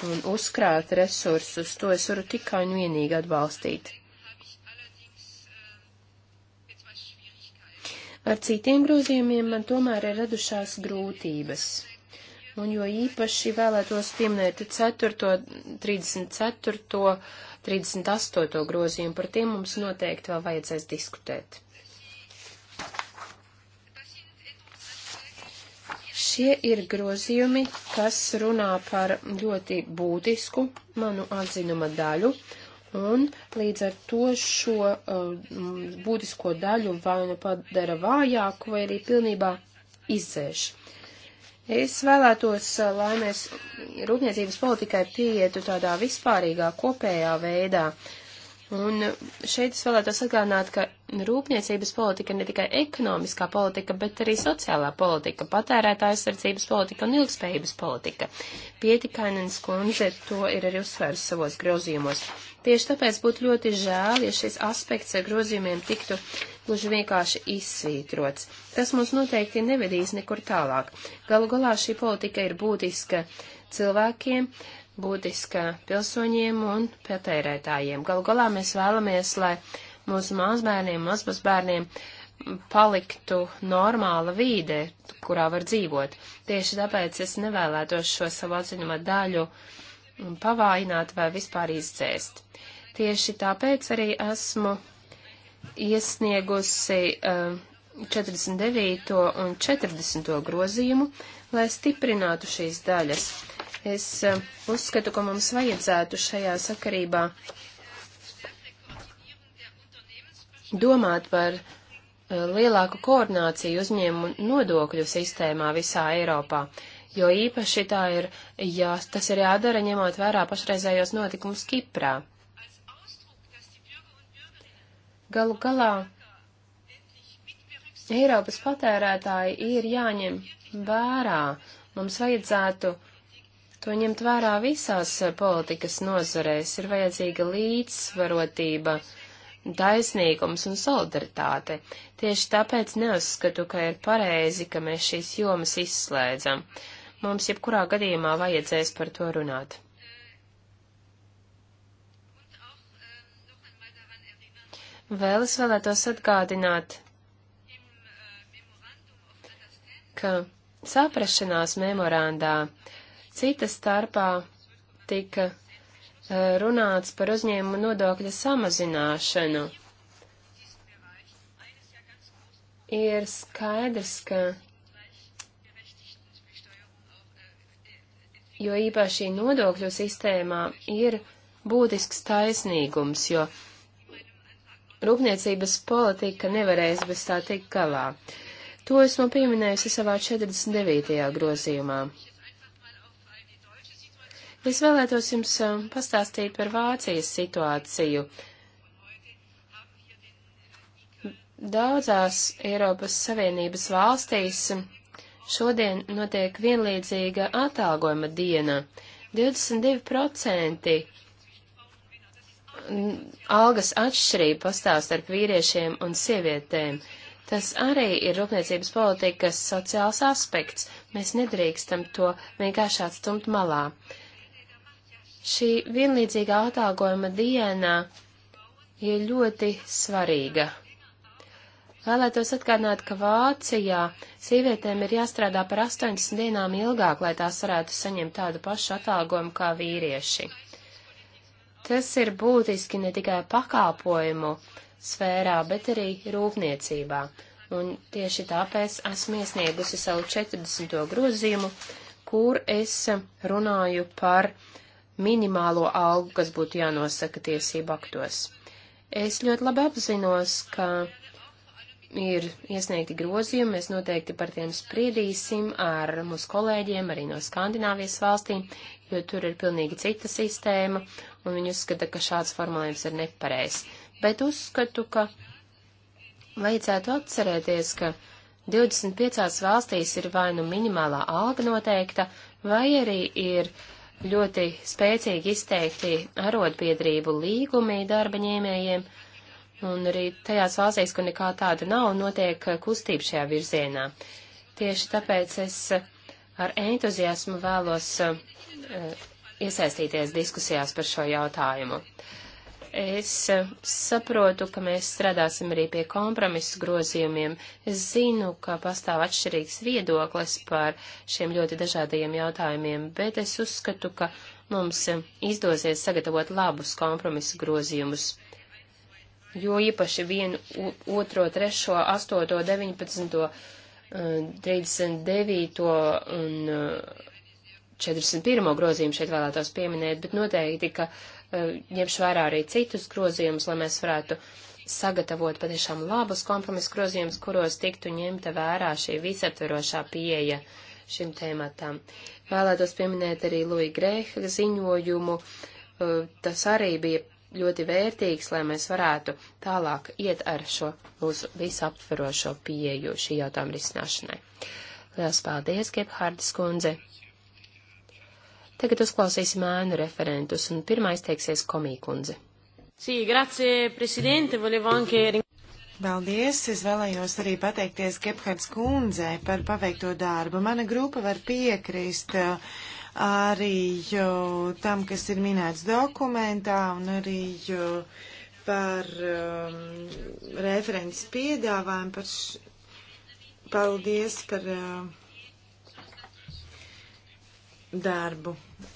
un uzkrāt resursus. To es varu tikai un vienīgi atbalstīt. Ar citiem grozījumiem man tomēr ir radušās grūtības. Un jo īpaši vēlētos pieminēt 4., 34., 38. grozījumu, par tiem mums noteikti vēl vajadzēs diskutēt. Šie ir grozījumi, kas runā par ļoti būtisku manu atzinuma daļu, un līdz ar to šo uh, būtisko daļu vai nu padara vājāku, vai arī pilnībā izdzēš. Uh, Es vēlētos, uh, lai mēs rūpniecības politikai pieietu tādā vispārīgā kopējā veidā. Uh, Un šeit es vēlētos atgādināt, ka rūpniecības politika ir ne tikai ekonomiskā politika, bet arī sociālā politika, patērētāja aizsardzības politika un ilgspējības politika. Pietikainens kundze to ir arī uzsvērs savos grozījumos. Tieši tāpēc būtu ļoti žēl, ja šis aspekts ar grozījumiem tiktu gluži vienkārši izsvītrots. Tas mums noteikti nevedīs nekur tālāk. Galu galā šī politika ir būtiska cilvēkiem, uh, būtiska pilsoņiem un patērētājiem. Galu galā mēs vēlamies, lai mūsu mazbērniem, mazbazbērniem paliktu normāla vīde, kurā var dzīvot. Tieši tāpēc es nevēlētos šo savu atziņuma daļu pavājināt vai vispār izdzēst. Tieši tāpēc arī esmu iesniegusi uh, eh, 49. un 40. grozījumu, lai stiprinātu šīs daļas. Es eh, uzskatu, ka mums vajadzētu šajā sakarībā domāt par eh, lielāku koordināciju uzņēmu nodokļu sistēmā visā Eiropā, jo īpaši tā ir, ja tas ir jādara ņemot vērā pašreizējos notikumus Kiprā. Galu galā Eiropas patērētāji ir jāņem vērā. Mums vajadzētu uh, To ņemt vērā visās eh, politikas nozarēs ir vajadzīga līdzsvarotība, taisnīgums un solidaritāte. Tieši tāpēc neuzskatu, ka ir pareizi, ka mēs šīs jomas izslēdzam. Mums jebkurā gadījumā vajadzēs par to runāt. Vēl es vēlētos atgādināt, ka saprašanās memorandā uh, Cita starpā tika eh, runāts par uzņēmumu nodokļa samazināšanu. Ir skaidrs, ka jo īpaši nodokļu sistēmā ir būtisks taisnīgums, jo rūpniecības politika nevarēs bez tā tikt galā. To esmu pieminējusi savā 49. grozījumā. Es vēlētos jums um, pastāstīt par Vācijas situāciju. Daudzās Eiropas Savienības valstīs šodien notiek vienlīdzīga atalgojuma diena. 22% algas atšķirība pastāv starp vīriešiem un sievietēm. Tas arī ir rūpniecības politikas sociāls aspekts. Mēs nedrīkstam to vienkārši atstumt malā. Uh, Šī vienlīdzīgā atalgojuma diena ir ļoti svarīga. Vēlētos atgādināt, ka Vācijā sievietēm ir jāstrādā par 80 dienām ilgāk, lai tās varētu saņemt tādu pašu atalgojumu kā vīrieši. Tas ir būtiski ne tikai pakalpojumu sfērā, bet arī rūpniecībā. Un tieši tāpēc esmu iesniegusi savu 40. grozījumu, kur es runāju par uh, minimālo algu, kas būtu jānosaka tiesību aktos. Es ļoti labi apzinos, ka ir iesniegti grozījumi, mēs noteikti par tiem spriedīsim ar mūsu kolēģiem, arī no Skandināvijas valstīm, jo tur ir pilnīgi cita sistēma, un viņi uzskata, ka šāds formulējums ir nepareizs. Bet uzskatu, ka vajadzētu atcerēties, ka 25 valstīs ir vai nu minimālā alga noteikta, vai arī ir uh, ļoti spēcīgi izteikti arotbiedrību līgumi darba ņēmējiem, un arī tajās valstīs, kur nekā tāda nav, notiek kustība šajā virzienā. Tieši tāpēc es ar entuziasmu vēlos eh, iesaistīties diskusijās par šo jautājumu. Uh, Es eh, saprotu, ka mēs strādāsim arī pie kompromisu grozījumiem. Es zinu, ka pastāv atšķirīgs viedoklis par šiem ļoti dažādajiem jautājumiem, bet es uzskatu, ka mums eh, izdosies sagatavot labus kompromisu grozījumus. Jo īpaši 1, 2, 3, 8, 19, 39 un 41 eh, grozījumu šeit vēlētos pieminēt, bet noteikti, ka Eh, ņemšu vērā arī citus grozījumus, lai mēs varētu sagatavot patiešām labus kompromisu grozījumus, kuros tiktu ņemta vērā šī visaptverošā pieeja šim tēmatam. Vēlētos pieminēt arī Luija Grēha ziņojumu. Eh, tas arī bija ļoti vērtīgs, lai mēs varētu tālāk iet ar šo mūsu visaptverošo pieeju šī jautājuma risināšanai. Lielas paldies, Gebhārdas kundze! Tagad uzklausīsim ēnu referentus, un pirmais teiksies komīkundze. Sī, grazie, prezidente, volevo anche Paldies! Es vēlējos arī pateikties Gebhards kundzē par paveikto darbu. Mana grupa var piekrist uh, arī jo, tam, kas ir minēts dokumentā un arī jo, par um, referents piedāvājumu. Par š... Paldies par. Uh, darbu.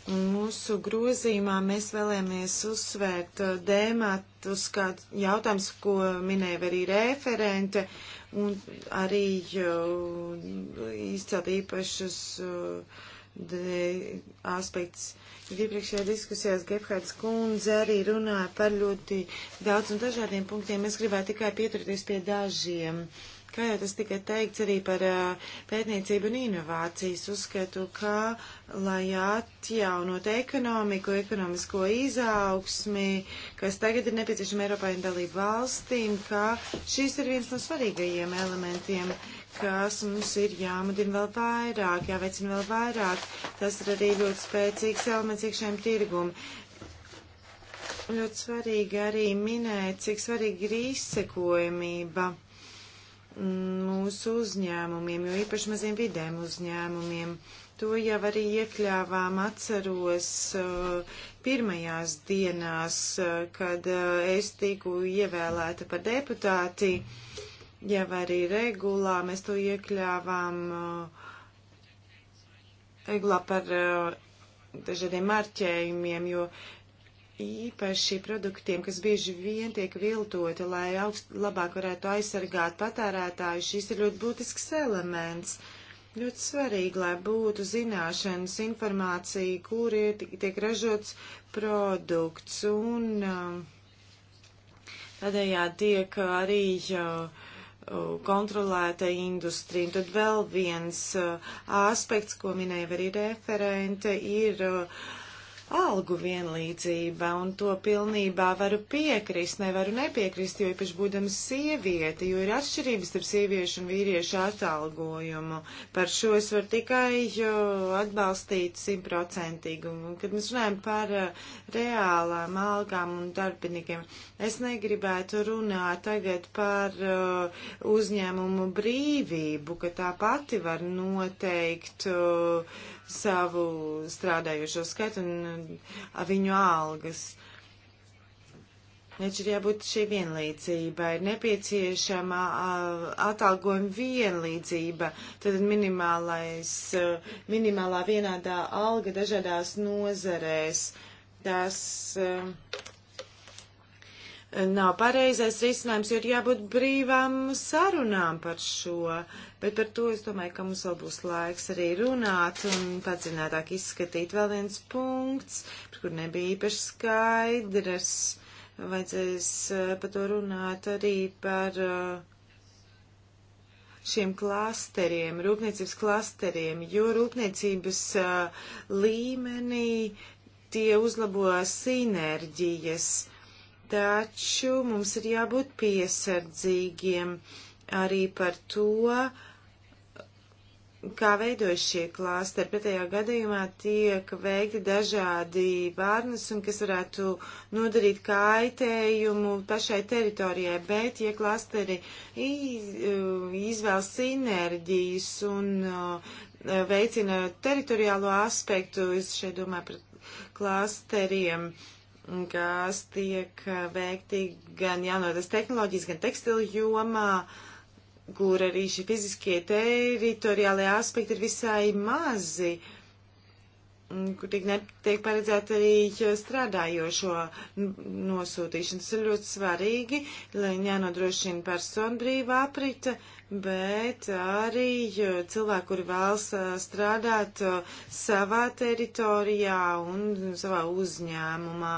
Mūsu grozījumā mēs vēlamies uzsvērt uh, dēmatus, kā jautājums, ko minēja arī referente, un arī uh, izcelt īpašus uh, aspekts. Iepriekšējā diskusijās Gebhards kundze arī runāja par ļoti daudz un dažādiem punktiem. Es gribētu tikai pieturēties pie dažiem. Uh, Kā jau tas tika teikts arī par pētniecību un inovācijas, uzskatu, ka, lai atjaunot ekonomiku, ekonomisko izaugsmi, kas tagad ir nepieciešama Eiropai un dalību valstīm, ka šis ir viens no svarīgajiem elementiem, kas mums ir jāmudina vēl vairāk, jāveicina vēl vairāk. Tas ir arī ļoti spēcīgs elements iekšējiem tirgumam. Ļoti svarīgi arī minēt, cik svarīgi ir izsekojamība mūsu uzņēmumiem, jo īpaši maziem vidēm uzņēmumiem. To jau arī iekļāvām, atceros, uh, pirmajās dienās, uh, kad uh, es tiku ievēlēta par deputāti, jau arī regulā mēs to iekļāvām, regulā par dažādiem marķējumiem, jo īpaši produktiem, kas bieži vien tiek viltoti, lai augst, labāk varētu aizsargāt patērētāju, šis ir ļoti būtisks elements. Ļoti svarīgi, lai būtu zināšanas, informācija, kur ir tiek ražots produkts un um, tādējādi tiek arī uh, kontrolēta industrija. Un tad vēl viens uh, aspekts, ko minēja arī referente, ir uh, algu vienlīdzība, un to pilnībā varu piekrist, nevaru nepiekrist, jo īpaši būdama sieviete, jo ir atšķirības starp sieviešu un vīriešu atalgojumu. Par šo es varu tikai atbalstīt simtprocentīgi, un kad mēs runājam par eh, reālām algām un darbiniekiem, es negribētu runāt tagad par uh, uzņēmumu brīvību, ka tā pati var noteikt. Uh, savu strādājušo skaitu un viņu algas. Taču ir jābūt šī vienlīdzība, ir nepieciešama atalgojuma vienlīdzība, tad minimālais, minimālā vienādā alga dažādās nozarēs. Tas uh, nav pareizais risinājums, jo ir jābūt brīvām sarunām par šo. Bet par to es domāju, ka mums vēl būs laiks arī runāt un padziļinātāk izskatīt vēl viens punkts, par kur nebija īpaši skaidrs. Vajadzēs eh, par to runāt arī par eh, šiem klasteriem, rūpniecības klasteriem, jo rūpniecības eh, līmenī tie uzlabo sinerģijas taču mums ir jābūt piesardzīgiem arī par to, kā veidojas šie klāsteri. Pretējā gadījumā tiek veikti dažādi vārnas, un kas varētu nodarīt kaitējumu pašai teritorijai, bet tie klāsteri iz, izvēlas sinerģijas un uh, veicina teritoriālo aspektu. Es šeit domāju par klāsteriem. Uh, kas tiek veikti gan jaunotās tehnoloģijas, gan tekstilu jomā, kur arī šie fiziskie teritoriālie aspekti ir visai mazi, kur tiek, ne, tiek paredzēta arī strādājošo nosūtīšana. Tas ir ļoti svarīgi, lai jānodrošina personu brīvā aprita. Uh, bet arī cilvēki, kuri vēlas strādāt savā teritorijā un savā uzņēmumā.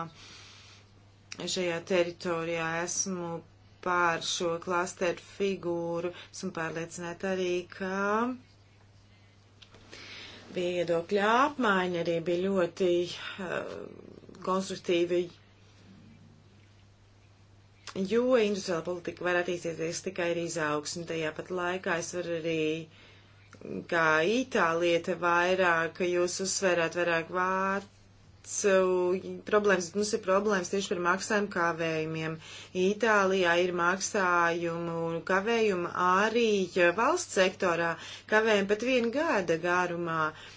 Šajā teritorijā esmu pār šo klasteru figūru, esmu pārliecināta arī, ka viedokļa apmaiņa arī bija ļoti uh, konstruktīvi jo industriāla politika var attīstīties tikai ar izaugsmu. Tajā pat laikā es varu arī, kā itālieta vairāk, jūs uzsverāt vairāk vācu problēmas, mums ir problēmas tieši par maksājumu kavējumiem. Itālijā ir maksājumu kavējumu arī valsts sektorā, kavējumi pat vienu gada garumā. Uh,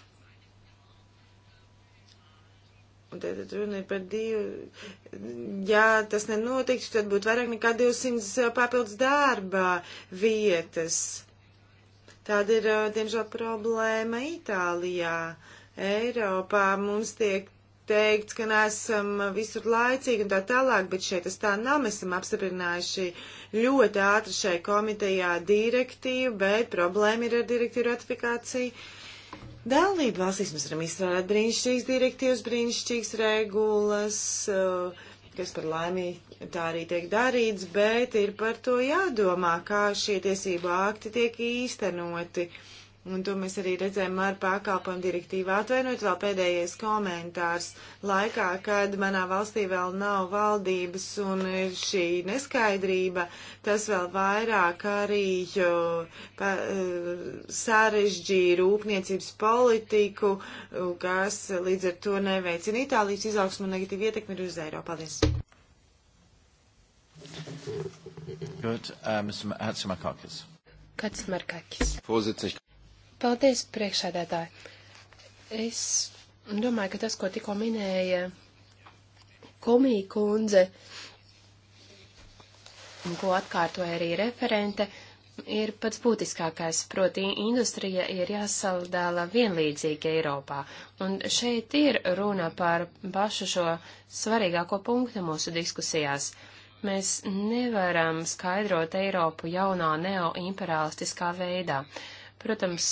Tātad runa ir par divu. Ja tas nenotiktu, tad būtu vairāk nekā 200 uh, papildus darba vietas. Tāda ir, uh, diemžēl, problēma Itālijā. Eiropā mums tiek teikts, ka neesam visur laicīgi un tā tālāk, bet šeit tas tā nav. Mēs esam apstiprinājuši ļoti ātri šai komitejā direktīvu, bet problēma ir ar direktīvu ratifikāciju Dalība valstīs mēs varam izstrādāt brīnišķīgas direktīvas, brīnišķīgas regulas, eh, kas par laimī tā arī tiek darīts, bet ir par to jādomā, kā šie tiesību akti tiek īstenoti. Uh, Un to mēs arī redzējām ar pakalpojumu direktīvu. Atvainojiet, vēl pēdējais komentārs. Laikā, kad manā valstī vēl nav valdības un ir šī neskaidrība, tas vēl vairāk arī pa, eh, sarežģīja rūpniecības politiku, kas līdz ar to neveicina Itālijas izaugsmu un negatīvu ietekmi uz Eiropu. Paldies! Good, uh, Mr. Hatzimakakis. Kāds Markakis? Pozitīvi. Paldies, priekšādētāji. Es domāju, ka tas, ko tikko minēja komija kundze, un ko atkārtoja arī referente, ir pats būtiskākais, proti industrija ir jāsaldāla vienlīdzīgi Eiropā. Un šeit ir runa par pašu šo svarīgāko punktu mūsu diskusijās. Mēs nevaram skaidrot Eiropu jaunā neoimperialistiskā veidā. Uh, Protams,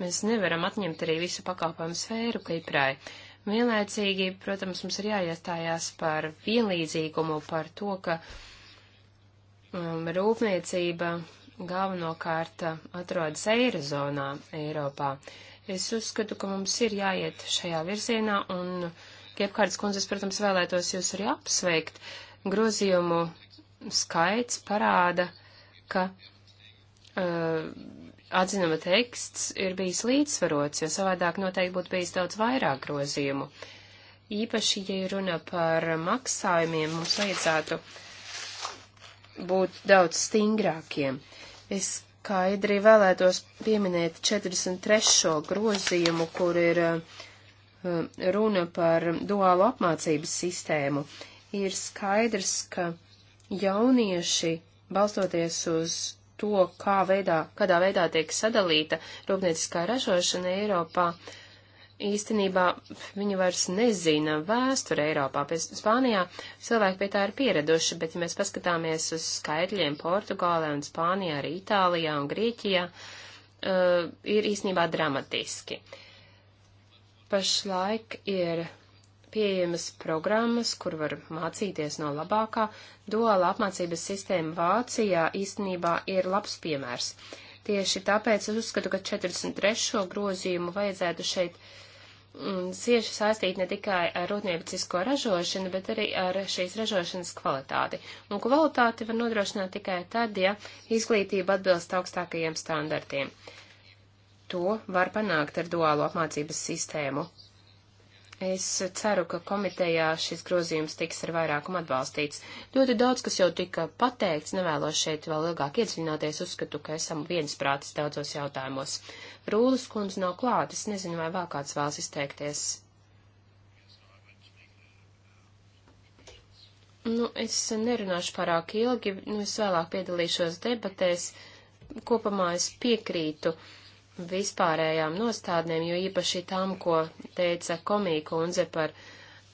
mēs nevaram atņemt arī visu pakalpojumu sfēru Kiprai. Vienlaicīgi, protams, mums ir jāiestājās par vienlīdzīgumu, par to, ka um, rūpniecība galvenokārt uh, atrodas eirozonā Eiropā. Es uzskatu, ka mums ir jāiet šajā virzienā, un Kiepkārdas kundzes, protams, vēlētos jūs arī apsveikt. Grozījumu skaits parāda, ka uh, atzinuma teksts ir bijis līdzsvarots, jo savādāk noteikti būtu bijis daudz vairāk grozījumu. Īpaši, ja runa par maksājumiem, mums vajadzētu būt daudz stingrākiem. Es skaidri vēlētos pieminēt 43. grozījumu, kur ir eh, runa par duālu apmācības sistēmu. Ir skaidrs, ka jaunieši, balstoties uz to, kā veidā, kādā veidā tiek sadalīta rūpnieciskā ražošana Eiropā, īstenībā viņi vairs nezina vēsturi Eiropā. Pēc Spānijā cilvēki pie tā ir pieraduši, bet ja mēs paskatāmies uz skaitļiem Portugālē un Spānijā, arī Itālijā un Grieķijā, uh, ir īstenībā dramatiski. Pašlaik ir pieejamas programmas, kur var mācīties no labākā. Duāla apmācības sistēma Vācijā īstenībā ir labs piemērs. Tieši tāpēc es uzskatu, ka 43. grozījumu vajadzētu šeit mm, cieši saistīt ne tikai ar rūpniecisko ražošanu, bet arī ar šīs ražošanas kvalitāti. Un kvalitāti var nodrošināt tikai tad, ja izglītība atbilst augstākajiem standartiem. To var panākt ar duālo apmācības sistēmu. Es ceru, ka komitejā šis grozījums tiks ar vairākumu atbalstīts. Ļoti daudz, kas jau tika pateikts, nevēlos šeit vēl ilgāk iedziļināties, uzskatu, ka esam viensprātis daudzos jautājumos. Rūlas kundze nav klāt, es nezinu, vai vēl kāds vēlas izteikties. Nu, es nerunāšu pārāk ilgi, nu, es vēlāk piedalīšos debatēs. Kopumā es piekrītu uh, vispārējām nostādnēm, jo īpaši tam, ko teica komija kundze par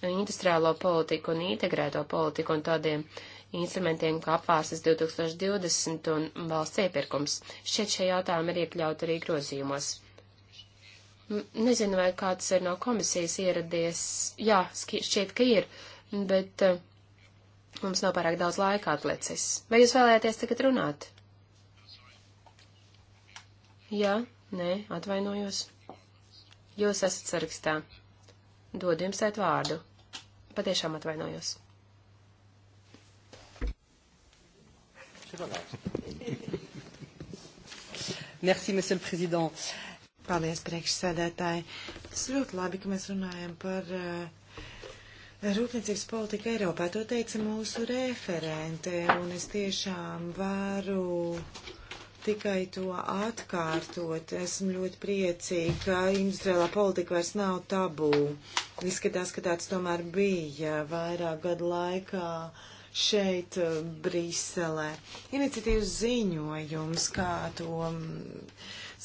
industriālo politiku un integrēto politiku un tādiem instrumentiem kā apvārsas 2020 un valsts iepirkums. Šķiet šie jautājumi ir iekļauti arī grozījumos. Nezinu, vai kāds ir no komisijas ieradies. Jā, šķiet, ka ir, bet eh, mums nav pārāk daudz laika atlicis. Vai jūs vēlēties tagad runāt? Jā. Ja? Nē, atvainojos. Jūs esat sarakstā. Dodu jums tēt vārdu. Patiešām atvainojos. Merci, monsieur le président. Paldies, priekšsēdētāji. Tas ļoti labi, ka mēs runājam par uh, rūpniecības politiku Eiropā. To teica mūsu referente, un es tiešām varu tikai to atkārtot. Esmu ļoti priecīga, ka industriālā politika vairs nav tabū. Izskatās, ka tāds tomēr bija vairāk gadu laikā šeit, eh, Brīselē. Iniciatīvas ziņojums, kā to mm,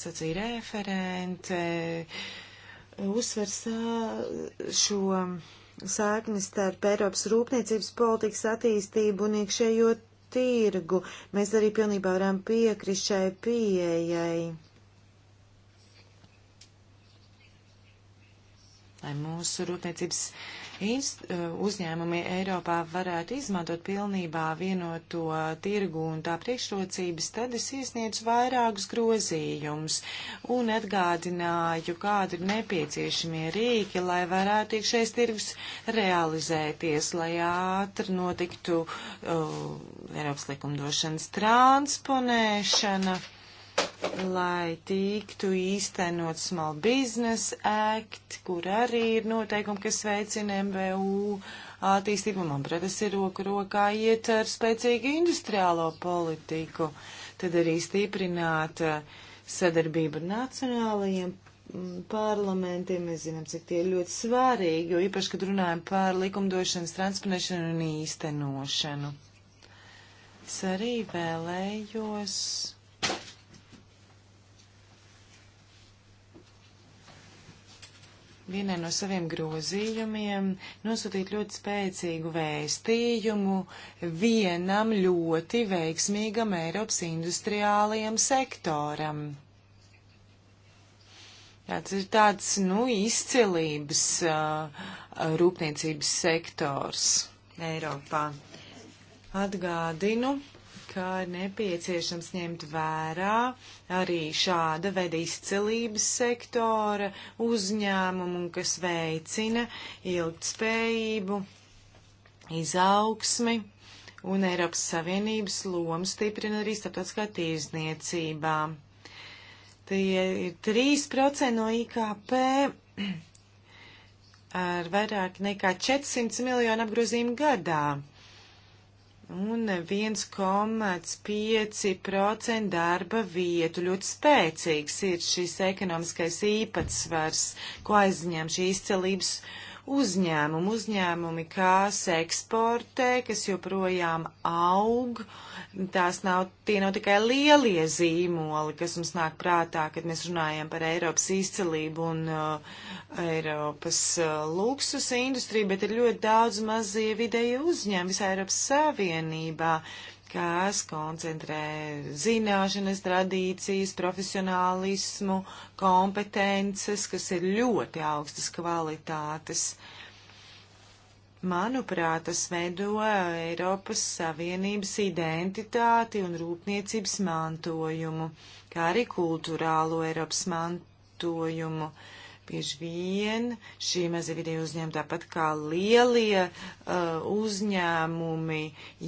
sacīja referente, uzsvers šo sāknis starp Eiropas rūpniecības politikas attīstību un iekšējo tirgu. Mēs arī pilnībā varam piekrist šai pieejai. Lai mūsu rūpniecības inst, eh, uzņēmumi Eiropā varētu izmantot pilnībā vienoto tirgu un tā priekšrocības, tad es iesniedzu vairākus grozījumus un atgādināju, kādi ir nepieciešamie rīki, lai varētu iekšējais tirgus realizēties, lai ātri notiktu uh, Eiropas likumdošanas transponēšana lai tiktu īstenot Small Business Act, kur arī ir noteikumi, kas veicina MVU attīstību. Manuprāt, tas ir roku rokā iet ar spēcīgu industriālo politiku. Tad arī stiprināt eh, sadarbību ar nacionālajiem mm, parlamentiem. Mēs zinām, cik tie ir ļoti svārīgi, jo īpaši, kad runājam par likumdošanas transponēšanu un īstenošanu. Es arī vēlējos vienā no saviem grozījumiem nosūtīt ļoti spēcīgu vēstījumu vienam ļoti veiksmīgam Eiropas industriālajam sektoram. Tāds ir tāds, nu, izcilības uh, rūpniecības sektors Eiropā. Atgādinu ka ir nepieciešams ņemt vērā arī šāda veida izcelības sektora uzņēmumu, kas veicina ilgtspējību, izaugsmi un Eiropas Savienības lomu stiprina arī starptautiskā tirzniecībā. Tie ir 3% no IKP (clears throat) ar vairāk nekā 400 miljonu apgrozījumu gadā un 1,5% darba vietu. Ļoti spēcīgs ir šis ekonomiskais īpatsvars, ko aizņem šī izcelības. Uh, uzņēmumu. Uzņēmumi, kas eksportē, kas joprojām aug, tās nav, tie nav tikai lielie zīmoli, kas mums nāk prātā, kad mēs runājam par Eiropas izcelību un uh, Eiropas uh, luksus industriju, bet ir ļoti daudz mazie vidēji uzņēmumi visā Eiropas Savienībā. Uh, kas koncentrē zināšanas, tradīcijas, profesionālismu, kompetences, kas ir ļoti augstas kvalitātes. Manuprāt, tas veido Eiropas Savienības identitāti un rūpniecības mantojumu, kā arī kultūrālo Eiropas mantojumu. Uh, Bieži vien šī maza video uzņēmuma, tāpat kā lielie uh, uzņēmumi,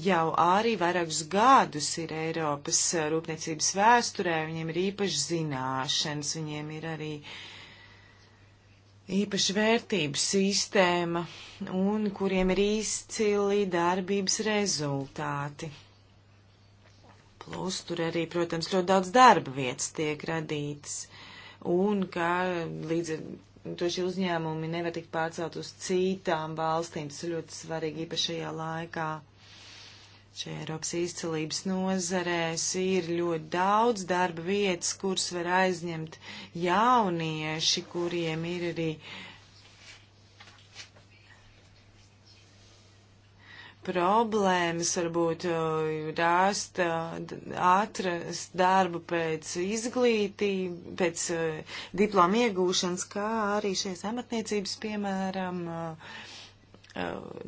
jau arī vairākus gadus ir Eiropas rūpniecības vēsturē, viņiem ir īpaši zināšanas, viņiem ir arī īpaši vērtības sistēma un kuriem ir izcili darbības rezultāti. Plus tur arī, protams, ļoti daudz darba vietas tiek radītas un ka līdz to šie uzņēmumi nevar tikt pārcelt uz citām valstīm. Tas ir ļoti svarīgi īpašajā laikā. Šajā Eiropas izcelības nozarēs ir ļoti daudz darba vietas, kuras var aizņemt jaunieši, kuriem ir arī uh, problēmas, varbūt uh, rāst, uh, atrast darbu pēc izglītība, pēc uh, diploma iegūšanas, kā arī šīs amatniecības, piemēram,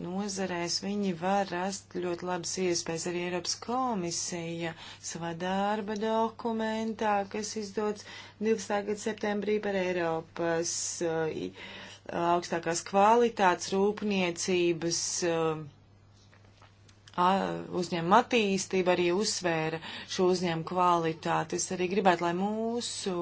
nozarēs, viņi var rast ļoti labas iespējas arī Eiropas komisija savā darba dokumentā, kas izdots 12. gada septembrī par Eiropas augstākās kvalitātes rūpniecības uh, uzņēmuma attīstība arī uzsvēra šo uzņēmumu kvalitāti. Es arī gribētu, lai mūsu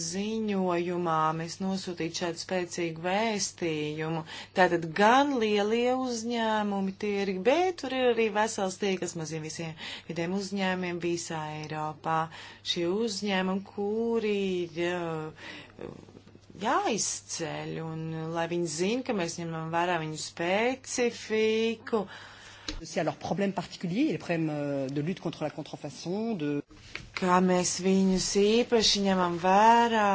ziņojumā mēs nosūtītu šādu spēcīgu vēstījumu. Tātad gan lielie uzņēmumi tie ir, bet tur ir arī vesels tie, kas maziem visiem vidiem uzņēmumiem visā Eiropā. Šie uzņēmumi, kuri jāizceļ un lai viņi zina, ka mēs ņemam vērā viņu specifiku. Uh, C'est à leurs problèmes particuliers, les problèmes euh, de lutte contre la contrefaçon, de... Kā mēs viņus īpaši ņemam vērā,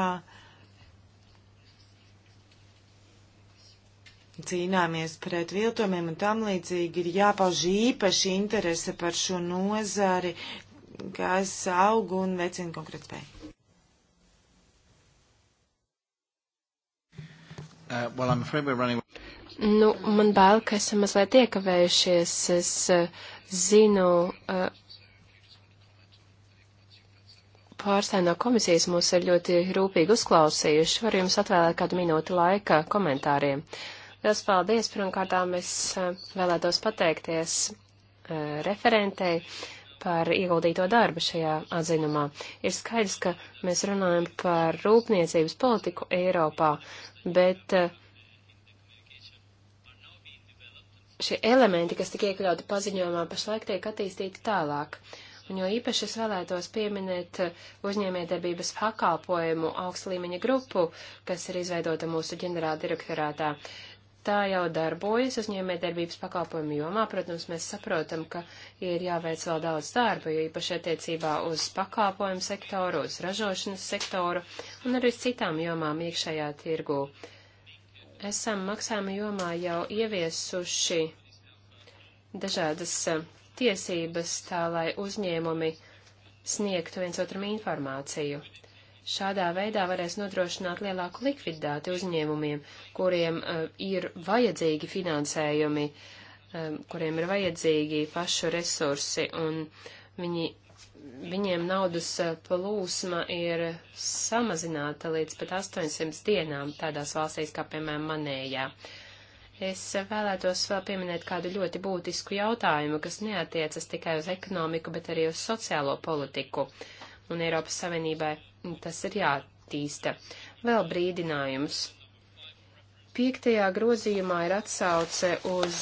cīnāmies pret viltojumiem un tam līdzīgi ir jāpauž īpaši interese par šo nozari, kas aug un veicina konkrētspēju. Uh, well, running... Nu, man bail, ka esam mazliet iekavējušies. Es uh, zinu, uh, eh, pārstāvja no komisijas mūs ir ļoti rūpīgi uzklausījuši. Varu jums atvēlēt kādu minūti laika komentāriem. Liels paldies! Pirmkārtām es uh, vēlētos pateikties referentei par ieguldīto darbu šajā atzinumā. Ir skaidrs, ka mēs runājam par rūpniecības politiku Eiropā, bet uh, šie elementi, kas tik iekļauti paziņojumā, pašlaik tiek attīstīti tālāk. Un jo īpaši es vēlētos pieminēt uzņēmējdarbības pakalpojumu augstlīmeņa grupu, kas ir izveidota mūsu ģenerāla direktorātā. Tā jau darbojas uzņēmējdarbības pakalpojumu jomā. Protams, mēs saprotam, ka ir jāveic vēl daudz darba, jo īpaši attiecībā uz pakalpojumu sektoru, uz ražošanas sektoru un arī uz citām jomām iekšējā tirgū. Uh, esam maksājuma jomā jau ieviesuši dažādas e, tiesības tā, lai uzņēmumi sniegtu viens otram informāciju. Šādā veidā varēs nodrošināt lielāku likviditāti uzņēmumiem, kuriem uh, ir vajadzīgi finansējumi, um, kuriem ir vajadzīgi pašu resursi, un viņi viņiem naudas eh, plūsma ir samazināta līdz pat 800 dienām tādās valstīs kā, piemēram, manējā. Es vēlētos vēl pieminēt kādu ļoti būtisku jautājumu, kas neatiecas tikai uz ekonomiku, bet arī uz sociālo politiku. Un Eiropas Savienībai tas ir jātīsta. Vēl brīdinājums. Piektajā grozījumā ir atsauce uz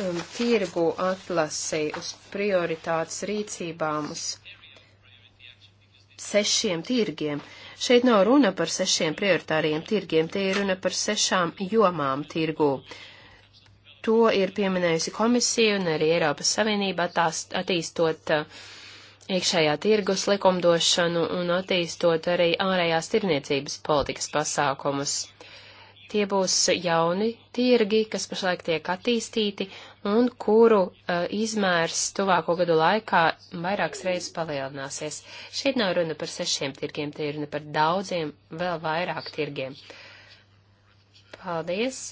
um, tirgu atlasi, uz prioritātes rīcībām, uz sešiem tirgiem. Šeit nav runa par sešiem prioritāriem tirgiem, te ir runa par sešām jomām tirgū. To ir pieminējusi komisija un arī Eiropas Savienība tās attīstot uh, iekšējā tirgus likumdošanu un attīstot arī ārējās tirniecības politikas pasākumus. Tie būs jauni tirgi, kas pašlaik tiek attīstīti un kuru uh, izmērs tuvāko gadu laikā vairākas reizes palielināsies. Šeit nav runa par sešiem tirgiem, te ir runa par daudziem, vēl vairāk tirgiem. Paldies!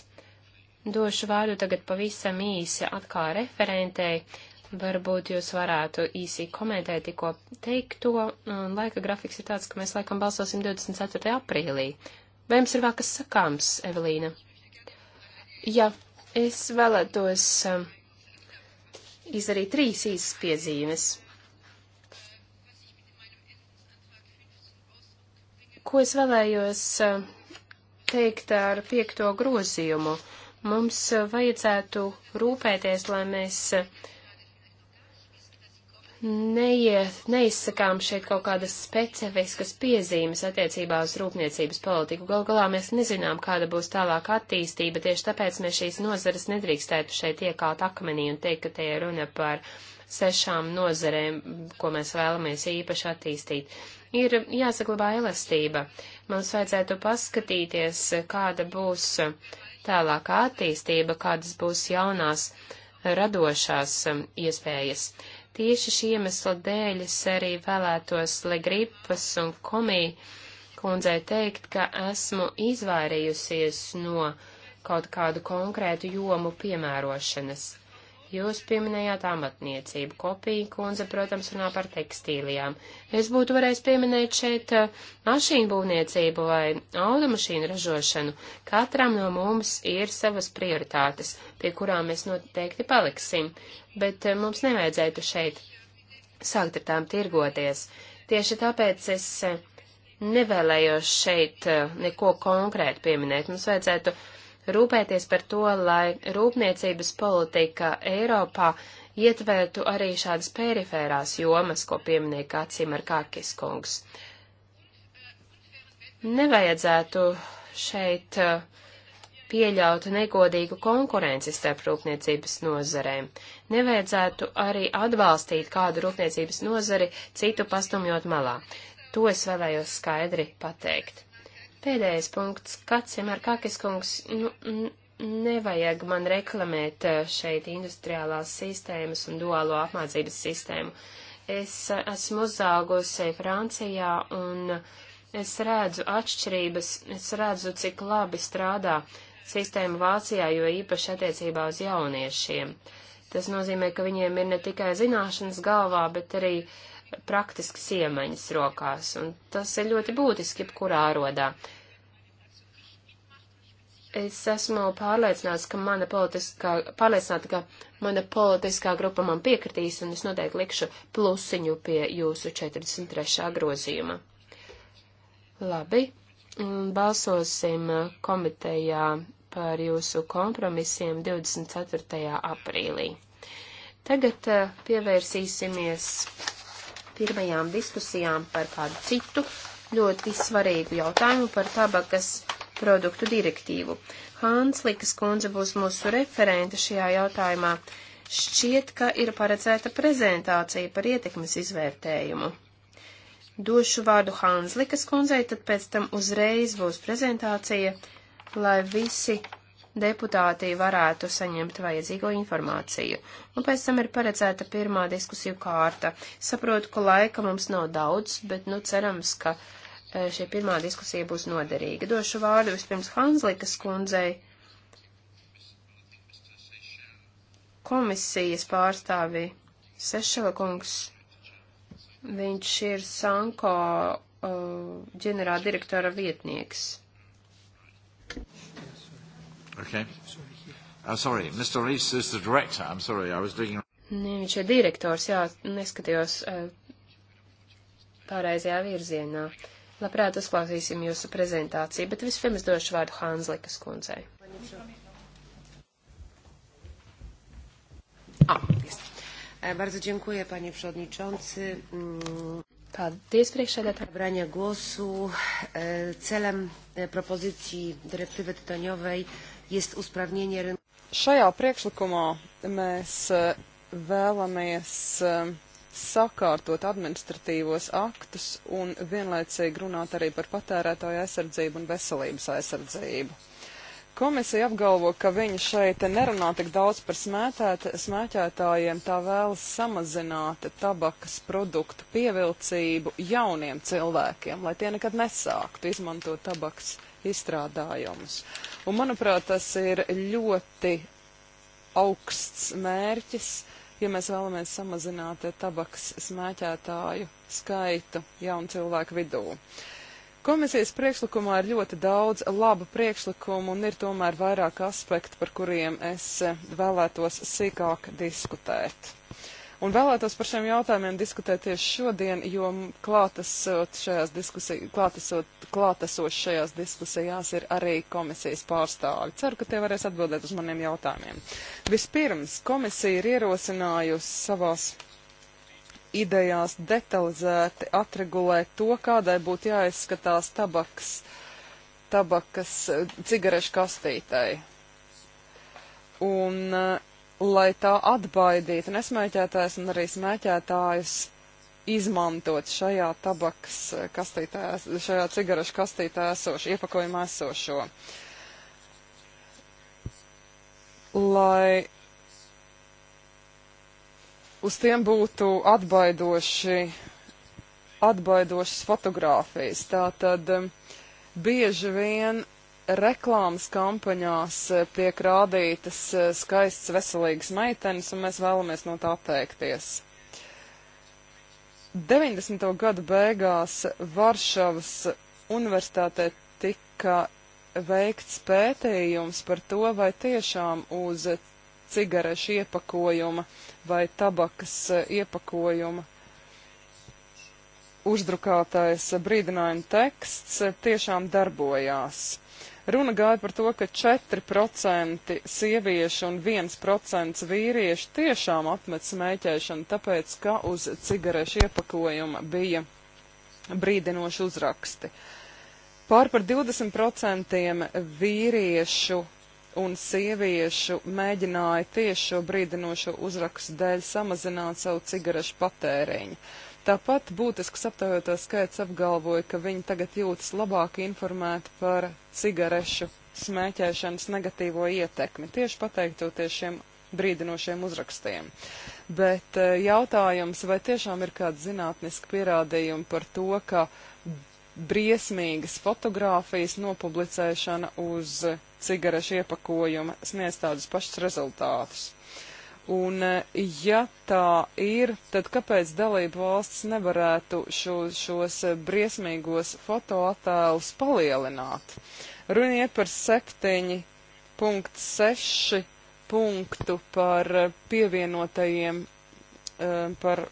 Došu vārdu tagad pavisam īsi atkal referentei. Varbūt jūs varētu īsi komentēt tikko teikto. Laika grafiks ir tāds, ka mēs laikam balsosim 24. aprīlī. Vai jums ir vēl kas sakāms, Evelīna? Jā, es vēlētos um, izdarīt trīs īsas piezīmes. Ko es vēlējos um, teikt ar piekto grozījumu? Mums uh, vajadzētu rūpēties, lai mēs uh, neies, neizsakām šeit kaut kādas specifiskas piezīmes attiecībā uz rūpniecības politiku. Gal galā mēs nezinām, kāda būs tālāk attīstība, tieši tāpēc mēs šīs nozares nedrīkstētu šeit iekāt akmenī un teikt, ka te ir runa par sešām nozarēm, ko mēs vēlamies īpaši attīstīt. Ir jāsaglabā elastība. Mums vajadzētu paskatīties, kāda būs tālākā attīstība, kādas būs jaunās radošās um, iespējas. Uh, Tieši šī iemesla dēļ es arī vēlētos Legripas un Komī kundzei teikt, ka esmu izvairījusies no kaut kādu konkrētu jomu piemērošanas. Jūs pieminējāt amatniecību. Kopija kundze, protams, runā par tekstīlijām. Es būtu varējis pieminēt šeit eh, mašīnu būvniecību vai automašīnu ražošanu. Katram no mums ir savas prioritātes, pie kurām mēs noteikti paliksim, bet eh, mums nevajadzētu šeit sākt ar tām tirgoties. Tieši tāpēc es eh, nevēlējos šeit neko konkrētu pieminēt. Mums vajadzētu rūpēties par to, lai rūpniecības politika Eiropā ietvērtu arī šādas perifērās jomas, ko pieminēja Kācim ar Kākis kungs. Nevajadzētu šeit uh, pieļaut negodīgu konkurenci starp rūpniecības nozarēm. Nevajadzētu arī atbalstīt kādu rūpniecības nozari citu pastumjot malā. To es vēlējos skaidri pateikt. Pēdējais punkts. Kāds vienmēr kākis kungs, nu, nevajag man reklamēt eh, šeit industriālās sistēmas un duālo apmācības sistēmu. Es eh, esmu uzaugusi Francijā un es redzu atšķirības, es redzu, cik labi strādā sistēma Vācijā, jo īpaši attiecībā uz jauniešiem. Tas nozīmē, ka viņiem ir ne tikai zināšanas galvā, bet arī uh, praktiskas iemaņas rokās, un tas ir ļoti būtiski, jebkurā ārodā. Es esmu pārliecināts, ka mana politiskā, pārliecināta, ka mana politiskā grupa man piekritīs, un es noteikti likšu plusiņu pie jūsu 43. grozījuma. Labi, balsosim komitejā par jūsu kompromisiem 24. aprīlī. Tagad eh, pievērsīsimies pirmajām diskusijām par kādu citu ļoti svarīgu jautājumu par tabakas produktu direktīvu. Hānslikas kundze būs mūsu referente šajā jautājumā. Šķiet, ka ir paredzēta prezentācija par ietekmes izvērtējumu. Došu vārdu Hānslikas kundzei, tad pēc tam uzreiz būs prezentācija, lai visi deputāti varētu saņemt vajadzīgo informāciju. Un pēc tam ir paredzēta pirmā diskusiju kārta. Saprotu, ka laika mums nav daudz, bet, nu, cerams, ka e, šī pirmā diskusija būs noderīga. Došu vārdu vispirms Hanzlikas kundzei. Komisijas pārstāvi Sešela kungs. Viņš ir Sanko e, ģenerāldirektora vietnieks. Okay. Uh, sorry, Mr. Rees is the director. I'm sorry, I was digging. Nē, viņš ir direktors, jā, neskatījos uh, pārējā virzienā. Labprāt uzklausīsim jūsu prezentāciju, bet vispirms došu vārdu Hānslikas kundzei. Ah, yes. E, bardzo dziękuję, panie przewodniczący. Mm, Paldies, priekšsēdētāj. Branie głosu e, celem e, propozycji dyrektywy tytoniowej jest usprawnienie rynku. Šajā priekšlikumā mēs eh, vēlamies eh, sakārtot administratīvos aktus un vienlaicīgi runāt arī par patērētāju aizsardzību un veselības aizsardzību. Komisija apgalvo, ka viņi šeit nerunā tik daudz par smētēt, smēķētājiem, tā vēlas samazināt tabakas produktu pievilcību jauniem cilvēkiem, lai tie nekad nesāktu izmantot tabakas produktu izstrādājumus. Un, manuprāt, tas ir ļoti augsts mērķis, ja mēs vēlamies samazināt tabaks smēķētāju skaitu jaunu cilvēku vidū. Komisijas priekšlikumā ir ļoti daudz labu priekšlikumu un ir tomēr vairāk aspektu, par kuriem es vēlētos sīkāk diskutēt. Uh, un vēlētos par šiem jautājumiem diskutēt tieši šodien, jo klātesot šajās, diskusij, klātesot, klātesot šajās diskusijās ir arī komisijas pārstāvi. Ceru, ka tie varēs atbildēt uz maniem jautājumiem. Vispirms, komisija ir ierosinājusi savās idejās detalizēti atregulēt to, kādai būtu jāizskatās tabaks, tabakas cigarešu kastītei. Un lai tā atbaidītu nesmēķētājs un arī smēķētājus izmantot šajā tabakas eh, kastītē, šajā cigarešu kastītē esošo, iepakojumā esošo. Lai uz tiem būtu atbaidoši, atbaidošas fotogrāfijas. Tātad eh, bieži vien reklāmas kampaņās e, tiek rādītas e, skaistas veselīgas meitenes, un mēs vēlamies no tā atteikties. 90. gadu beigās Varšavas universitātē tika veikts pētījums par to, vai tiešām uz cigarešu iepakojuma vai tabakas e, iepakojuma uzdrukātais brīdinājuma teksts tiešām darbojās. Runa gāja par to, ka 4% sieviešu un 1% vīriešu tiešām atmet smēķēšanu, tāpēc, ka uz cigarešu iepakojuma bija brīdinoši uzraksti. Pār par 20% vīriešu un sieviešu mēģināja tieši šo brīdinošo uzrakstu dēļ samazināt savu cigarešu patēriņu. Tāpat būtisks aptaujotās skaits apgalvoja, ka viņi tagad jūtas labāk informēti par cigarešu smēķēšanas negatīvo ietekmi, tieši pateiktoties šiem brīdinošiem uzrakstiem. Bet eh, jautājums, vai tiešām ir kāda zinātniska pierādījuma par to, ka briesmīgas fotogrāfijas nopublicēšana uz cigarešu iepakojuma sniedz tādus pašus rezultātus. Un, eh, ja tā ir, tad kāpēc dalību valsts nevarētu šo, šos eh, briesmīgos fotoattēlus palielināt? Runiet par 7.6 punktu par eh, pievienotajiem, par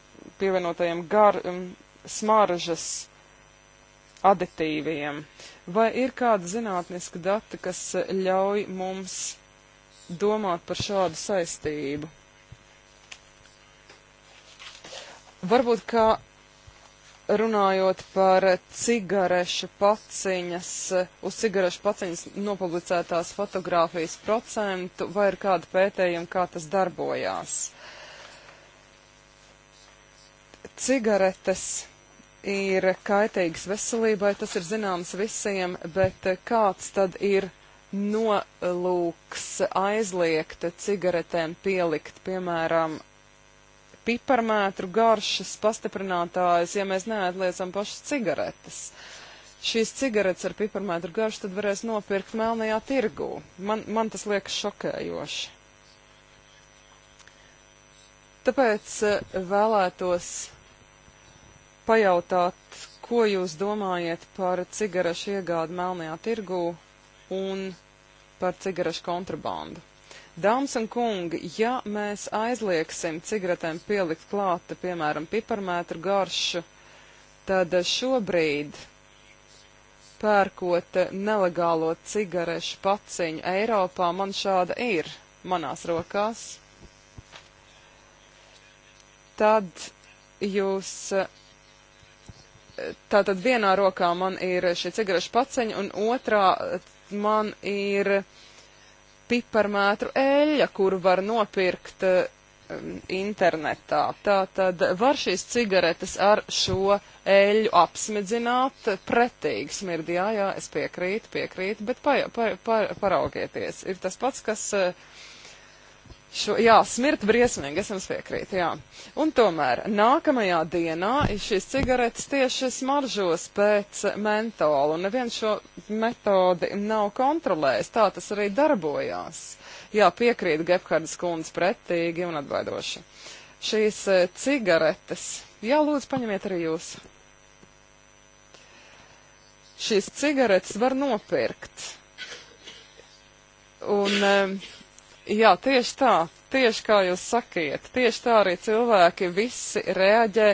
pievienotajiem gar, mm, smaržas aditīviem. Vai ir kāda zinātniska data, kas ļauj mums domāt par šādu saistību? Varbūt, ka runājot par cigarešu paciņas, uz cigarešu paciņas nopublicētās fotogrāfijas procentu, vai ir kāda pētējuma, kā tas darbojās? Cigaretes ir kaitīgas veselībai, tas ir zināms visiem, bet kāds tad ir nolūks aizliegt cigaretēm pielikt, piemēram, piparmētru garšas pastiprinātājs, ja mēs neatliecam pašas cigaretes. Šīs cigaretes ar piparmētru garšu tad varēs nopirkt melnajā tirgū. Man, man tas liekas šokējoši. Tāpēc eh, vēlētos pajautāt, ko jūs domājat par cigarešu iegādi melnajā tirgū un par cigarešu kontrabandu. Dāmas un kungi, ja mēs aizliegsim cigaretēm pielikt klāta, piemēram, piparmētru garšu, tad šobrīd pērkot nelegālo cigarešu paciņu Eiropā, man šāda ir manās rokās. Tad jūs tātad vienā rokā man ir šie cigarešu paciņi, un otrā man ir piparmētru eļļa, kuru var nopirkt eh, internetā. Tātad var šīs cigaretes ar šo eļu apsmedzināt pretīgi smirdi. Jā, jā, es piekrītu, piekrītu, bet pa, pa, pa, paraugieties. Ir tas pats, kas uh, Šo, jā, smirt briesmīgi, es jums piekrītu, jā. Un tomēr nākamajā dienā šīs cigaretes tieši smaržos pēc mentola, un neviens šo metodi nav kontrolējis, tā tas arī darbojās. Jā, piekrīt Gephardas kundze pretīgi un atbaidoši. Šīs eh, cigaretes, jā, lūdzu, paņemiet arī jūs. Šīs cigaretes var nopirkt. Un, um, Jā, tieši tā, tieši kā jūs sakiet, tieši tā arī cilvēki visi reaģē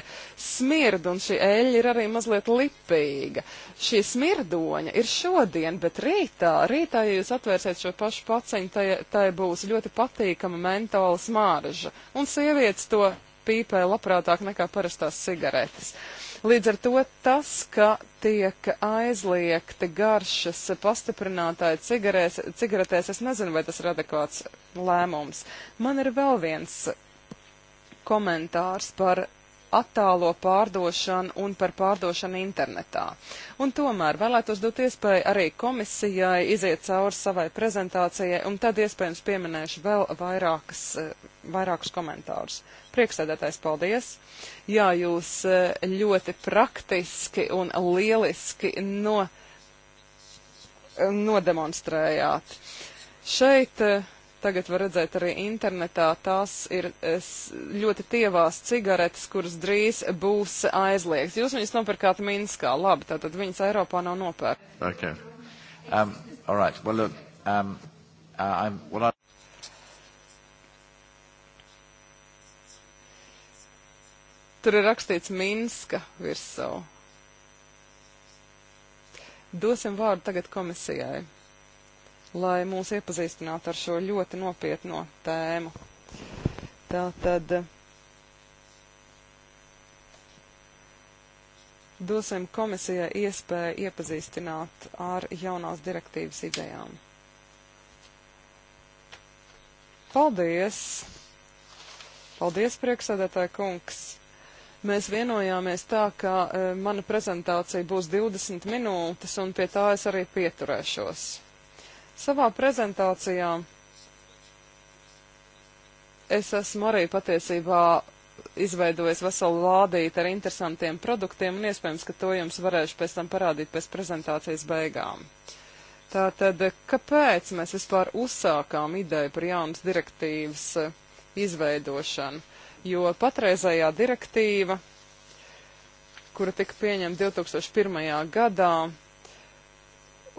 smirdu, un šī eļļa ir arī mazliet lipīga. Šī smirdoņa ir šodien, bet rītā, rītā, ja jūs atvērsiet šo pašu paciņu, tai, tai būs ļoti patīkama mentola smārža, un sievietes to pīpē labprātāk nekā parastās cigaretes. Uh, Līdz ar to tas, ka tiek aizliegti garšas pastiprinātāji cigarēs, cigaretēs, es nezinu, vai tas ir adekvāts lēmums. Man ir vēl viens komentārs par attālo pārdošanu un par pārdošanu internetā. Un tomēr vēlētos dot iespēju arī komisijai iziet cauri savai prezentācijai, un tad iespējams pieminēšu vēl vairākas, eh, vairākus komentārus. Prieksēdētais, paldies! Jā, jūs eh, ļoti praktiski un lieliski no, eh, nodemonstrējāt. Šeit uh, tagad var redzēt arī internetā, tās ir es, ļoti tievās cigaretes, kuras drīz būs aizliegts. Jūs viņas nopirkāt Minskā, labi, tātad viņas Eiropā nav nopērta. Okay. Um, all right. well, look, um, uh, I'm, well, I... Tur ir rakstīts Minska virsū. Dosim vārdu tagad komisijai lai mūs iepazīstinātu ar šo ļoti nopietno tēmu. Tā tad dosim komisijai iespēju iepazīstināt ar jaunās direktīvas idejām. Paldies! Paldies, priekšsēdētāja kungs! Mēs vienojāmies tā, ka e, mana prezentācija būs 20 minūtes, un pie tā es arī pieturēšos. Savā prezentācijā es esmu arī patiesībā izveidojis veselu lādīti ar interesantiem produktiem, un iespējams, ka to jums varēšu pēc tam parādīt pēc prezentācijas beigām. Tātad, kāpēc mēs vispār uzsākām ideju par jaunas direktīvas eh, izveidošanu? Jo patreizējā direktīva, kura tika pieņemta 2001. gadā,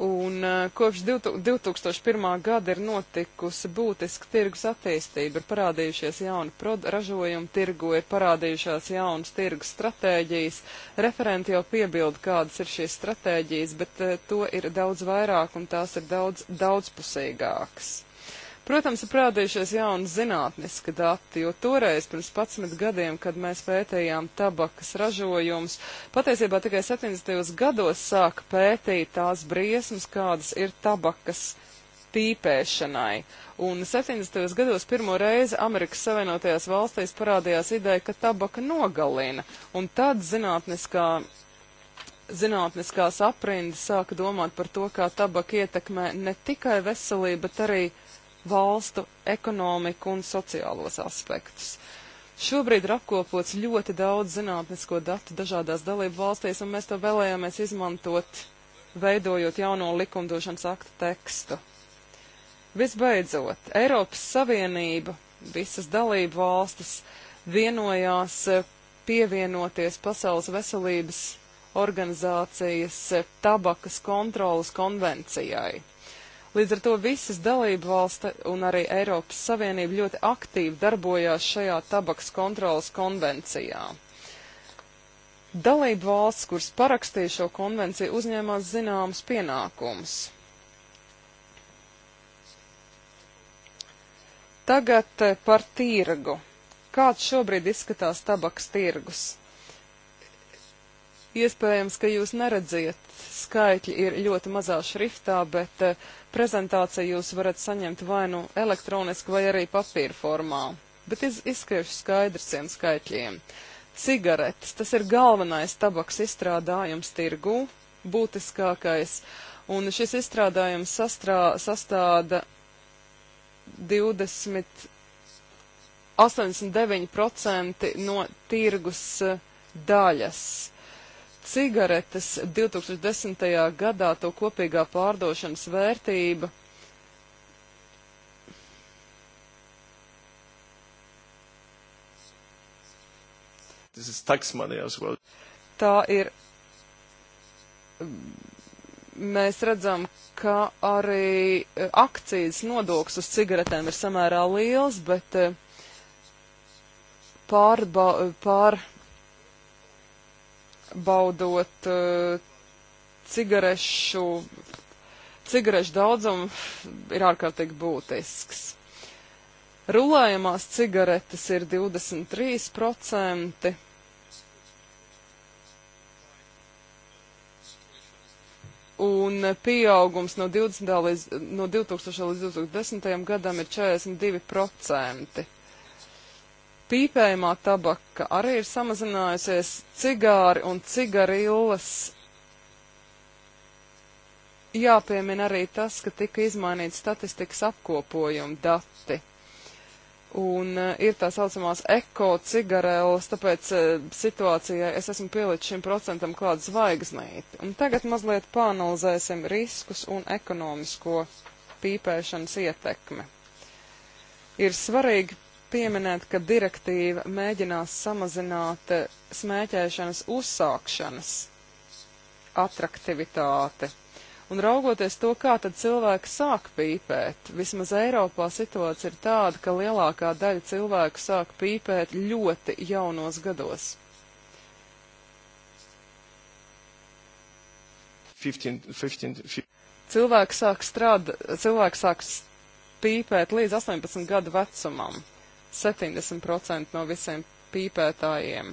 Un eh, kopš 2001. gada ir notikusi būtiska tirgus attīstība, ir parādījušies jauni ražojumi tirgu, ir parādījušās jaunas tirgus stratēģijas. Referenti jau piebilda, kādas ir šīs stratēģijas, bet eh, to ir daudz vairāk un tās ir daudz daudzpusīgākas. Protams, ir parādījušies jauni zinātniski dati, jo toreiz, pirms 11 gadiem, kad mēs pētījām tabakas ražojumus, patiesībā tikai 70. gados sāka pētīt tās briesmas, kādas ir tabakas pīpēšanai. Un 70. gados pirmo reizi Amerikas Savienotajās valstīs parādījās ideja, ka tabaka nogalina. Un tad zinātniskā zinātniskās aprindas sāka domāt par to, kā tabaka ietekmē ne tikai veselību, bet arī valstu ekonomiku un sociālos aspektus. Šobrīd ir apkopots ļoti daudz zinātnisko datu dažādās dalību valstīs, un mēs to vēlējāmies izmantot, veidojot jauno likumdošanas aktu tekstu. Visbeidzot, Eiropas Savienība, visas dalību valstis vienojās eh, pievienoties Pasaules veselības organizācijas eh, tabakas kontrolas konvencijai. Līdz ar to visas dalību valsta un arī Eiropas Savienība ļoti aktīvi darbojās šajā tabaks kontrolas konvencijā. Dalību valsts, kuras parakstīja šo konvenciju, uzņēmās zināmas pienākumus. Tagad eh, par tirgu. Kāds šobrīd izskatās tabaks tirgus? Iespējams, ka jūs neredziet, skaitļi ir ļoti mazā šriftā, bet eh, prezentāciju jūs varat saņemt vai nu elektroniski, vai arī papīra formā. Bet iz, izskriešu skaidrsiem skaitļiem. Cigaretes, tas ir galvenais tabaks izstrādājums tirgū, būtiskākais, un šis izstrādājums sastrā, sastāda 20, 89% no tirgus eh, daļas cigaretes 2010. gadā to kopīgā pārdošanas vērtība This is tax money as well. Tā ir. Mēs redzam, ka arī eh, akcijas nodoklis uz cigaretēm ir samērā liels, bet eh, pārba, pār. pār pārbaudot uh, cigarešu, cigarešu daudzumu, ir ārkārtīgi būtisks. Rulējamās cigaretes ir 23%. Un pieaugums no, 20, līdz, no 2000 līdz 2010 gadam ir 42%. Pīpējumā tabaka arī ir samazinājusies cigāri un cigarillas. Jāpiemin arī tas, ka tika izmainīti statistikas apkopojuma dati un e, ir tā saucamās eko cigareles, tāpēc e, situācijai es esmu pielicis šim procentam klāt zvaigznīti. Un tagad mazliet pāanalizēsim riskus un ekonomisko pīpēšanas ietekmi. Ir svarīgi pieminēt, ka direktīva mēģinās samazināt eh, smēķēšanas uzsākšanas atraktivitāti. Un raugoties to, kā tad cilvēki sāk pīpēt, vismaz Eiropā situācija ir tāda, ka lielākā daļa cilvēku sāk pīpēt ļoti jaunos gados. 15, 15, 15. Cilvēki sāk strādāt, cilvēki sāk pīpēt līdz 18 gadu vecumam. 70% no visiem pīpētājiem.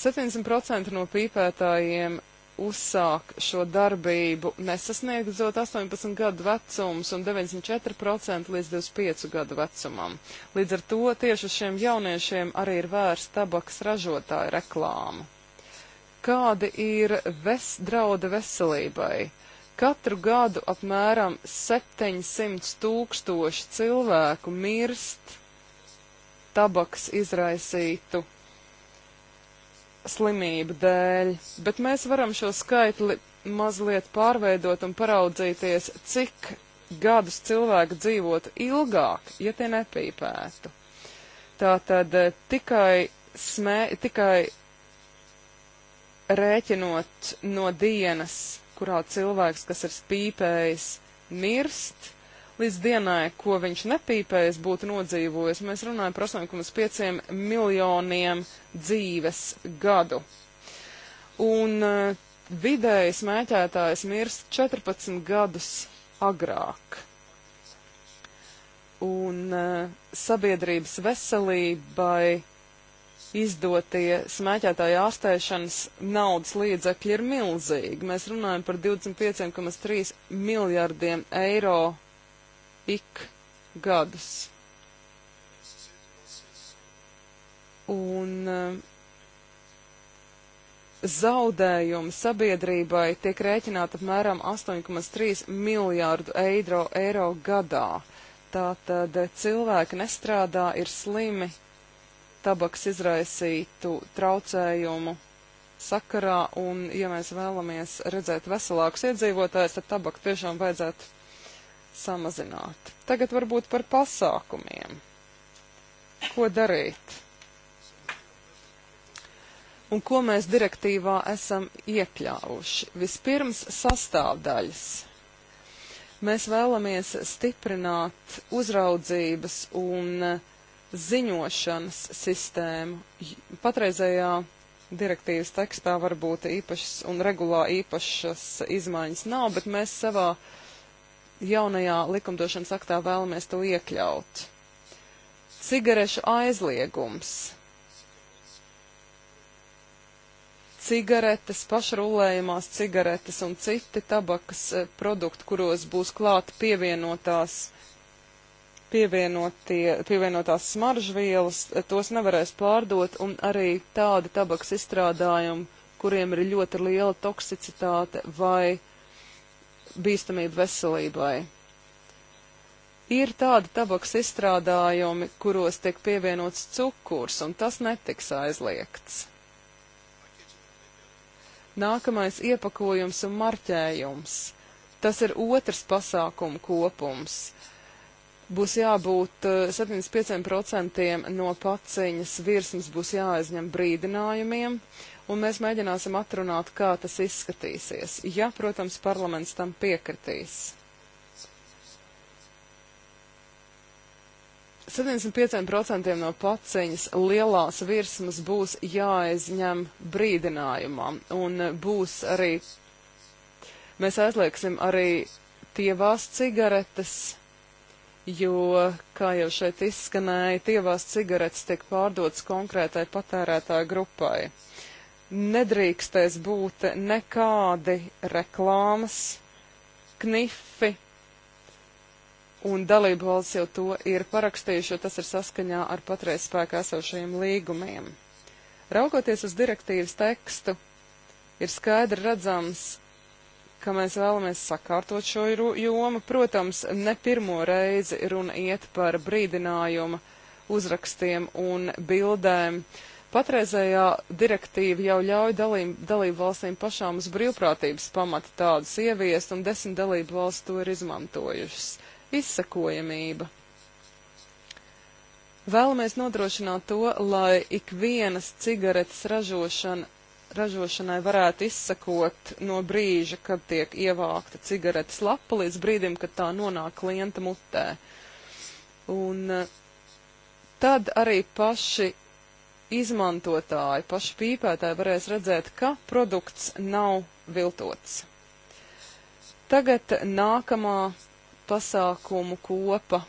70% no pīpētājiem uzsāk šo darbību nesasniegdzot 18 gadu vecums un 94% līdz 25 gadu vecumam. Līdz ar to tieši uz šiem jauniešiem arī ir vērsta tabakas ražotāja reklāma. Kādi ir ves, draudi veselībai? Katru gadu apmēram 700 tūkstoši cilvēku mirst tabaks izraisītu slimību dēļ, bet mēs varam šo skaitli mazliet pārveidot un paraudzīties, cik gadus cilvēki dzīvotu ilgāk, ja tie nepīpētu. Tātad eh, tikai, smē, tikai rēķinot no dienas kurā cilvēks, kas ir spīpējis, mirst, līdz dienai, ko viņš nepīpējis, būtu nodzīvojis. Mēs runājam par 8,5 miljoniem dzīves gadu. Un eh, vidēji smēķētājs mirst 14 gadus agrāk. Un eh, sabiedrības veselībai izdotie smēķētāju ārstēšanas naudas līdzekļi ir milzīgi. Mēs runājam par 25,3 miljardiem eiro ik gadus. Un eh, zaudējumi sabiedrībai tiek rēķināti apmēram 8,3 miljārdu eiro, eiro gadā. Tātad cilvēki nestrādā, ir slimi, tabaks izraisītu traucējumu sakarā, un ja mēs vēlamies redzēt veselākus iedzīvotājus, tad tabaku tiešām vajadzētu samazināt. Tagad varbūt par pasākumiem. Ko darīt? Un ko mēs direktīvā esam iekļāvuši? Vispirms sastāvdaļas. Mēs vēlamies stiprināt uzraudzības un uh, ziņošanas sistēmu. Patreizējā direktīvas tekstā varbūt īpašas un regulā īpašas izmaiņas nav, bet mēs savā jaunajā likumdošanas aktā vēlamies to iekļaut. Cigarešu aizliegums. Cigaretes, pašrullējumās cigaretes un citi tabakas eh, produkti, kuros būs klāta pievienotās uh, pievienotās smaržvielas, tos nevarēs pārdot, un arī tādi tabaks izstrādājumi, kuriem ir ļoti liela toksicitāte vai bīstamība veselībai. Ir tādi tabaks izstrādājumi, kuros tiek pievienots cukurs, un tas netiks aizliegts. Nākamais iepakojums un marķējums. Tas ir otrs pasākumu kopums. Uh, būs jābūt 75% eh, no paciņas virsmas būs jāaizņem brīdinājumiem, un mēs mēģināsim atrunāt, kā tas izskatīsies, ja, protams, parlaments tam piekritīs. 75% no paciņas lielās virsmas būs jāaizņem brīdinājumam, un eh, būs arī, mēs aizliegsim arī tievās cigaretes, jo, kā jau šeit izskanēja, tievās cigaretes tiek pārdotas konkrētai patērētāju grupai. Nedrīkstēs būt nekādi reklāmas, knifi, un dalību valsts jau to ir parakstījuši, jo tas ir saskaņā ar patreiz spēkā esošajiem līgumiem. Raugoties uz direktīvas tekstu, ir skaidri redzams, ka mēs vēlamies sakārtot šo jomu. Protams, ne pirmo reizi runa iet par brīdinājumu uzrakstiem un bildēm. Patreizējā direktīva jau ļauj dalību, dalību valstīm pašām uz brīvprātības pamata tādus ieviest, un desmit dalību valsts to ir izmantojušas. Izsakojamība. Vēlamies nodrošināt to, lai ikvienas cigaretes ražošana ražošanai varētu izsakot no brīža, kad tiek ievākta cigaretes lapa, līdz brīdim, kad tā nonāk klienta mutē. Un eh, tad arī paši izmantotāji, paši pīpētāji varēs redzēt, ka produkts nav viltots. Tagad nākamā pasākumu kopa.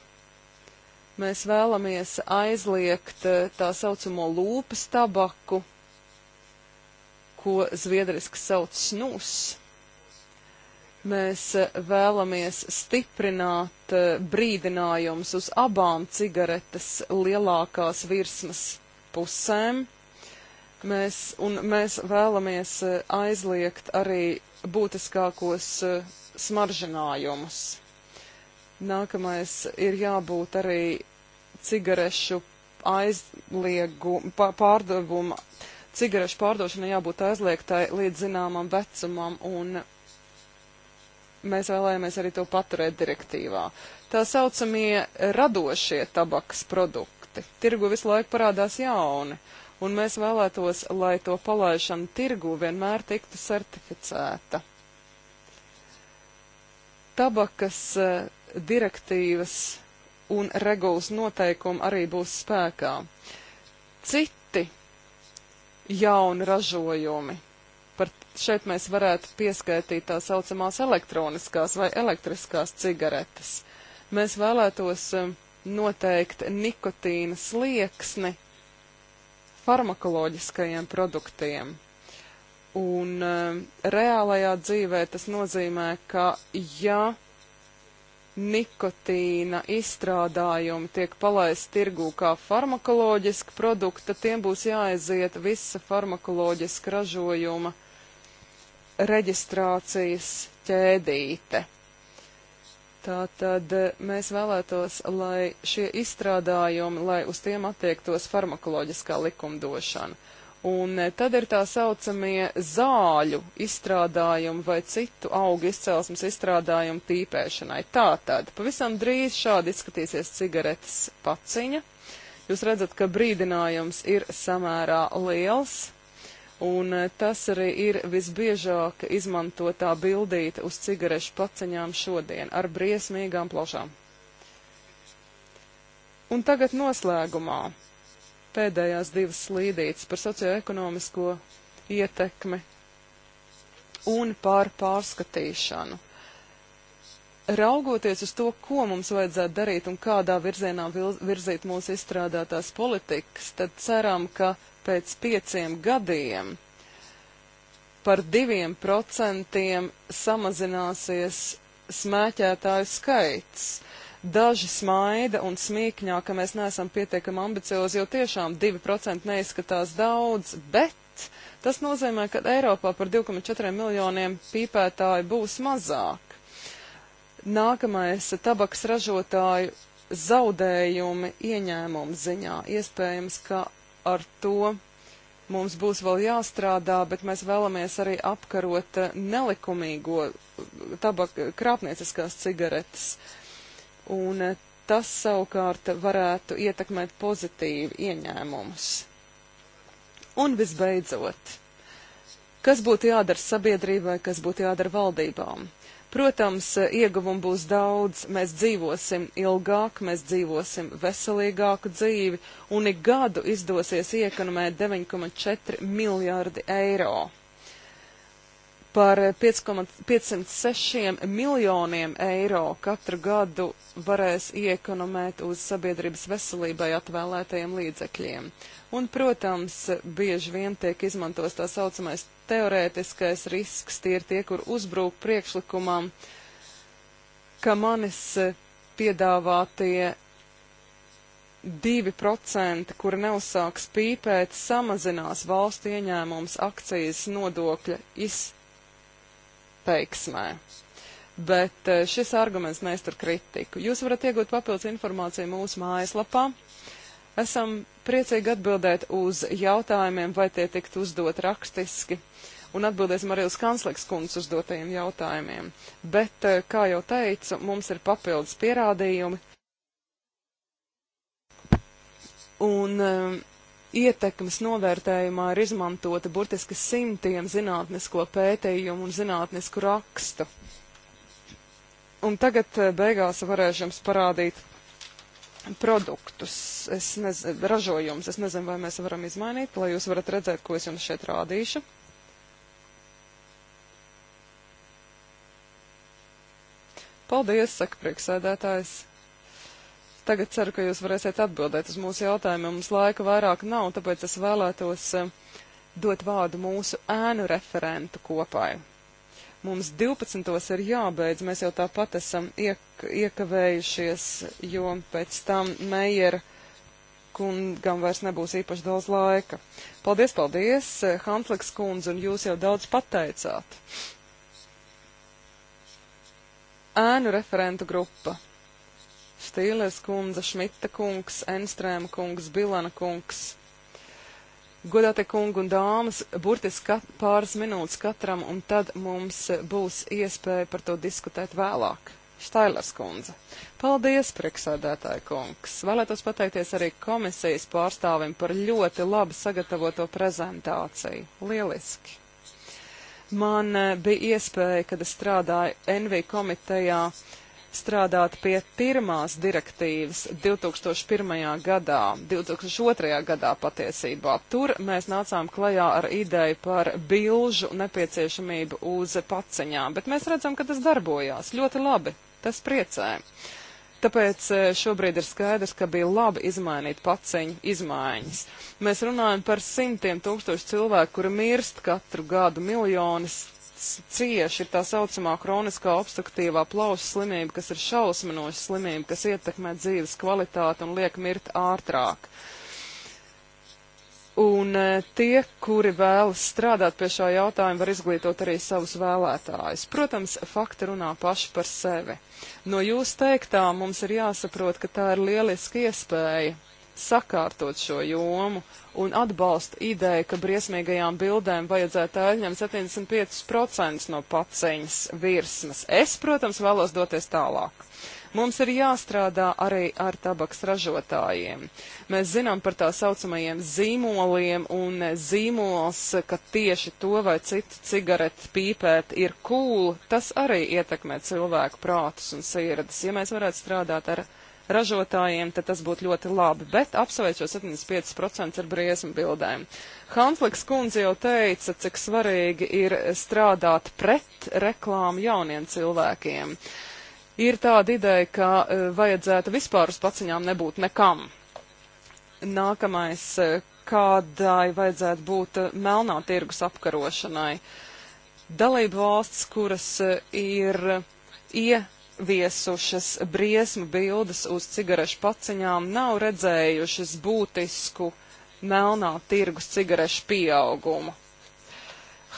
Mēs vēlamies aizliegt eh, tā saucamo lūpas tabaku, ko zviedriski sauc snus. Mēs eh, vēlamies stiprināt eh, brīdinājums uz abām cigaretes lielākās virsmas pusēm. Mēs, un mēs vēlamies eh, aizliegt arī būtiskākos smaržinājumus. Nākamais ir jābūt arī cigarešu aizliegu, pārdevuma cigarešu pārdošanai jābūt aizliegtai līdz zināmam vecumam, un mēs vēlējāmies arī to paturēt direktīvā. Tā saucamie radošie tabakas produkti. Tirgu visu laiku parādās jauni, un mēs vēlētos, lai to palaišana tirgu vienmēr tiktu certificēta. Tabakas e, direktīvas un regulas noteikumi arī būs spēkā. Citi jauni ražojumi. Par šeit mēs varētu pieskaitīt tā saucamās elektroniskās vai elektriskās cigaretes. Mēs vēlētos um, noteikt nikotīna slieksni farmakoloģiskajiem produktiem. Un um, reālajā dzīvē tas nozīmē, ka ja nikotīna izstrādājumi tiek palaisti tirgū kā farmakoloģiski produkti, tad tiem būs jāaiziet visa farmakoloģiska ražojuma reģistrācijas ķēdīte. Tātad eh, mēs vēlētos, lai šie izstrādājumi, lai uz tiem attiektos farmakoloģiskā likumdošana. Un eh, tad ir tā saucamie zāļu izstrādājumi vai citu augu izcelsmes izstrādājumi tīpēšanai. Tātad pavisam drīz šādi izskatīsies cigaretes paciņa. Jūs redzat, ka brīdinājums ir samērā liels, un eh, tas arī ir visbiežāk izmantotā bildīte uz cigarešu paciņām šodien ar briesmīgām plašām. Un tagad noslēgumā pēdējās divas slīdītes par socioekonomisko ietekmi un par pārskatīšanu. Raugoties uz to, ko mums vajadzētu darīt un kādā virzienā virzīt mūsu izstrādātās politikas, tad ceram, ka pēc pieciem gadiem par diviem procentiem samazināsies smēķētāju skaits. Daži smaida un smīkņā, ka mēs neesam pietiekami ambiciozi, jo tiešām 2% neizskatās daudz, bet tas nozīmē, ka Eiropā par 2,4 miljoniem pīpētāju būs mazāk. Nākamais tabaks ražotāju zaudējumi ieņēmumu ziņā. Iespējams, ka ar to mums būs vēl jāstrādā, bet mēs vēlamies arī apkarot nelikumīgo tabak, krāpnieciskās cigaretes un tas savukārt varētu ietekmēt pozitīvi ieņēmumus. Un visbeidzot, kas būtu jādara sabiedrībai, kas būtu jādara valdībām? Protams, ieguvumu būs daudz, mēs dzīvosim ilgāk, mēs dzīvosim veselīgāku dzīvi, un ik gadu izdosies iekonomēt 9,4 miljārdi eiro par 5,506 miljoniem eiro katru gadu varēs iekonomēt uz sabiedrības veselībai atvēlētajiem līdzekļiem. Un, protams, bieži vien tiek izmantos tā saucamais teorētiskais risks, tie ir tie, kur uzbrūk priekšlikumam, ka manis piedāvātie 2%, kuri neuzsāks pīpēt, samazinās valsts ieņēmums akcijas nodokļa izsākuma teiksmē. Bet eh, šis arguments neiztur kritiku. Jūs varat iegūt papildus informāciju mūsu mājaslapā. Esam priecīgi atbildēt uz jautājumiem, vai tie tiktu uzdot rakstiski, un atbildēsim arī uz kancleks kundas uzdotajiem jautājumiem. Bet, eh, kā jau teicu, mums ir papildus pierādījumi, un eh, ietekmes novērtējumā ir izmantota burtiski simtiem zinātnisko pētījumu un zinātnisku rakstu. Un tagad eh, beigās varēšu jums parādīt produktus, es nezinu, ražojums. Es nezinu, vai mēs varam izmainīt, lai jūs varat redzēt, ko es jums šeit rādīšu. Paldies, saka prieksēdētājs. Tagad ceru, ka jūs varēsiet atbildēt uz mūsu jautājumiem. Mums laika vairāk nav, tāpēc es vēlētos eh, dot vārdu mūsu ēnu referentu kopai. Mums 12. ir jābeidz, mēs jau tāpat esam iek iekavējušies, jo pēc tam Meijera kungam vairs nebūs īpaši daudz laika. Paldies, paldies, eh, Hanfliks kundze, un jūs jau daudz pateicāt. Ēnu referentu grupa. Stīlers kundze, Šmita kungs, Enstrēma kungs, Bilana kungs. Godātie kungi un dāmas, burtiski kat, pāris minūtes katram, un tad mums būs iespēja par to diskutēt vēlāk. Štailers kundze. Paldies, priekšsēdētāja kungs. Vēlētos pateikties arī komisijas pārstāvim par ļoti labi sagatavoto prezentāciju. Lieliski. Man eh, bija iespēja, kad es strādāju NV komitejā, uh, strādāt pie pirmās direktīvas 2001. gadā, 2002. gadā patiesībā. Tur mēs nācām klajā ar ideju par bilžu nepieciešamību uz paciņām, bet mēs redzam, ka tas darbojās ļoti labi. Tas priecē. Tāpēc e, šobrīd ir skaidrs, ka bija labi izmainīt paciņu izmaiņas. Mēs runājam par simtiem tūkstošu cilvēku, kuri mirst katru gadu miljonus cieši ir tā saucamā kroniskā obstruktīvā plaušas slimība, kas ir šausminoša slimība, kas ietekmē dzīves kvalitāti un liek mirt ātrāk. Un e, tie, kuri vēlas strādāt pie šā jautājuma, var izglītot arī savus vēlētājus. Protams, fakti runā paši par sevi. No jūs teiktā mums ir jāsaprot, ka tā ir lieliska iespēja sakārtot šo jomu un atbalsta ideju, ka briesmīgajām bildēm vajadzētu aizņemt 75% no paciņas virsmas. Es, protams, vēlos doties tālāk. Mums ir jāstrādā arī ar tabaks ražotājiem. Mēs zinām par tā saucamajiem zīmoliem un zīmols, ka tieši to vai citu cigaretu pīpēt ir cool, tas arī ietekmē cilvēku prātus un sirdis. Ja mēs varētu strādāt ar ražotājiem, tad tas būtu ļoti labi, bet apsveicu 75% ar briesmu bildēm. Hanfliks kundze jau teica, cik svarīgi ir strādāt pret reklāmu jauniem cilvēkiem. Ir tāda ideja, ka e, vajadzētu vispār uz paciņām nebūt nekam. Nākamais, e, kādai vajadzētu būt e, melnā tirgus apkarošanai. Dalību valsts, kuras ir ie ieviesušas briesmu bildes uz cigarešu paciņām, nav redzējušas būtisku melnā tirgus cigarešu pieaugumu.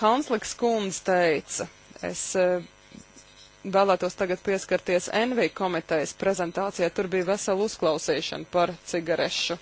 Hansliks kundze teica, es e, vēlētos tagad pieskarties NV komitejas prezentācijai, tur bija vesela uzklausīšana par cigarešu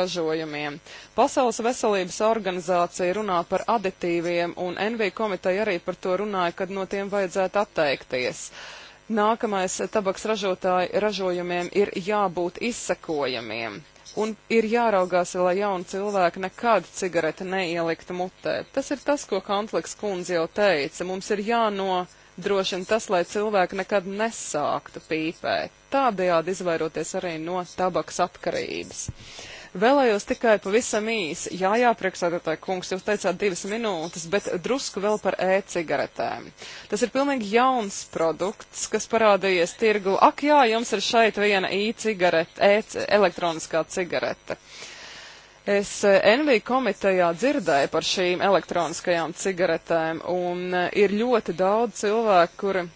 ražojumiem. Pasaules veselības organizācija runā par aditīviem, un NV komiteja arī par to runāja, kad no tiem vajadzētu atteikties. Uh, Nākamais tabaks ražotāju ražojumiem ir jābūt izsakojamiem. Un ir jāraugās, lai jauni cilvēki nekad cigareti neieliktu mutē. Tas ir tas, ko Kantliks kundze jau teica. Mums ir jānodrošina tas, lai cilvēki nekad nesāktu pīpēt. Tādējādi izvairoties arī no tabaks atkarības. Uh, Vēlējos tikai pavisam īsi, jā, jā, priekšsēdētāji kungs, jūs teicāt divas minūtes, bet drusku vēl par e-cigaretēm. Tas ir pilnīgi jauns produkts, kas parādījies tirgu. Ak, jā, jums ir šeit viena e-cigarete, e elektroniskā cigarete. Es eh, NV komitejā dzirdēju par šīm elektroniskajām cigaretēm, un eh, ir ļoti daudz cilvēku, kuri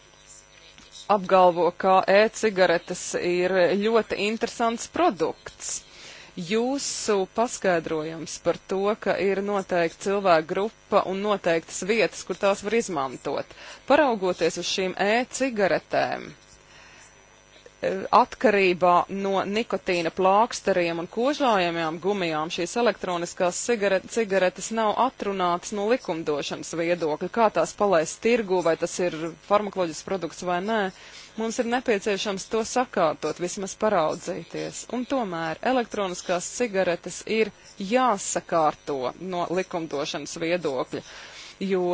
apgalvo, ka e-cigaretes ir ļoti interesants produkts jūsu paskaidrojums par to, ka ir noteikti cilvēku grupa un noteiktas vietas, kur tās var izmantot. Paraugoties uz šīm e-cigaretēm, e, atkarībā no nikotīna plāksteriem un kožājamajām gumijām šīs elektroniskās cigaret, cigaretes nav atrunātas no likumdošanas viedokļa, kā tās palaist tirgu, vai tas ir farmakoloģisks produkts vai nē. Uh, Mums ir nepieciešams to sakārtot, vismaz paraudzīties. Un tomēr elektroniskās cigaretes ir jāsakārto no likumdošanas viedokļa, jo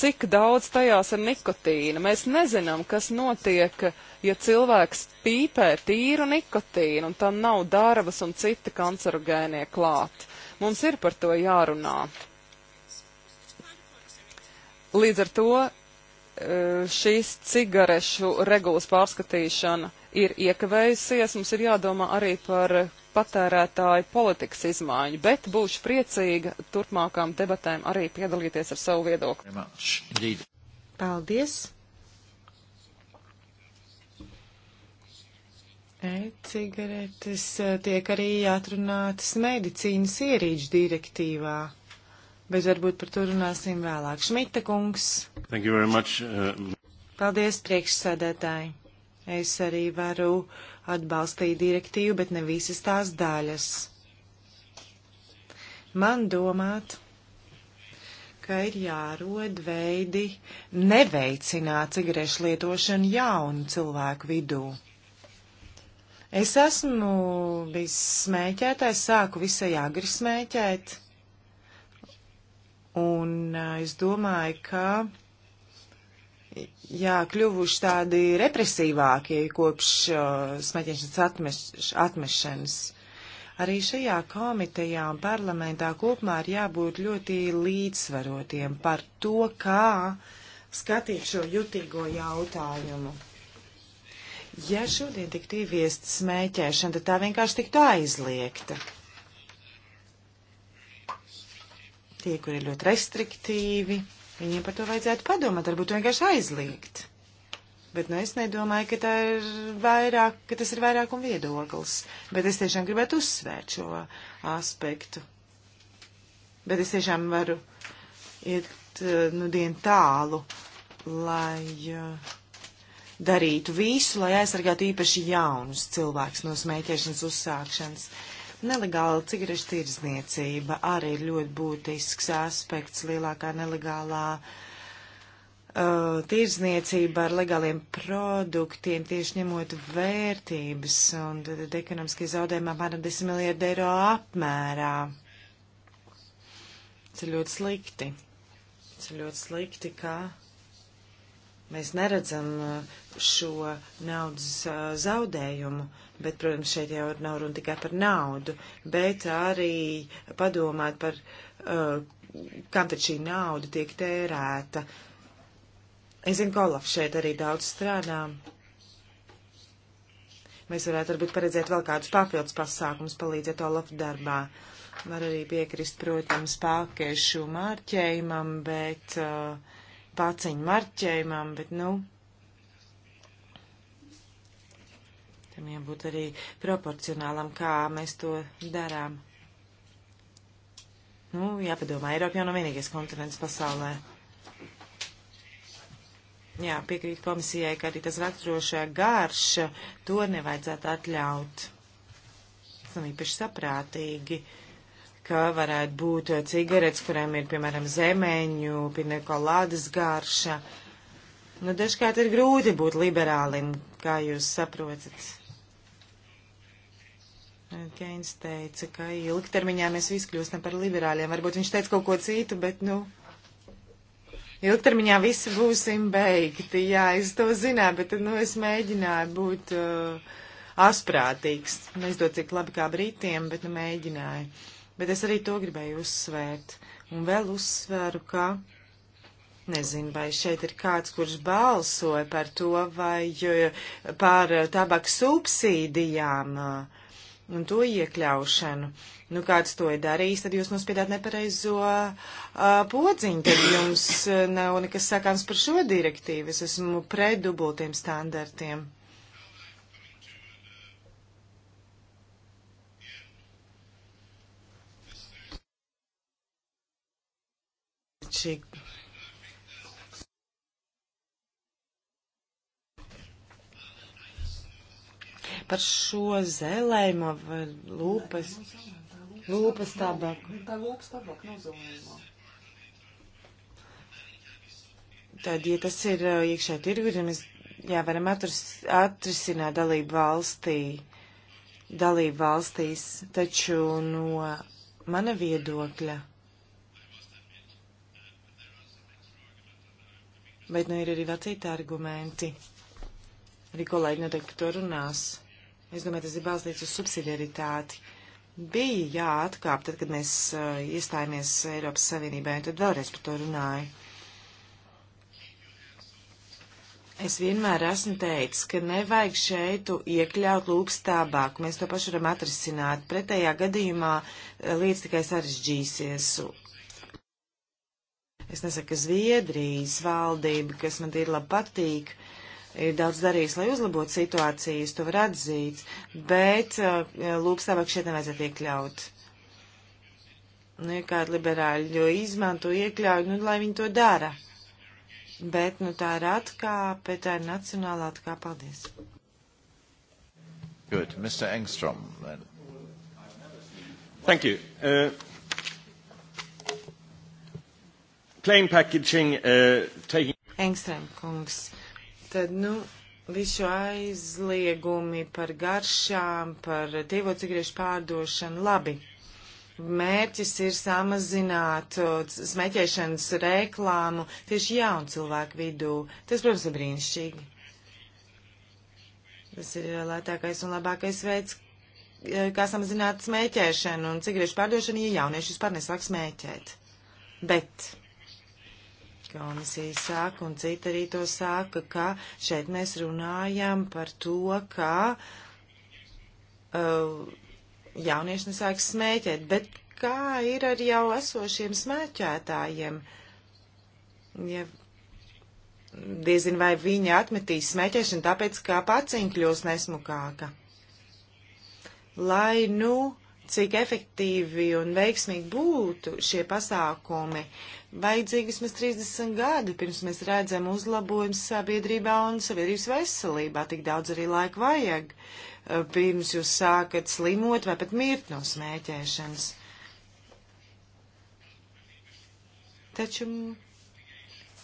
cik daudz tajās ir nikotīna. Mēs nezinām, kas notiek, ja cilvēks pīpē tīru nikotīnu un tam nav darbas un citi kancerogēnie klāt. Mums ir par to jārunā. Līdz ar to Eh, šīs cigarešu regulas pārskatīšana ir iekavējusies, mums ir jādomā arī par patērētāju politikas izmaiņu, bet būšu priecīga turpmākām debatēm arī piedalīties ar savu viedokli. Paldies! E-cigaretes eh, tiek arī atrunātas medicīnas ierīču direktīvā bet varbūt par to runāsim vēlāk. Šmita kungs. Thank you very much. Uh... Paldies, priekšsēdētāji. Es arī varu atbalstīt direktīvu, bet ne visas tās daļas. Man domāt, ka ir jārod veidi neveicināt cigarešu lietošanu jaunu cilvēku vidū. Es esmu bijis smēķētājs, sāku visai agri smēķēt. Un es domāju, ka jā, kļuvuši tādi represīvākie kopš uh, smēķēšanas atmeš, atmešanas. Arī šajā komitejā un parlamentā kopumā ir jābūt ļoti līdzsvarotiem par to, kā skatīt šo jutīgo jautājumu. Ja šodien tiktu ieviest smēķēšana, tad tā vienkārši tiktu aizliegta. Tie, kur ir ļoti restriktīvi, viņiem par to vajadzētu padomāt, varbūt vienkārši aizliegt. Bet nu, es nedomāju, ka, tā ir vairāk, ka tas ir vairāk un viedoklis. Bet es tiešām gribētu uzsvērt šo aspektu. Bet es tiešām varu iet eh, nu, dienu tālu, lai uh, darītu visu, lai aizsargātu īpaši jaunus cilvēkus no smēķēšanas uzsākšanas. Uh, Nelegāla cigarešu tirzniecība arī ir ļoti būtisks aspekts lielākā nelegālā uh, tirzniecība ar legāliem produktiem, tieši ņemot vērtības, un tad ekonomiskie zaudējumi apmēram 10 miljardu eiro apmērā. Tas ir ļoti slikti. Tas ir ļoti slikti, kā. Ka Mēs neredzam uh, šo naudas uh, zaudējumu, bet, protams, šeit jau nav runa tikai par naudu, bet arī padomāt par, uh, kam tad šī nauda tiek tērēta. Es zinu, ka Olaf šeit arī daudz strādā. Mēs varētu varbūt paredzēt vēl kādus papildus pasākumus, palīdzēt Olaf darbā. Var arī piekrist, protams, pākešu mārķējumam, bet uh, paciņu marķējumam, bet, nu, tam jābūt arī proporcionālam, kā mēs to darām. Nu, jāpadomā, Eiropa jau nav no vienīgais kontinents pasaulē. Jā, piekrīt komisijai, ka arī tas raksturošā garša to nevajadzētu atļaut. Tas nav īpaši saprātīgi. Uh, ka varētu būt cigaretes, kurām ir, piemēram, zemeņu, pinekolādes garša. Nu, dažkārt ir grūti būt liberālim, kā jūs saprotat. Nu, Keins teica, ka ilgtermiņā mēs visi kļūstam par liberāļiem. Varbūt viņš teica kaut ko citu, bet, nu, ilgtermiņā visi būsim beigti. Jā, es to zināju, bet, nu, es mēģināju būt uh, asprātīgs. Nezdot, cik labi kā brītiem, bet, nu, mēģināju bet es arī to gribēju uzsvērt. Un vēl uzsvēru, ka nezinu, vai šeit ir kāds, kurš balsoja par to vai par tabaku subsīdijām uh, un to iekļaušanu. Nu, kāds to ir darījis, tad jūs nospiedāt nepareizo uh, podziņu, tad jums uh, nav nekas sakāms par šo direktīvu. Es esmu pret dubultiem standartiem. šī par šo zelēmo vai lūpas. Lūpas tabaku. Tā lūpas tabaku nav zelēmo. Tad, ja tas ir uh, iekšē tirgu, tad mēs, jā, varam atris, atrisināt dalību valstī, dalību valstīs, taču no mana viedokļa Bet nu ir arī vēl citi argumenti. Arī kolēģi noteikti par to runās. Es domāju, tas ir balstīts uz subsidiaritāti. Bija jāatkāp, tad, kad mēs uh, iestājāmies Eiropas Savienībā, un tad vēlreiz par to runāju. Es vienmēr esmu teicis, ka nevajag šeit iekļaut lūgs tābāku. Mēs to pašu varam atrisināt. Pretējā gadījumā eh, lietas tikai sarežģīsies es nesaku Zviedrijas valdība, kas man ir labi patīk, ir daudz darījis, lai uzlabotu situāciju, es to var atzīt, bet eh, lūkstāvāk šeit nevajadzētu iekļaut. Nu, ja kādi liberāļi jo izmanto, iekļauj, nu, lai viņi to dara. Bet, nu, tā ir atkāpe, tā ir nacionāla atkāpe. Paldies. Good. Mr. Engstrom, then. Thank you. Uh... plain packaging, uh, taking. Engstrēm kungs. Tad, nu, visu aizliegumi par garšām, par dzīvo cigarešu pārdošanu, labi. Mērķis ir samazināt smēķēšanas reklāmu tieši jaunu cilvēku vidū. Tas, protams, ir brīnišķīgi. Tas ir lētākais un labākais veids, e, kā samazināt smēķēšanu un cigarešu pārdošanu, ja jaunieši vispār nesāk smēķēt. Bet Komisija saka, un citi arī to saka, ka šeit mēs runājam par to, ka uh, jaunieši nesāks smēķēt, bet kā ir ar jau esošiem smēķētājiem? Ja diezin vai viņi atmetīs smēķēšanu tāpēc, ka paciņa kļūs nesmukāka. Lai nu cik efektīvi un veiksmīgi būtu šie pasākumi, vajadzīgi vismaz 30 gadi, pirms mēs redzam uzlabojums sabiedrībā un sabiedrības veselībā. Tik daudz arī laika vajag, eh, pirms jūs sākat slimot vai pat mirt no smēķēšanas. Taču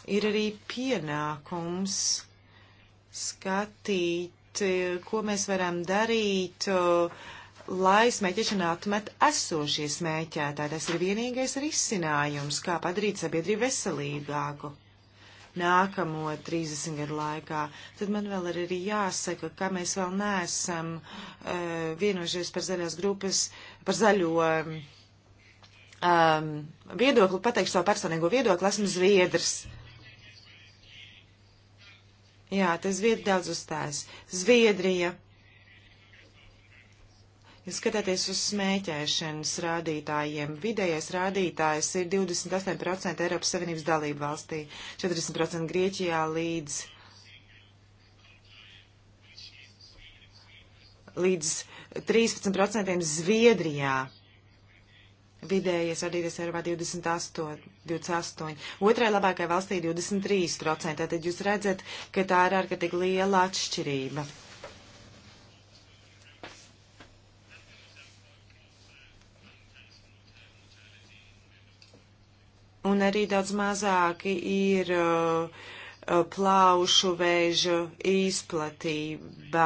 ir arī pienākums skatīt, eh, ko mēs varam darīt. Uh, lai smēķēšana atmet esošie smēķētāji. Tas ir vienīgais risinājums, kā padarīt sabiedrību veselīgāku nākamo 30 gadu laikā. Tad man vēl ir arī jāsaka, ka mēs vēl neesam uh, vienojušies par zaļās grupas, par zaļo um, viedokli, pateikšu savu personīgo viedokli, esmu zviedrs. Jā, tas vieta daudz uzstājas. Zviedrija Jūs skatāties uz smēķēšanas rādītājiem. Vidējais rādītājs ir 28% Eiropas Savienības dalību valstī, 40% Grieķijā līdz, līdz 13% Zviedrijā. Vidējais radīties Eiropā 28, 28. Otrai labākai valstī 23%. Tad jūs redzat, ka tā ir ārkārtīgi liela atšķirība. Un arī daudz mazāki ir uh, uh, plaušu vēža izplatība.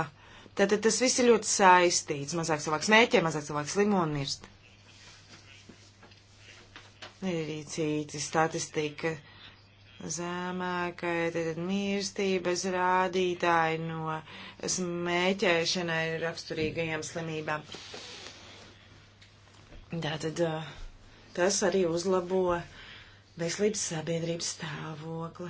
Tātad tas viss ir ļoti saistīts. Mazāk cilvēks mēķē, mazāk cilvēks slimo un mirst. Ir arī citi statistika zemākai, tad mīlestības rādītāji no smēķēšanai raksturīgajām slimībām. Tātad uh, tas arī uzlabo veselības sabiedrības stāvokli.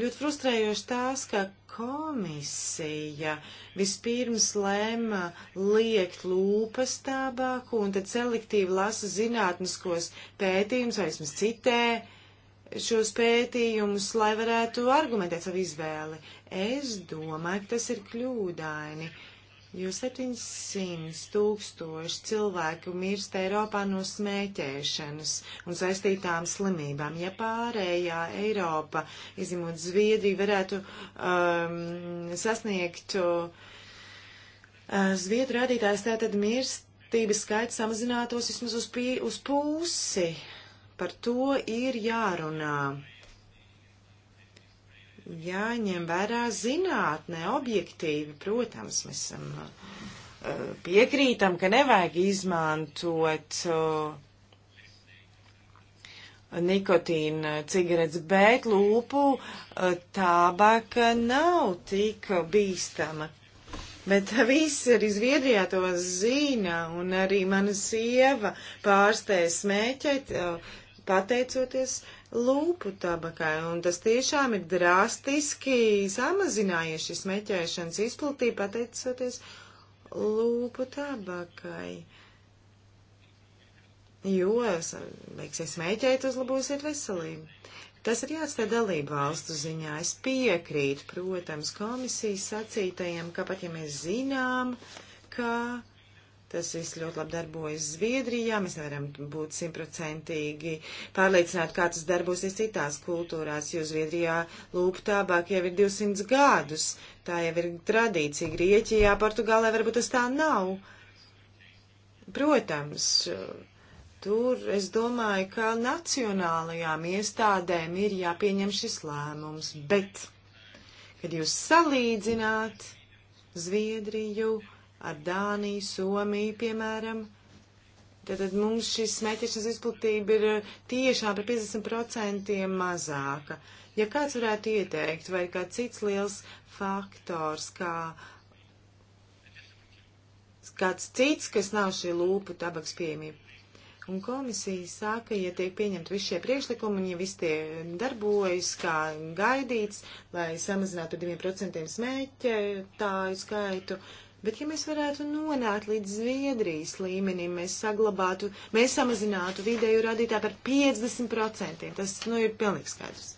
Ļoti frustrējoši tās, ka komisija vispirms lēma liekt lūpas tābāku un tad selektīvi lasa zinātniskos pētījumus, vai vismaz citē šos pētījumus, lai varētu argumentēt savu izvēli. Es domāju, ka tas ir kļūdaini. Uh, Jo 700 tūkstoši cilvēku mirst Eiropā no smēķēšanas un saistītām slimībām. Ja pārējā Eiropa, izņemot Zviedriju, varētu um, sasniegt uh, Zviedru rādītājs, tātad mirstības skaits samazinātos vismaz uz, pī, uz pusi. Par to ir jārunā jāņem vērā zinātnē, objektīvi, protams, mēs esam eh, piekrītam, ka nevajag izmantot eh, nikotīna cigaretes, bet lūpu eh, tābaka nav tik bīstama. Bet (laughs) viss arī Zviedrijā to zina, un arī mana sieva pārspēja smēķēt, pateicoties uh, lūpu tabakai, un tas tiešām ir drastiski samazinājies šis meķēšanas izplatība, pateicoties lūpu tabakai. Jo, beigsies mēķēt, uzlabosiet veselību. Tas ir jāatstāj dalību valstu ziņā. Es piekrītu, protams, komisijas sacītajiem, ka pat ja mēs zinām, ka Tas viss ļoti labi darbojas Zviedrijā. Mēs nevaram būt simtprocentīgi pārliecināti, kā tas darbosies citās kultūrās, jo Zviedrijā lūptābāk jau ir 200 gadus. Tā jau ir tradīcija Grieķijā, Portugālē varbūt tas tā nav. Protams, tur es domāju, ka nacionālajām iestādēm ir jāpieņem šis lēmums, bet, kad jūs salīdzināt Zviedriju, ar Dāniju, Somiju, piemēram. Tātad mums šis smēķēšanas izplatība ir eh, tiešām par 50% mazāka. Ja kāds varētu ieteikt, vai kāds cits liels faktors, kā kāds cits, kas nav šī lūpu tabaks piemība. Un komisija saka, ja tiek pieņemti visi šie priekšlikumi un ja visi tie darbojas kā gaidīts, lai samazinātu 2% smēķētāju skaitu, uh, Bet ja mēs varētu nonākt līdz Zviedrijas līmenim, mēs saglabātu, mēs samazinātu vidēju radītāju par 50%. Tas, nu, ir pilnīgi skaidrs.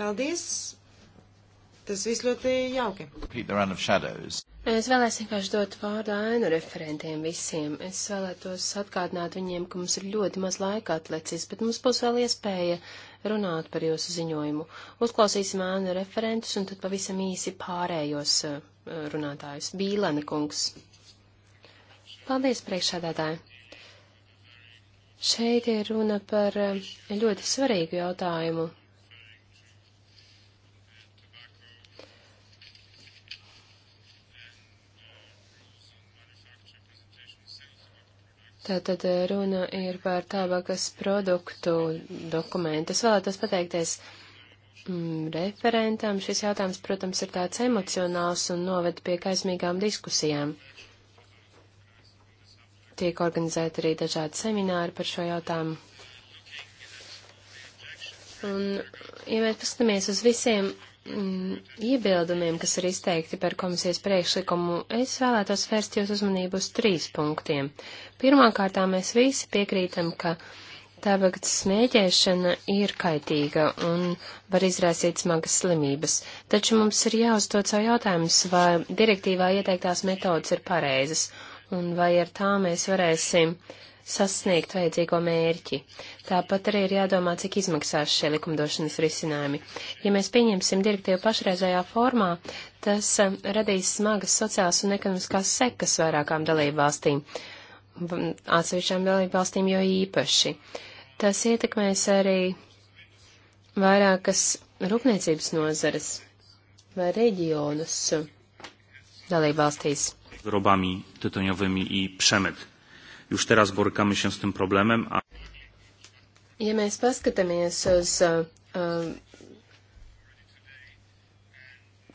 Paldies! Tas viss ļoti jauki. Es vēlēs vienkārši dot vārdu ēnu referentiem visiem. Es vēlētos atgādināt viņiem, ka mums ir ļoti maz laika atlicis, bet mums būs vēl iespēja runāt par jūsu ziņojumu. Uzklausīsim ēnu referentus un tad pavisam īsi pārējos eh, runātājus. Bīlana kungs. Paldies, priekšādātāji. Šeit ir runa par eh, ļoti svarīgu jautājumu, Tātad eh, runa ir par tabakas produktu dokumentu. Es vēlētos pateikties mm, referentam. Šis jautājums, protams, ir tāds emocionāls un noved pie kaismīgām diskusijām. Tiek organizēti arī dažādi semināri par šo jautājumu. Un, ja mēs paskatāmies uz visiem Mm, iebildumiem, kas ir izteikti par komisijas priekšlikumu, es vēlētos vērst jūs uzmanību uz trīs punktiem. Pirmkārt, mēs visi piekrītam, ka tabaks smēķēšana ir kaitīga un var izraisīt smagas slimības, taču mums ir jāuzdod savu jautājums, vai direktīvā ieteiktās metodas ir pareizas un vai ar tā mēs varēsim uh, sasniegt vajadzīgo mērķi. Tāpat arī ir jādomā, cik izmaksās šie likumdošanas risinājumi. Ja mēs pieņemsim direktīvu pašreizējā formā, tas um, radīs smagas sociālas un ekonomiskās sekas vairākām dalību valstīm, atsevišķām dalību valstīm jo īpaši. Tas ietekmēs arī vairākas rūpniecības nozares vai reģionus dalībvalstīs. Wyrobami tytoniowymi i przemyt. Już teraz borykamy się z tym problemem. A... Ja mēs paskatāmies uz uh,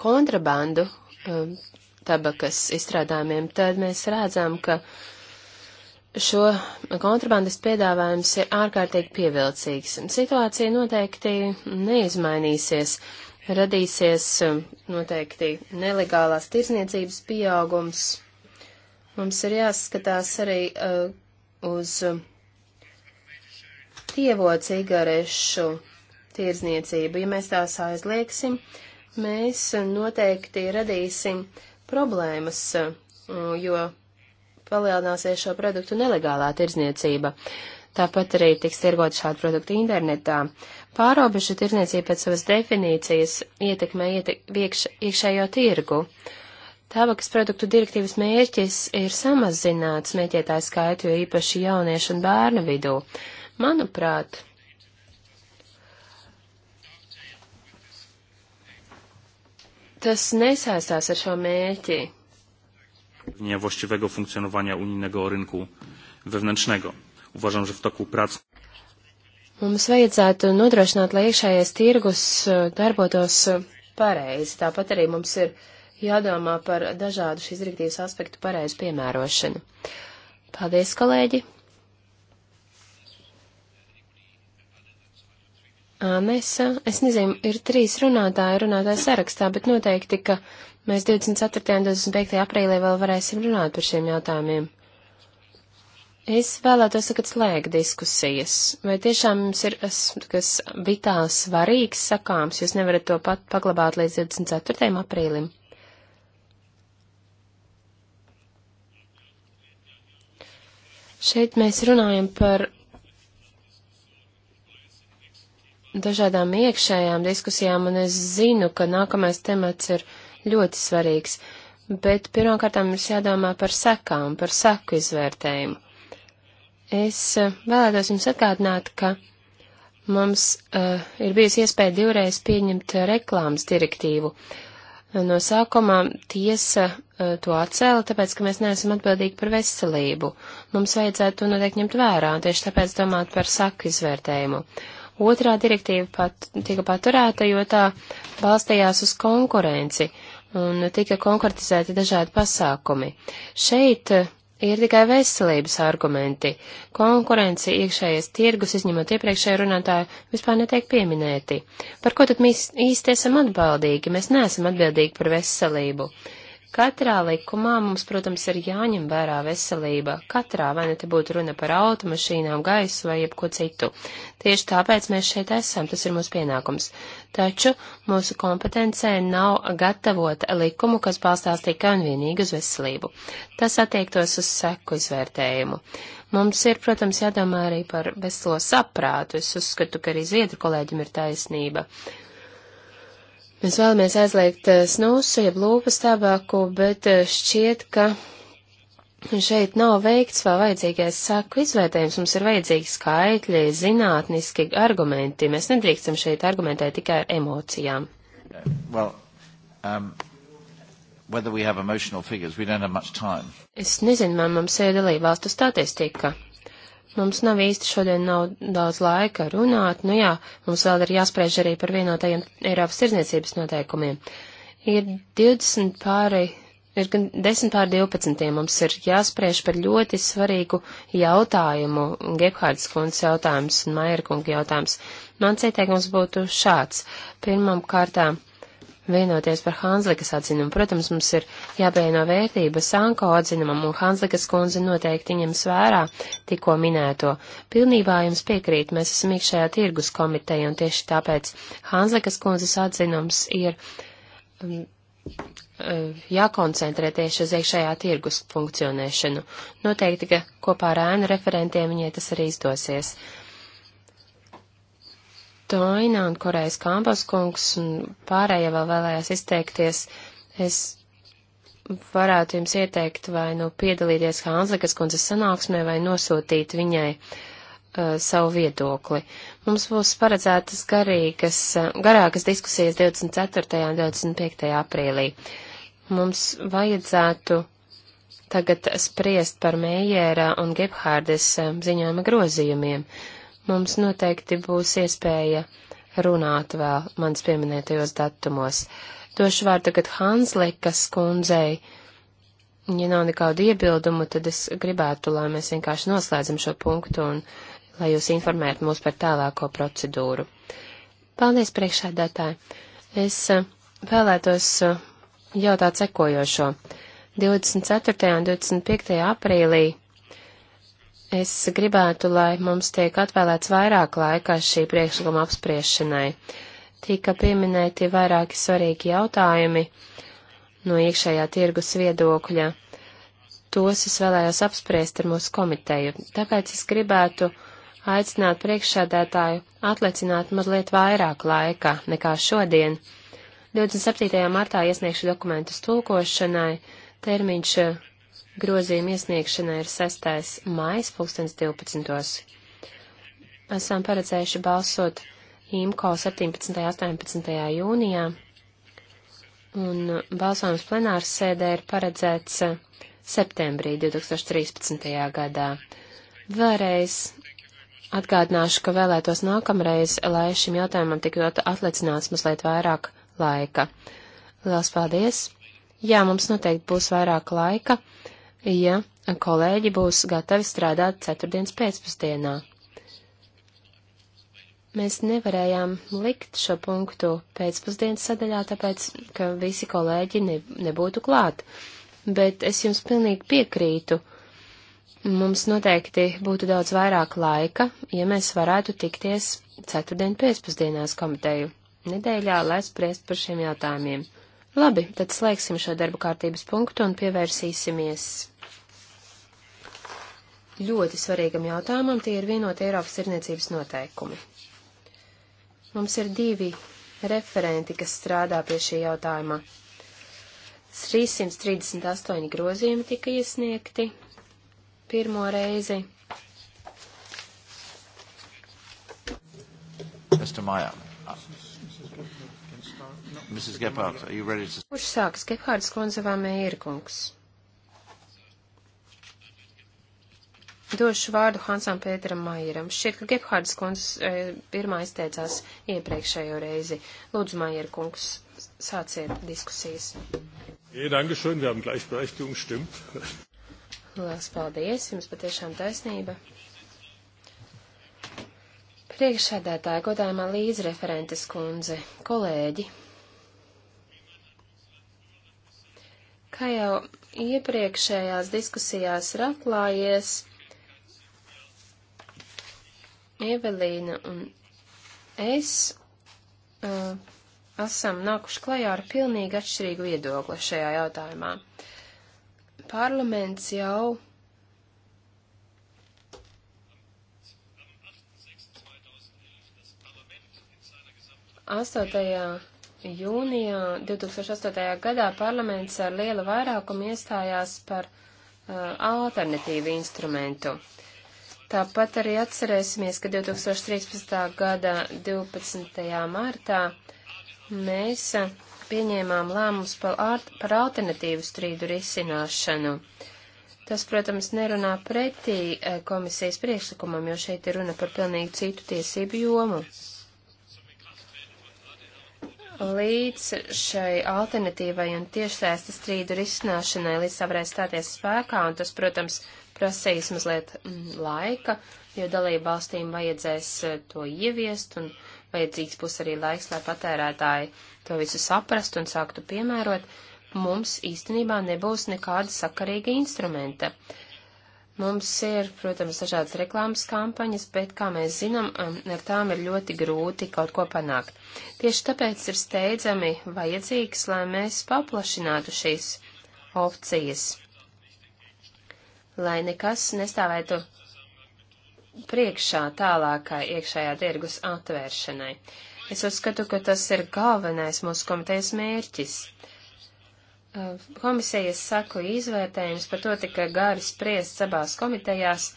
kontrabandu uh, tabakas izstrādājumiem, tad mēs redzam, ka šo kontrabandas piedāvājums ir ārkārtīgi pievilcīgs. Situācija noteikti neizmainīsies. Radīsies um, noteikti nelegālās tirsniecības pieaugums, Mums ir jāskatās arī uh, uz um, tievo cigarešu tirdzniecību. Ja mēs tās aizliegsim, mēs noteikti radīsim problēmas, uh, jo palielināsies šo produktu nelegālā tirdzniecība. Tāpat arī tiks tirgot šādu produktu internetā. Pārobežu tirdzniecība pēc savas definīcijas ietekmē ietek, iekš, iekšējo tirgu. Uh, Tabakas produktu direktīvas mērķis ir samazināt smēķētāju skaitu, jo īpaši jauniešu un bērnu vidū. Manuprāt, tas nesaistās ar šo mērķi. Właściwego funkcjonowania unijnego rynku wewnętrznego. Uważam, że w toku prac. Mums vajadzētu nodrošināt, lai iekšējais tirgus e, darbotos e, pareizi. Tāpat arī mums ir uh, jādomā par dažādu šīs direktīvas aspektu pareizu piemērošanu. Paldies, kolēģi! Anesa, es nezinu, ir trīs runātāji runātāji sarakstā, bet noteikti, ka mēs 24. un 25. aprīlī vēl varēsim runāt par šiem jautājumiem. Es vēlētos tagad slēgt diskusijas. Vai tiešām jums ir kas vitāli svarīgs sakāms, jūs nevarat to pat paglabāt līdz 24. aprīlim? Šeit mēs runājam par dažādām iekšējām diskusijām, un es zinu, ka nākamais temats ir ļoti svarīgs, bet pirmkārtām mums jādomā par sekām, par seku izvērtējumu. Es eh, vēlētos jums atgādināt, ka mums uh, ir bijusi iespēja divreiz pieņemt reklāmas direktīvu. Uh, No sākumā tiesa eh, to atcēla, tāpēc, ka mēs neesam atbildīgi par veselību. Mums vajadzētu to noteikti ņemt vērā, un tieši tāpēc domāt par saku izvērtējumu. Otrā direktīva pat, tika paturēta, jo tā balstījās uz konkurenci un tika konkretizēti dažādi pasākumi. Šeit eh, ir tikai veselības argumenti. Konkurence, iekšējais tirgus, izņemot iepriekšēju runātāju, vispār netiek pieminēti. Par ko tad mēs īsti esam atbildīgi? Mēs neesam atbildīgi par veselību. Uh, Katrā likumā mums, protams, ir jāņem vērā veselība. Katrā, vai ne nu te būtu runa par automašīnām, gaisu vai jebko citu. Tieši tāpēc mēs šeit esam, tas ir mūsu pienākums. Taču mūsu kompetencē nav gatavot likumu, kas balstās tikai un vienīgi uz veselību. Tas attiektos uz seku izvērtējumu. Mums ir, protams, jādomā arī par veselo saprātu. Es uzskatu, ka arī Zviedru kolēģim ir taisnība. Uh, Mēs vēlamies aizliegt eh, snusu, jeb lūpas tabaku, bet eh, šķiet, ka šeit nav veikts vēl vajadzīgais saku izvērtējums. Mums ir vajadzīgi skaitļi, zinātniski argumenti. Mēs nedrīkstam šeit argumentēt tikai ar emocijām. Well, um... We figures, we es nezinu, vai mums ir dalībvalstu statistika. Mums nav īsti šodien nav daudz laika runāt, nu jā, mums vēl ir jāspriež arī par vienotajiem Eiropas tirdzniecības noteikumiem. Ir 20 pāri, ir gan 10 pāri 12, mums ir jāspriež par ļoti svarīgu jautājumu, Gebhārdas kundas jautājums un Mairkunga jautājums. Mans ieteikums būtu šāds. Pirmam kārtām vienoties par Hanzlikas atzinumu. Protams, mums ir jāpieno vērtība Sanko atzinumam, un Hanzlikas kundze noteikti ņems vērā tikko minēto. Pilnībā jums piekrīt, mēs esam iekšējā tirgus komiteja, un tieši tāpēc Hanzlikas kundzes atzinums ir um, uh, jākoncentrē tieši uz iekšējā tirgus funkcionēšanu. Noteikti, ka kopā ar ēnu referentiem viņai tas arī izdosies. Toina un Korejas Kampos kungs un pārējie vēl vēlējās izteikties. Es varētu jums ieteikt vai nu piedalīties Hānzakas kundzes sanāksmē vai nosūtīt viņai uh, savu viedokli. Mums būs paredzētas garīgas, uh, garākas diskusijas 24. un 25. aprīlī. Mums vajadzētu tagad spriest par Meijēra un Gebhārdes uh, ziņojuma grozījumiem. Uh, Mums noteikti būs iespēja runāt vēl mans pieminētajos datumos. Došu vārdu tagad Hanslikas kundzei. Ja nav nekādu iebildumu, tad es gribētu, lai mēs vienkārši noslēdzam šo punktu un lai jūs informētu mūs par tālāko procedūru. Paldies, priekšādātāji! Es eh, vēlētos eh, jautāt sekojošo. 24. un 25. aprīlī Es gribētu, lai mums tiek atvēlēts vairāk laika šī priekšlikuma apspriešanai. Tika pieminēti vairāki svarīgi jautājumi no iekšējā tirgus viedokļa. Tos es vēlējos apspriest ar mūsu komiteju. Tāpēc es gribētu aicināt priekšsēdētāju atlicināt mazliet vairāk laika nekā šodien. 27. martā iesniegšu dokumentus tulkošanai, termiņš Grozījuma iesniegšana ir 6. mājas 2012. Esam paredzējuši balsot IMCO 17. un 18. jūnijā, un balsojums plenāras sēdē ir paredzēts septembrī 2013. gadā. Vēlreiz atgādināšu, ka vēlētos nākamreiz, lai šim jautājumam tik ļoti atlicināts mazliet vairāk laika. Lielas paldies! Jā, mums noteikti būs vairāk laika ja kolēģi būs gatavi strādāt ceturtdienas pēcpusdienā. Mēs nevarējām likt šo punktu pēcpusdienas sadaļā, tāpēc, ka visi kolēģi ne, nebūtu klāt. Bet es jums pilnīgi piekrītu. Mums noteikti būtu daudz vairāk laika, ja mēs varētu tikties ceturtdien pēcpusdienās komiteju nedēļā, lai spriest par šiem jautājumiem. Labi, tad slēgsim šo darba kārtības punktu un pievērsīsimies ļoti svarīgam jautājumam, tie ir vienot Eiropas tirniecības noteikumi. Mums ir divi referenti, kas strādā pie šī jautājuma. 338 grozījumi tika iesniegti pirmo reizi. Mr. Mayer. Mrs. Gephardt, are you ready to... Kurš sāks? Gephardt, Skonzavā, Meirkungs. Došu vārdu Hansam Pēteram Maieram. Šķiet, ka Gebhards kungs e, pirmā izteicās iepriekšējo reizi. Lūdzu, Maier kungs, sāciet diskusijas. Lielas paldies, jums patiešām taisnība. Priekšsēdētāja godājumā līdzreferentes kundze, kolēģi. Kā jau iepriekšējās diskusijās ir atklājies, Ievelīna un es uh, esam nākuši klajā ar pilnīgi atšķirīgu viedokli šajā jautājumā. Parlaments jau astotajā jūnijā 2008. gadā parlaments ar lielu vairākumu iestājās par uh, alternatīvu instrumentu. Uh, Tāpat arī atcerēsimies, ka 2013. gada 12. martā mēs pieņēmām lēmumus par, par alternatīvu strīdu risināšanu. Tas, protams, nerunā pretī e, komisijas priekšlikumam, jo šeit ir runa par pilnīgi citu tiesību jomu. Līdz šai alternatīvai un tiešsaistes strīdu risināšanai, līdz tā varēs stāties spēkā, un tas, protams, prasīs mazliet mm, laika, jo dalību valstīm vajadzēs eh, to ieviest un vajadzīgs būs arī laiks, lai patērētāji to visu saprastu un sāktu piemērot. Mums īstenībā nebūs nekāda sakarīga instrumenta. Mums ir, protams, dažādas reklāmas kampaņas, bet, kā mēs zinām, ar tām ir ļoti grūti kaut ko panākt. Tieši tāpēc ir steidzami vajadzīgs, lai mēs paplašinātu šīs opcijas lai nekas nestāvētu priekšā tālākai iekšējā tirgus atvēršanai. Es uzskatu, ka tas ir galvenais mūsu komitejas mērķis. Uh, komisijas saku izvērtējums par to tika gari spriests abās komitejās,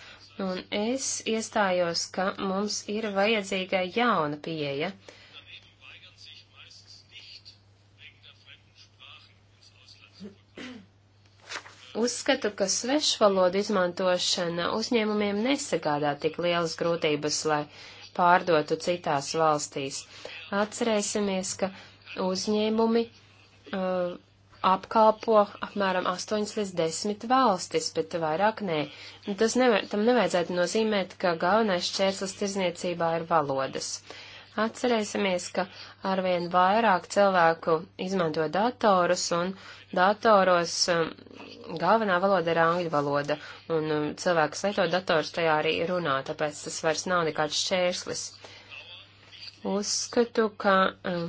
un es iestājos, ka mums ir vajadzīga jauna pieeja. Uh, Uzskatu, ka svešvalodu izmantošana uzņēmumiem nesagādā tik lielas grūtības, lai pārdotu citās valstīs. Atcerēsimies, ka uzņēmumi uh, apkalpo apmēram 8 līdz 10 valstis, bet vairāk nē. Tas neve, tam nevajadzētu nozīmēt, ka galvenais čērslis tirzniecībā ir valodas. Uh, Atcerēsimies, ka arvien vairāk cilvēku izmanto datorus, un datoros um, galvenā valoda ir angļu valoda, un um, cilvēks lieto dators tajā arī runā, tāpēc tas vairs nav nekāds šķērslis. Uzskatu, ka um,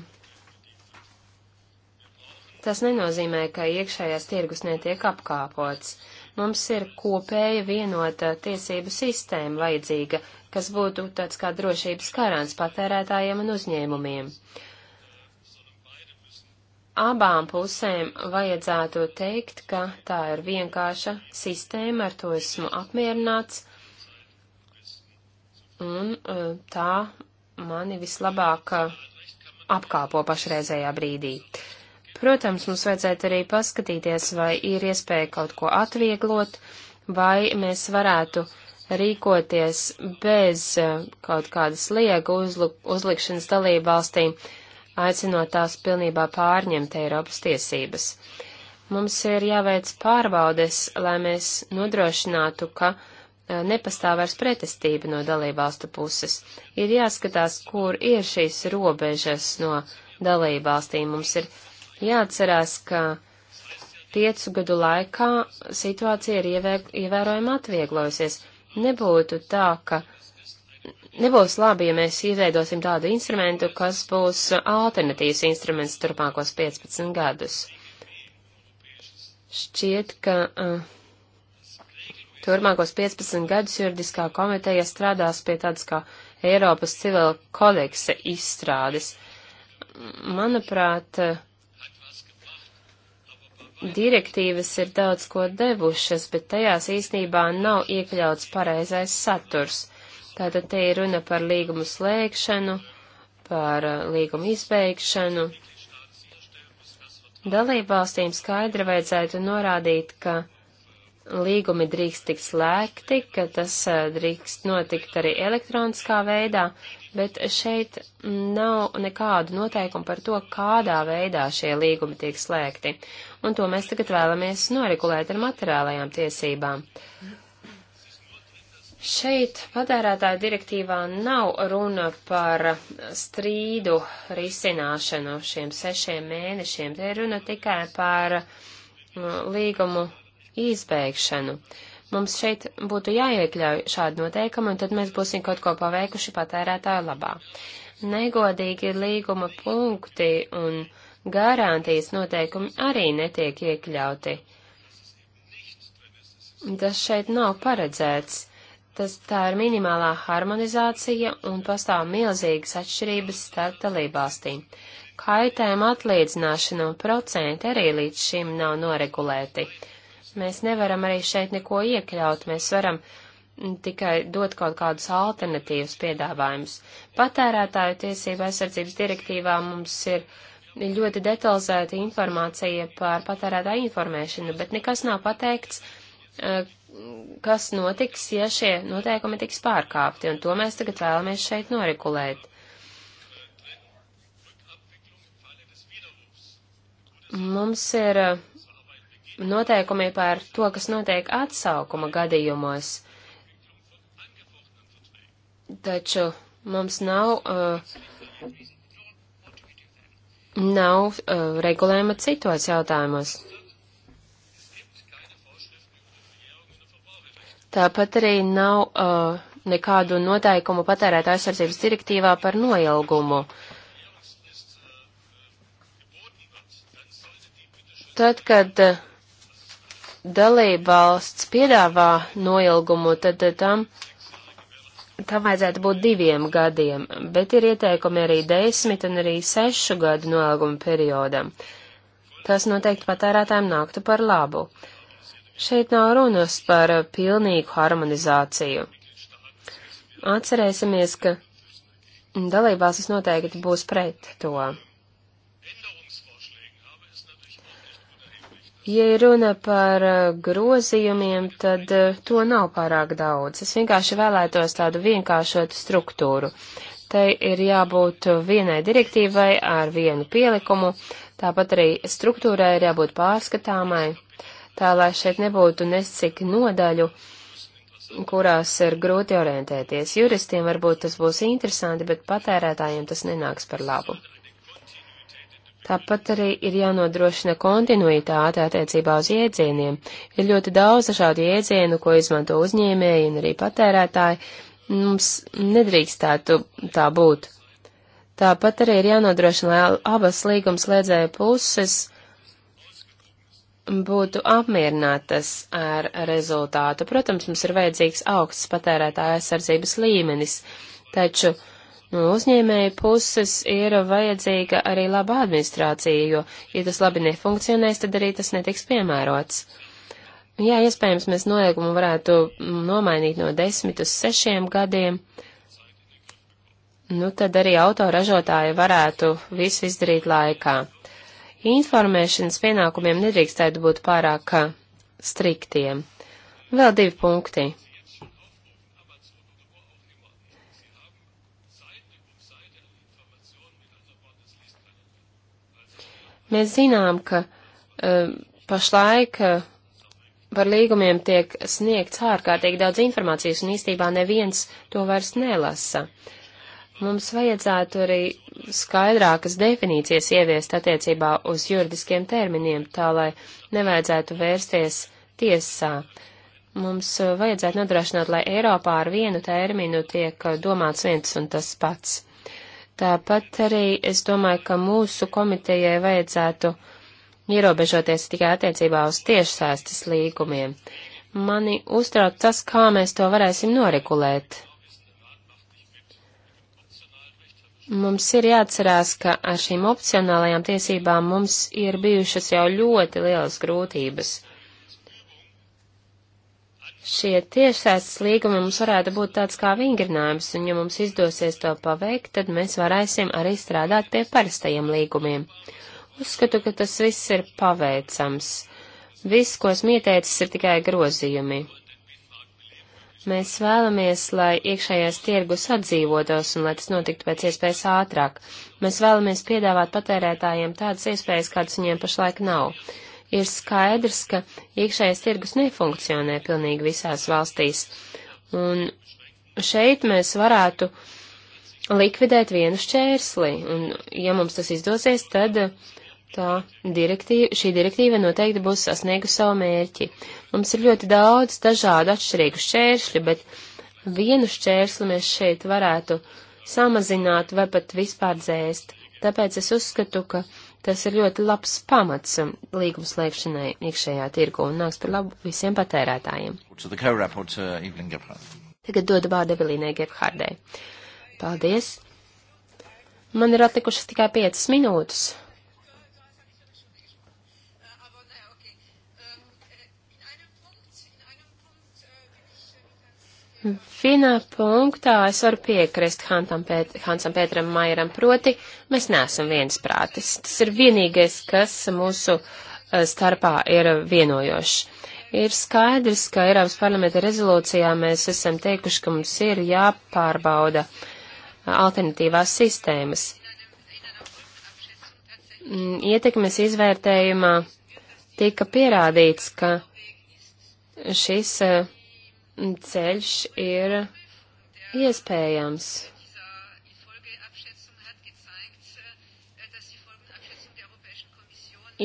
tas nenozīmē, ka iekšējās tirgus netiek apkāpots mums ir kopēja vienota tiesību sistēma vajadzīga kas būtu tāds kā drošības karants patērētājiem un uzņēmumiem. Abām pusēm vajadzētu teikt, ka tā ir vienkārša sistēma, ar to esmu apmierināts, un e, tā mani vislabāk e, apkāpo pašreizējā brīdī. Protams, mums vajadzētu arī paskatīties, vai ir iespēja kaut ko atvieglot, vai mēs varētu uh, rīkoties bez eh, kaut kādas liega uzluk, uzlikšanas dalību valstīm, aicinot tās pilnībā pārņemt Eiropas tiesības. Mums ir jāveic pārbaudes, lai mēs nodrošinātu, ka eh, nepastāv vairs pretestība no dalībvalstu puses. Ir jāskatās, kur ir šīs robežas no dalībvalstīm. Mums ir jāatcerās, ka piecu gadu laikā situācija ir ievēr, ievērojami atvieglojusies nebūtu tā, ka nebūs labi, ja mēs izveidosim tādu instrumentu, kas būs alternatīvs instruments turpmākos 15 gadus. Šķiet, ka uh, turpmākos 15 gadus juridiskā komiteja strādās pie tādas kā Eiropas civila kodeksa izstrādes. Manuprāt, uh, direktīvas ir daudz ko devušas, bet tajās īstenībā nav iekļauts pareizais saturs. Tātad te ir runa par līgumu slēgšanu, par uh, līgumu izbeigšanu. Dalībvalstīm skaidri vajadzētu norādīt, ka līgumi drīkst tikt slēgti, ka tas uh, drīkst notikt arī elektroniskā veidā, bet šeit nav nekādu noteikumu par to, kādā veidā šie līgumi tiek slēgti un to mēs tagad vēlamies noregulēt ar materiālajām tiesībām. Šeit patērētāja direktīvā nav runa par strīdu risināšanu šiem sešiem mēnešiem, te ir runa tikai par uh, līgumu izbeigšanu. Mums šeit būtu jāiekļauj šādi noteikumi, un tad mēs būsim kaut ko paveikuši patērētāju labā. Negodīgi ir līguma punkti un garantijas noteikumi arī netiek iekļauti. Tas šeit nav paredzēts. Tas tā ir minimālā harmonizācija un pastāv milzīgas atšķirības starp dalībvalstīm. Kaitēm atlīdzināšana un procenti arī līdz šim nav noregulēti. Mēs nevaram arī šeit neko iekļaut, mēs varam mm, tikai dot kaut kādus alternatīvus piedāvājumus. Patērētāju tiesība aizsardzības direktīvā mums ir uh, ļoti detalizēta informācija par patērētāju informēšanu, bet nekas nav pateikts, eh, kas notiks, ja šie noteikumi tiks pārkāpti, un to mēs tagad vēlamies šeit norikulēt. Mums ir eh, noteikumi par to, kas notiek atsaukuma gadījumos, taču mums nav uh, nav uh, regulējuma citos jautājumos. Tāpat arī nav uh, nekādu noteikumu patērētāju aizsardzības direktīvā par noilgumu. Tad, kad uh, dalībvalsts piedāvā noilgumu, tad uh, tam uh, tam vajadzētu būt diviem gadiem, bet ir ieteikumi arī desmit un arī sešu gadu noilguma periodam. Tas noteikti patērētājiem nāktu par labu. Šeit nav runas par pilnīgu harmonizāciju. Atcerēsimies, ka dalībvalstis noteikti būs pret to. Ja runa par uh, grozījumiem, tad uh, to nav pārāk daudz. Es vienkārši vēlētos tādu vienkāršotu struktūru. Te ir jābūt vienai direktīvai ar vienu pielikumu, tāpat arī struktūrai ir jābūt pārskatāmai, tā lai šeit nebūtu nesik nodaļu, kurās ir grūti orientēties. Juristiem varbūt tas būs interesanti, bet patērētājiem tas nenāks par labu. Tāpat arī ir jānodrošina kontinuitāte attiecībā uz jēdzieniem. Ir ļoti daudz šādu jēdzienu, ko izmanto uzņēmēji un arī patērētāji. Mums nedrīkstētu tā būt. Tāpat arī ir jānodrošina, lai abas līgums slēdzēja puses būtu apmierinātas ar rezultātu. Protams, mums ir vajadzīgs augsts patērētāja aizsardzības līmenis, taču uh, No uzņēmēja puses ir vajadzīga arī laba administrācija, jo, ja tas labi nefunkcionēs, tad arī tas netiks piemērots. Jā, iespējams, mēs noliegumu varētu nomainīt no desmit uz sešiem gadiem. Nu, tad arī autoražotāji varētu visu izdarīt laikā. Informēšanas pienākumiem nedrīkstētu būt pārāk striktiem. Vēl divi punkti. Mēs zinām, ka uh, pašlaik uh, par līgumiem tiek sniegts ārkārtīgi daudz informācijas, un īstībā neviens to vairs nelasa. Mums vajadzētu arī skaidrākas definīcijas ieviest attiecībā uz juridiskiem terminiem, tā lai nevajadzētu vērsties tiesā. Mums e, vajadzētu nodrošināt, lai Eiropā ar vienu terminu tiek domāts viens un tas pats. Tāpat arī es domāju, ka mūsu komitejai vajadzētu ierobežoties tikai attiecībā uz tiešsāstas līgumiem. Mani uztrauc tas, kā mēs to varēsim noregulēt. Mums ir jāatcerās, ka ar šīm opcionālajām tiesībām mums ir bijušas jau ļoti lielas grūtības šie tiešsaistes līgumi mums varētu būt tāds kā vingrinājums, un ja mums izdosies to paveikt, tad mēs varēsim arī strādāt pie parastajiem līgumiem. Uzskatu, ka tas viss ir paveicams. Viss, ko esmu ieteicis, ir tikai grozījumi. Mēs vēlamies, lai iekšējais tirgus atdzīvotos un lai tas notiktu pēc iespējas ātrāk. Mēs vēlamies piedāvāt patērētājiem tādas iespējas, kādas viņiem pašlaik nav ir skaidrs, ka iekšējais tirgus nefunkcionē pilnīgi visās valstīs. Un šeit mēs varētu likvidēt vienu šķērsli, un ja mums tas izdosies, tad tā direktīva, šī direktīva noteikti būs sasniegusi savu mērķi. Mums ir ļoti daudz dažādu atšķirīgu šķēršļu, bet vienu šķērsli mēs šeit varētu samazināt vai pat vispār dzēst. Tāpēc es uzskatu, ka Tas ir ļoti labs pamats līgumslēgšanai iekšējā tirgu un nāks par labu visiem patērētājiem. Tagad dodu vārdu Evelīnai Gebhardai. Paldies! Man ir atlikušas tikai piecas minūtes, Vienā punktā es varu piekrist Pēt, Hansam Pēteram Mairam, proti mēs neesam viensprātis. Tas ir vienīgais, kas mūsu eh, starpā ir vienojošs. Ir skaidrs, ka Eiropas parlamenta rezolūcijā mēs esam teikuši, ka mums ir jāpārbauda eh, alternatīvās sistēmas. Mm, ietekmes izvērtējumā tika pierādīts, ka šis uh, ceļš ir iespējams.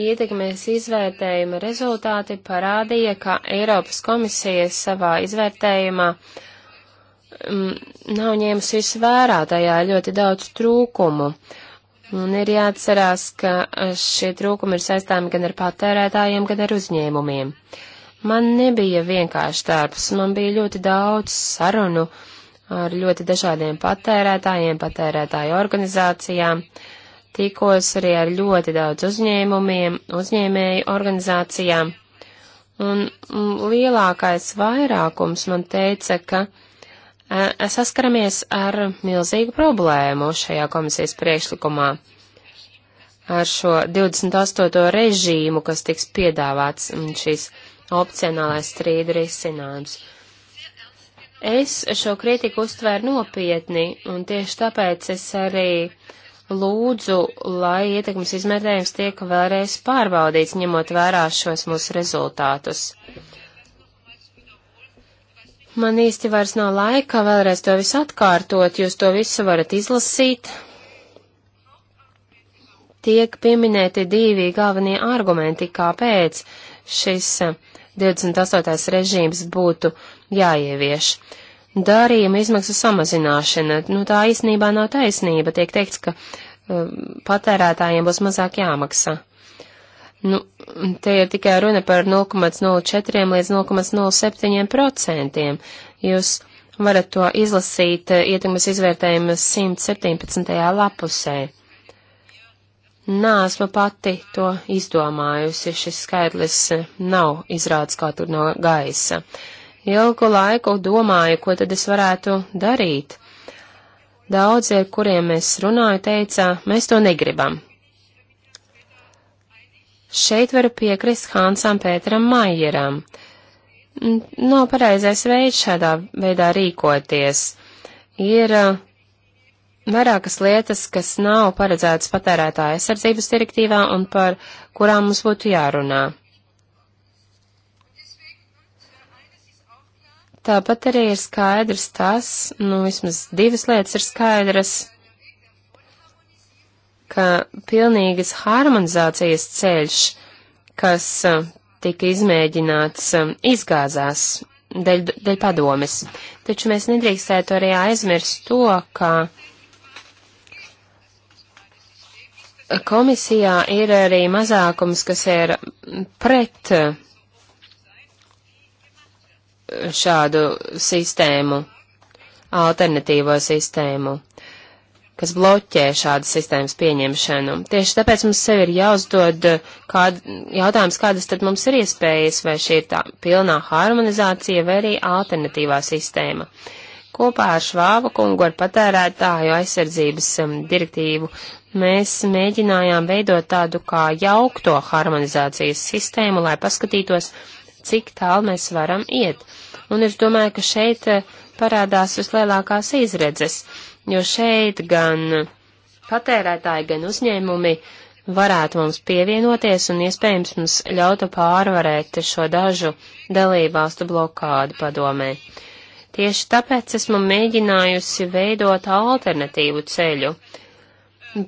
Ietekmēs izvērtējuma rezultāti parādīja, ka Eiropas komisija savā izvērtējumā m, mm, nav ņēmusies vērā tajā ļoti daudz trūkumu. Un ir jāatcerās, ka šie trūkumi ir saistāmi gan ar patērētājiem, gan ar uzņēmumiem. Uh, Man nebija vienkārši darbs, man bija ļoti daudz sarunu ar ļoti dažādiem patērētājiem, patērētāju organizācijām. Tikos arī ar ļoti daudz uzņēmumiem, uzņēmēju organizācijām. Un mm, lielākais vairākums man teica, ka e, saskaramies ar milzīgu problēmu šajā komisijas priekšlikumā ar šo 28. režīmu, kas tiks piedāvāts mm, šīs opcionālais strīdu risinājums. Es šo kritiku uztvēru nopietni, un tieši tāpēc es arī lūdzu, lai ietekmes izmērējums tiek vēlreiz pārbaudīts, ņemot vērā šos mūsu rezultātus. Man īsti vairs nav laika vēlreiz to visu atkārtot, jūs to visu varat izlasīt. Tiek pieminēti divi galvenie argumenti, kāpēc šis 28. režīms būtu jāievieš. Darījuma izmaksu samazināšana, nu tā īsnībā nav taisnība, tiek teikts, ka uh, patērētājiem būs mazāk jāmaksā. Nu, te ir tikai runa par 0,04 līdz 0,07%. Jūs varat to izlasīt uh, ietekmes izvērtējuma 117. lapusē. Nāsmu pati to izdomājusi, šis skaidrs nav izrādes kā tur no gaisa. Ilgu laiku domāju, ko tad es varētu darīt. Daudzi, ar kuriem es runāju, teica, mēs to negribam. Šeit varu piekrist Hansam Pēteram Maijeram. Nav pareizais veids šādā veidā rīkoties. Ir uh, vairākas lietas, kas nav paredzētas patērētāja aizsardzības direktīvā un par kurām mums būtu jārunā. Tāpat arī ir skaidrs tas, nu vismaz divas lietas ir skaidras, ka pilnīgas harmonizācijas ceļš, kas eh, tika izmēģināts, eh, izgāzās dēļ, dēļ padomis. Taču mēs nedrīkstētu arī aizmirst to, ka komisijā ir arī mazākums, kas ir pret šādu sistēmu, alternatīvo sistēmu, kas bloķē šādas sistēmas pieņemšanu. Tieši tāpēc mums sev ir jāuzdod kād, jautājums, kādas tad mums ir iespējas, vai šī ir tā pilnā harmonizācija vai arī alternatīvā sistēma. Kopā ar Švābu kungu ar patērētāju aizsardzības um, direktīvu mēs mēģinājām veidot tādu kā jaukto harmonizācijas sistēmu, lai paskatītos, cik tālu mēs varam iet. Un es domāju, ka šeit eh, parādās vislielākās izredzes, jo šeit gan patērētāji, gan uzņēmumi varētu mums pievienoties un iespējams mums ļautu pārvarēt šo dažu dalībvalstu blokādu padomē. Tieši tāpēc esmu mēģinājusi veidot alternatīvu ceļu.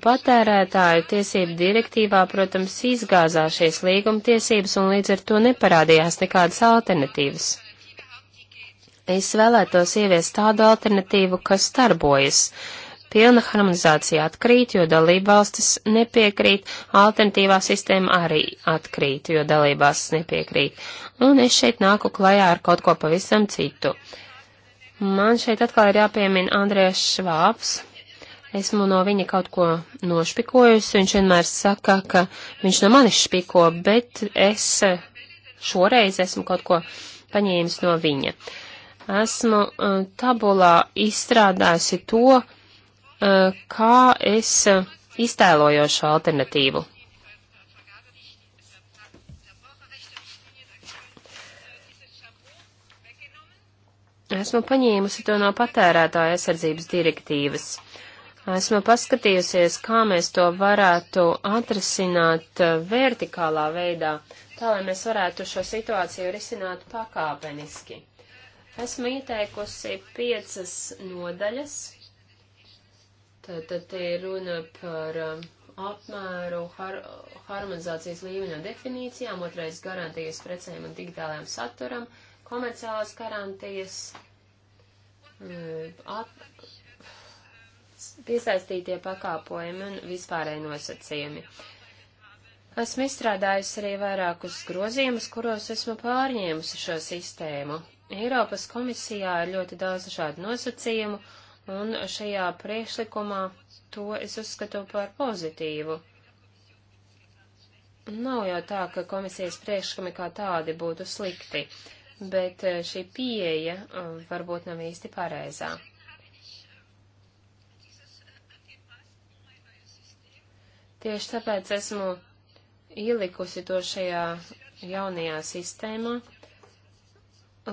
Patērētāju tiesību direktīvā, protams, izgāzās šīs līgumtiesības un līdz ar to neparādījās nekādas alternatīvas. Es vēlētos ieviest tādu alternatīvu, kas darbojas. Pilna harmonizācija atkrīt, jo dalībvalstis nepiekrīt, alternatīvā sistēma arī atkrīt, jo dalībvalstis nepiekrīt. Un es šeit nāku klajā ar kaut ko pavisam citu. Man šeit atkal ir jāpiemina Andrēs Švāps, Esmu no viņa kaut ko nošpikojusi. Viņš vienmēr saka, ka viņš no manis špiko, bet es šoreiz esmu kaut ko paņēmis no viņa. Esmu eh, tabulā izstrādājusi to, eh, kā es eh, iztēlojošu alternatīvu. Esmu paņēmusi to no patērētāja aizsardzības direktīvas. Esmu paskatījusies, kā mēs to varētu atrisināt eh, vertikālā veidā, tā lai mēs varētu šo situāciju risināt pakāpeniski. Esmu ieteikusi piecas nodaļas. Tad, tad ir runa par eh, apmēru har harmonizācijas līmeņa definīcijām, otrais garantijas precēm un digitālajām saturam, komerciālās garantijas, eh, at piesaistītie pakāpojumi un vispārēji nosacījumi. Esmu izstrādājusi arī vairākus grozījumus, kuros esmu pārņēmusi šo sistēmu. Eiropas komisijā ir ļoti daudz šādu nosacījumu, un šajā priekšlikumā to es uzskatu par pozitīvu. Nav jau tā, ka komisijas priekšlikumi kā tādi būtu slikti, bet šī pieeja uh, varbūt nav īsti pareizā. Tieši tāpēc esmu ielikusi to šajā jaunajā sistēmā.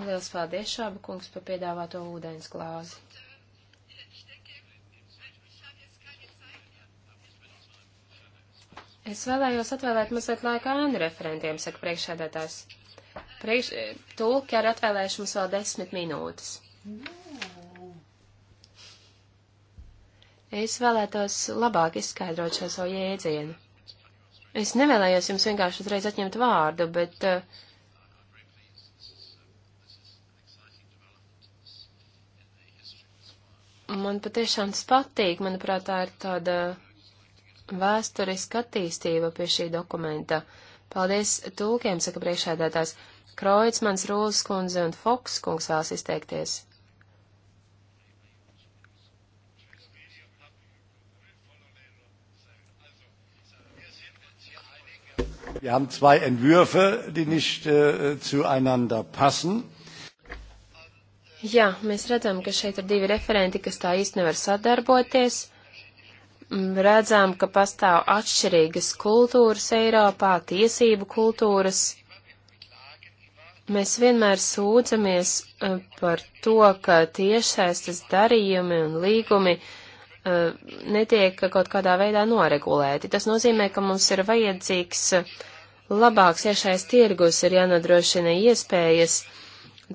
Liels paldies, Šāba kungs, par piedāvāto ūdens glāzi. Es vēlējos atvēlēt mazliet laika ēnu referentiem, saka priekšsēdētājs. Priekš, tulki ir atvēlējuši mums vēl desmit minūtes. Mm. Es vēlētos labāk izskaidrot šo savu jēdzienu. Es nevēlējos jums vienkārši uzreiz atņemt vārdu, bet uh, man patiešām tas patīk. Manuprāt, tā ir tāda vēsturiska attīstība pie šī dokumenta. Paldies tūkiem, saka priekšēdētājs. Kroits, mans Rūlas kundze un Foks kungs vēlas izteikties. Wir haben zwei Entwürfe, die nicht äh, zueinander passen. Jā, mēs redzam, ka šeit ir divi referenti, kas tā īsti nevar sadarboties. Redzam, ka pastāv atšķirīgas kultūras Eiropā, tiesību kultūras. Mēs vienmēr sūdzamies e, par to, ka tiešsaistes darījumi un līgumi e, netiek kaut kādā veidā noregulēti. Tas nozīmē, ka mums ir vajadzīgs uh, labāks iešais tirgus, ir jānodrošina iespējas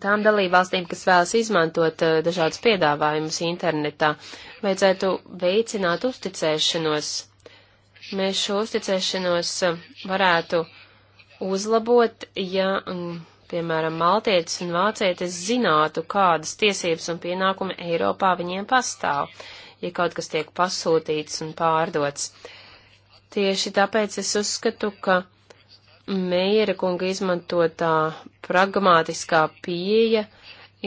tām dalībvalstīm, kas vēlas izmantot eh, dažādus piedāvājumus internetā. Vajadzētu veicināt uzticēšanos. Mēs šo uzticēšanos eh, varētu uzlabot, ja, mm, piemēram, maltietis un vācietis zinātu, kādas tiesības un pienākumi Eiropā viņiem pastāv, ja kaut kas tiek pasūtīts un pārdots. Tieši tāpēc es uzskatu, ka Meijera kunga izmantotā pragmātiskā pieeja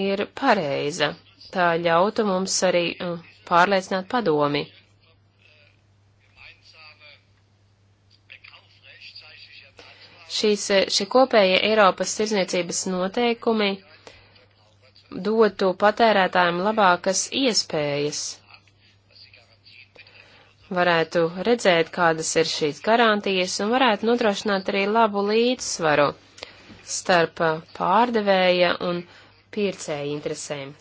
ir pareiza. Tā ļautu mums arī uh, pārliecināt padomi. Šīs, eh, šie kopējie Eiropas tirzniecības noteikumi dotu patērētājiem labākas iespējas varētu redzēt, kādas ir šīs garantijas un varētu nodrošināt arī labu līdzsvaru starp pārdevēja un pircēja interesēm.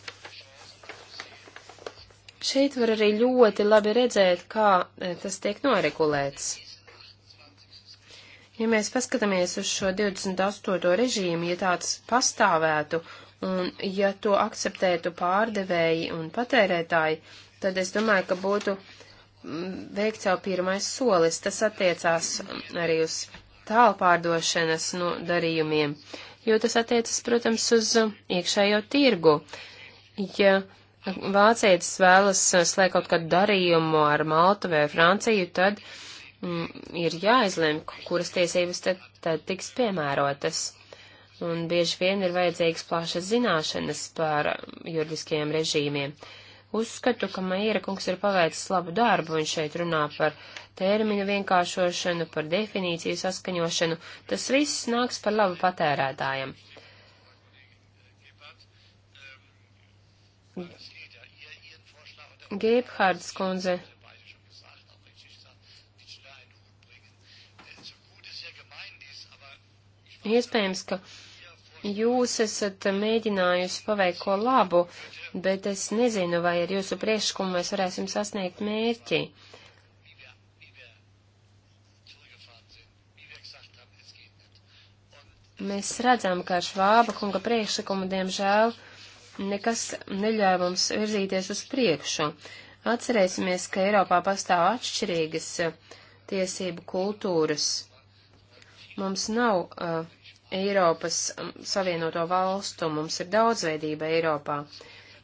Šeit var arī ļoti labi redzēt, kā e, tas tiek noregulēts. Ja mēs paskatāmies uz šo 28. režīmu, ja tāds pastāvētu un ja to akceptētu pārdevēji un patērētāji, tad es domāju, ka būtu veikt jau pirmais solis. Tas attiecās arī uz tālpārdošanas no nu, darījumiem, jo tas attiecas, protams, uz iekšējo tirgu. Ja vācietis vēlas slēgt kaut kādu darījumu ar Maltu vai Franciju, tad mm, ir jāizlem, kuras tiesības tad, tad tiks piemērotas. Un bieži vien ir vajadzīgas plašas zināšanas par juridiskiem režīmiem. Uh, Uzskatu, ka Maīra kungs ir paveicis labu darbu, viņš šeit runā par terminu vienkāršošanu, par definīciju saskaņošanu, tas viss nāks par labu patērētājiem. Gebhards kundze. Iespējams, ka jūs esat mēģinājusi paveikt ko labu, bet es nezinu, vai ar jūsu priekšlikumu mēs varēsim sasniegt mērķi. Mēs redzam, ka ar Švāba kunga priekšlikumu, diemžēl, nekas neļauj mums virzīties uz priekšu. Atcerēsimies, ka Eiropā pastāv atšķirīgas tiesību kultūras. Mums nav uh, Eiropas um, Savienoto valstu, mums ir daudzveidība Eiropā,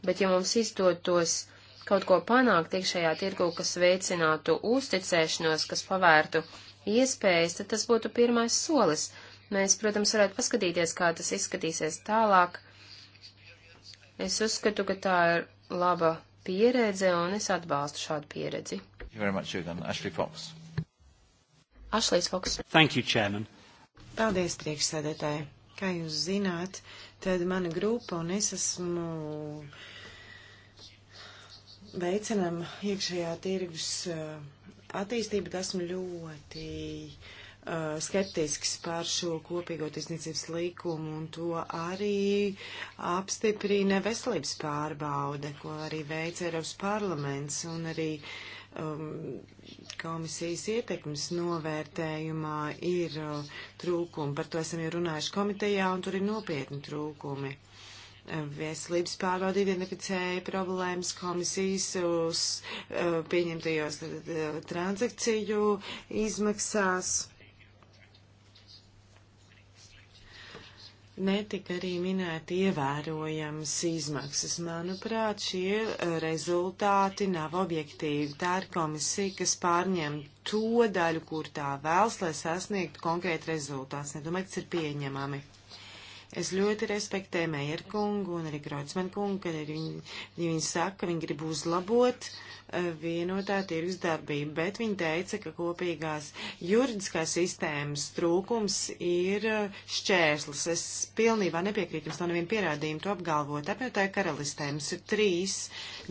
bet ja mums izdotos kaut ko panākt iekšējā tirgu, kas veicinātu uzticēšanos, kas pavērtu iespējas, tad tas būtu pirmais solis. Mēs, protams, varētu paskatīties, kā tas izskatīsies tālāk. Es uzskatu, ka tā ir laba pieredze, un es atbalstu šādu pieredzi. Much, Ashley Fox. Ashley Fox. Thank you, Chairman. Paldies, priekšsēdētāji. Kā jūs zināt, tad mana grupa un es esmu veicinam iekšējā tirgus eh, attīstību, esmu ļoti uh, skeptisks pār šo kopīgo tiesniecības likumu, un to arī apstiprina veselības pārbaude, ko arī veica Eiropas parlaments, un arī uh, um, komisijas ietekmes novērtējumā ir uh, trūkumi. Par to esam jau runājuši komitejā, un tur ir nopietni trūkumi. Uh, veselības pārbauda identificēja problēmas komisijas uz uh, pieņemtajos uh, transakciju izmaksās netika arī minēti ievērojams izmaksas. Manuprāt, šie eh, rezultāti nav objektīvi. Tā ir komisija, kas pārņem to daļu, kur tā vēlas, lai sasniegtu konkrēti rezultāts. Nedomāju, tas ir pieņemami. Es ļoti respektēju Meijer kungu un arī Kreutzmann kungu, kad viņi, viņi saka, ka viņi grib uzlabot uh, vienotā tirgus darbība, bet viņi teica, ka kopīgās juridiskās sistēmas trūkums ir uh, šķērslis. Es pilnībā nepiekrītu, jums nav neviena pierādījuma to apgalvot. Apvienotāja karalistē mums ir trīs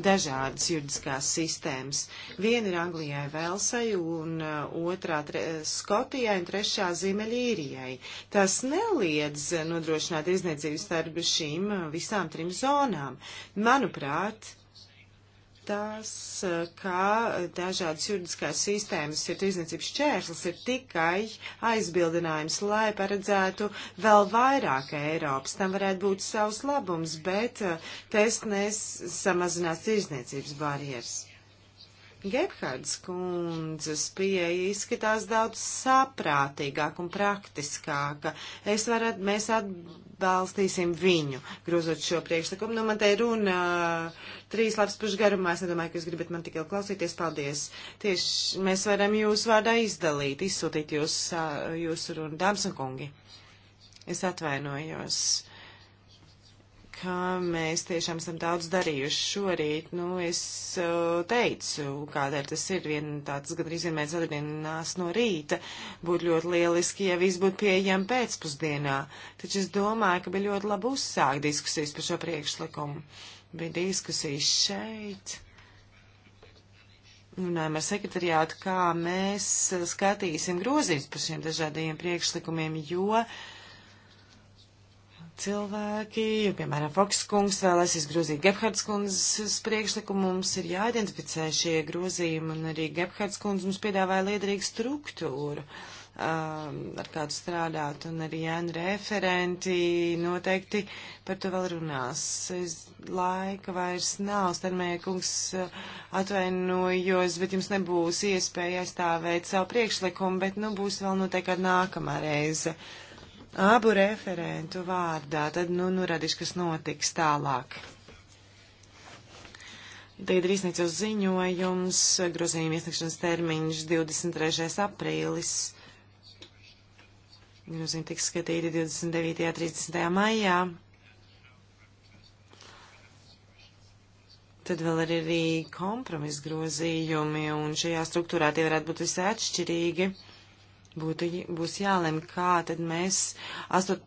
dažādas juridiskās sistēmas. Viena ir Anglijai Velsai un uh, otrā tre, Skotijai un trešā Ziemeļīrijai. Tas neliedz nodrošināt izniecības starp šīm uh, visām trim zonām. Manuprāt, tas, ka dažādas juridiskās sistēmas ir tirdzniecības čērslis, ir tikai aizbildinājums, lai paredzētu vēl vairāk Eiropas. Tam varētu būt savs labums, bet eh, tas nesamazinās tirdzniecības barjeras. Gebhards kundzes pieeja izskatās daudz saprātīgāk un praktiskāka. Es varat, mēs atbalstīsim viņu, grozot šo priekšlikumu. Nu, man te runa trīs labs pušgarumā, es nedomāju, ka jūs gribat man tik ilgi klausīties. Paldies. Tieši mēs varam jūs vārdā izdalīt, izsūtīt jūs, jūsu runu, dāmas un kungi. Es atvainojos ka mēs tiešām esam daudz darījuši šorīt. Nu, es uh, teicu, kādēļ tas ir vien tāds gandrīz vienmēr ceturtdienās no rīta. Būtu ļoti lieliski, ja viss būtu pieejami pēcpusdienā. Taču es domāju, ka bija ļoti labi uzsākt diskusijas par šo priekšlikumu. Bija diskusijas šeit. Runājam ar sekretariātu, kā mēs skatīsim grozījums par šiem dažādajiem priekšlikumiem, jo uh, cilvēki, piemēram, Foks kungs vēlēsies grozīt Gebhards kundzes priekšlikumu, mums ir jāidentificē šie grozījumi, un arī Gebhards kundze mums piedāvāja liederīgu struktūru, um, ar kādu strādāt, un arī Jāna referenti noteikti par to vēl runās. Es laika vairs nav, starmēja kungs uh, atvainojos, bet jums nebūs iespēja aizstāvēt savu priekšlikumu, bet, nu, būs vēl noteikti nākamā reize. Uh, abu referentu vārdā, tad nu norādīšu, kas notiks tālāk. Tagad ir izniegts ziņojums, grozījuma iesniegšanas termiņš 23. aprīlis. Grozījumi tiks skatīti 29. un 30. maijā. Tad vēl ir arī kompromisa grozījumi, un šajā struktūrā tie varētu būt visai atšķirīgi būtu, būs jālem, kā tad mēs 8.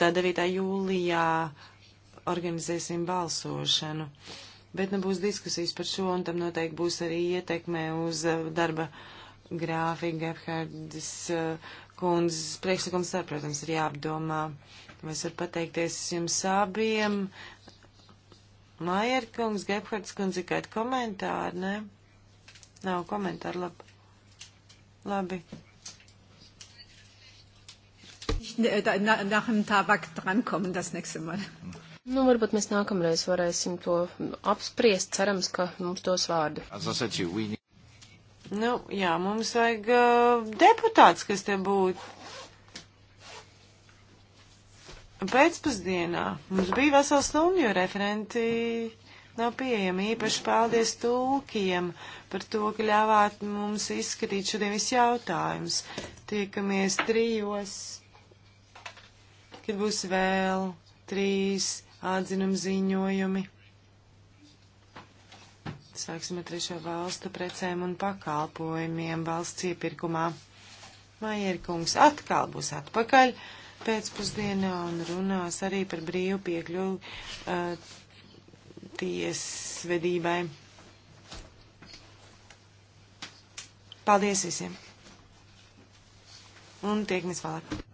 9. jūlijā organizēsim balsošanu. Bet nebūs nu, diskusijas par šo, un tam noteikti būs arī ietekme uz uh, darba grāfiku. Gebhardas uh, kundzes priekšlikums, tā, protams, ir jāapdomā. Mēs varam pateikties jums abiem. Maier kungs, Gebhards kundze, kādi komentāri, ne? Nav komentāri, labi. Labi nicht äh, nach dem Tabak drankommen das nächste Mal. Nu, varbūt mēs nākamreiz varēsim to apspriest, cerams, ka mums dos vārdu. Nu, jā, mums vajag uh, deputāts, kas te būtu. Pēcpusdienā mums bija vesels stundu, jo referenti nav pieejami. Īpaši paldies tulkiem par to, ka ļāvāt mums izskatīt šodien visu jautājumus. Tiekamies trijos kad būs vēl trīs atzinuma ziņojumi. Sāksim ar trešo valstu precēm un pakalpojumiem valsts iepirkumā. Maierkungs atkal būs atpakaļ pēcpusdienā un runās arī par brīvu piekļuvu uh, tiesvedībai. Paldies visiem! Un tiekamies vēlāk!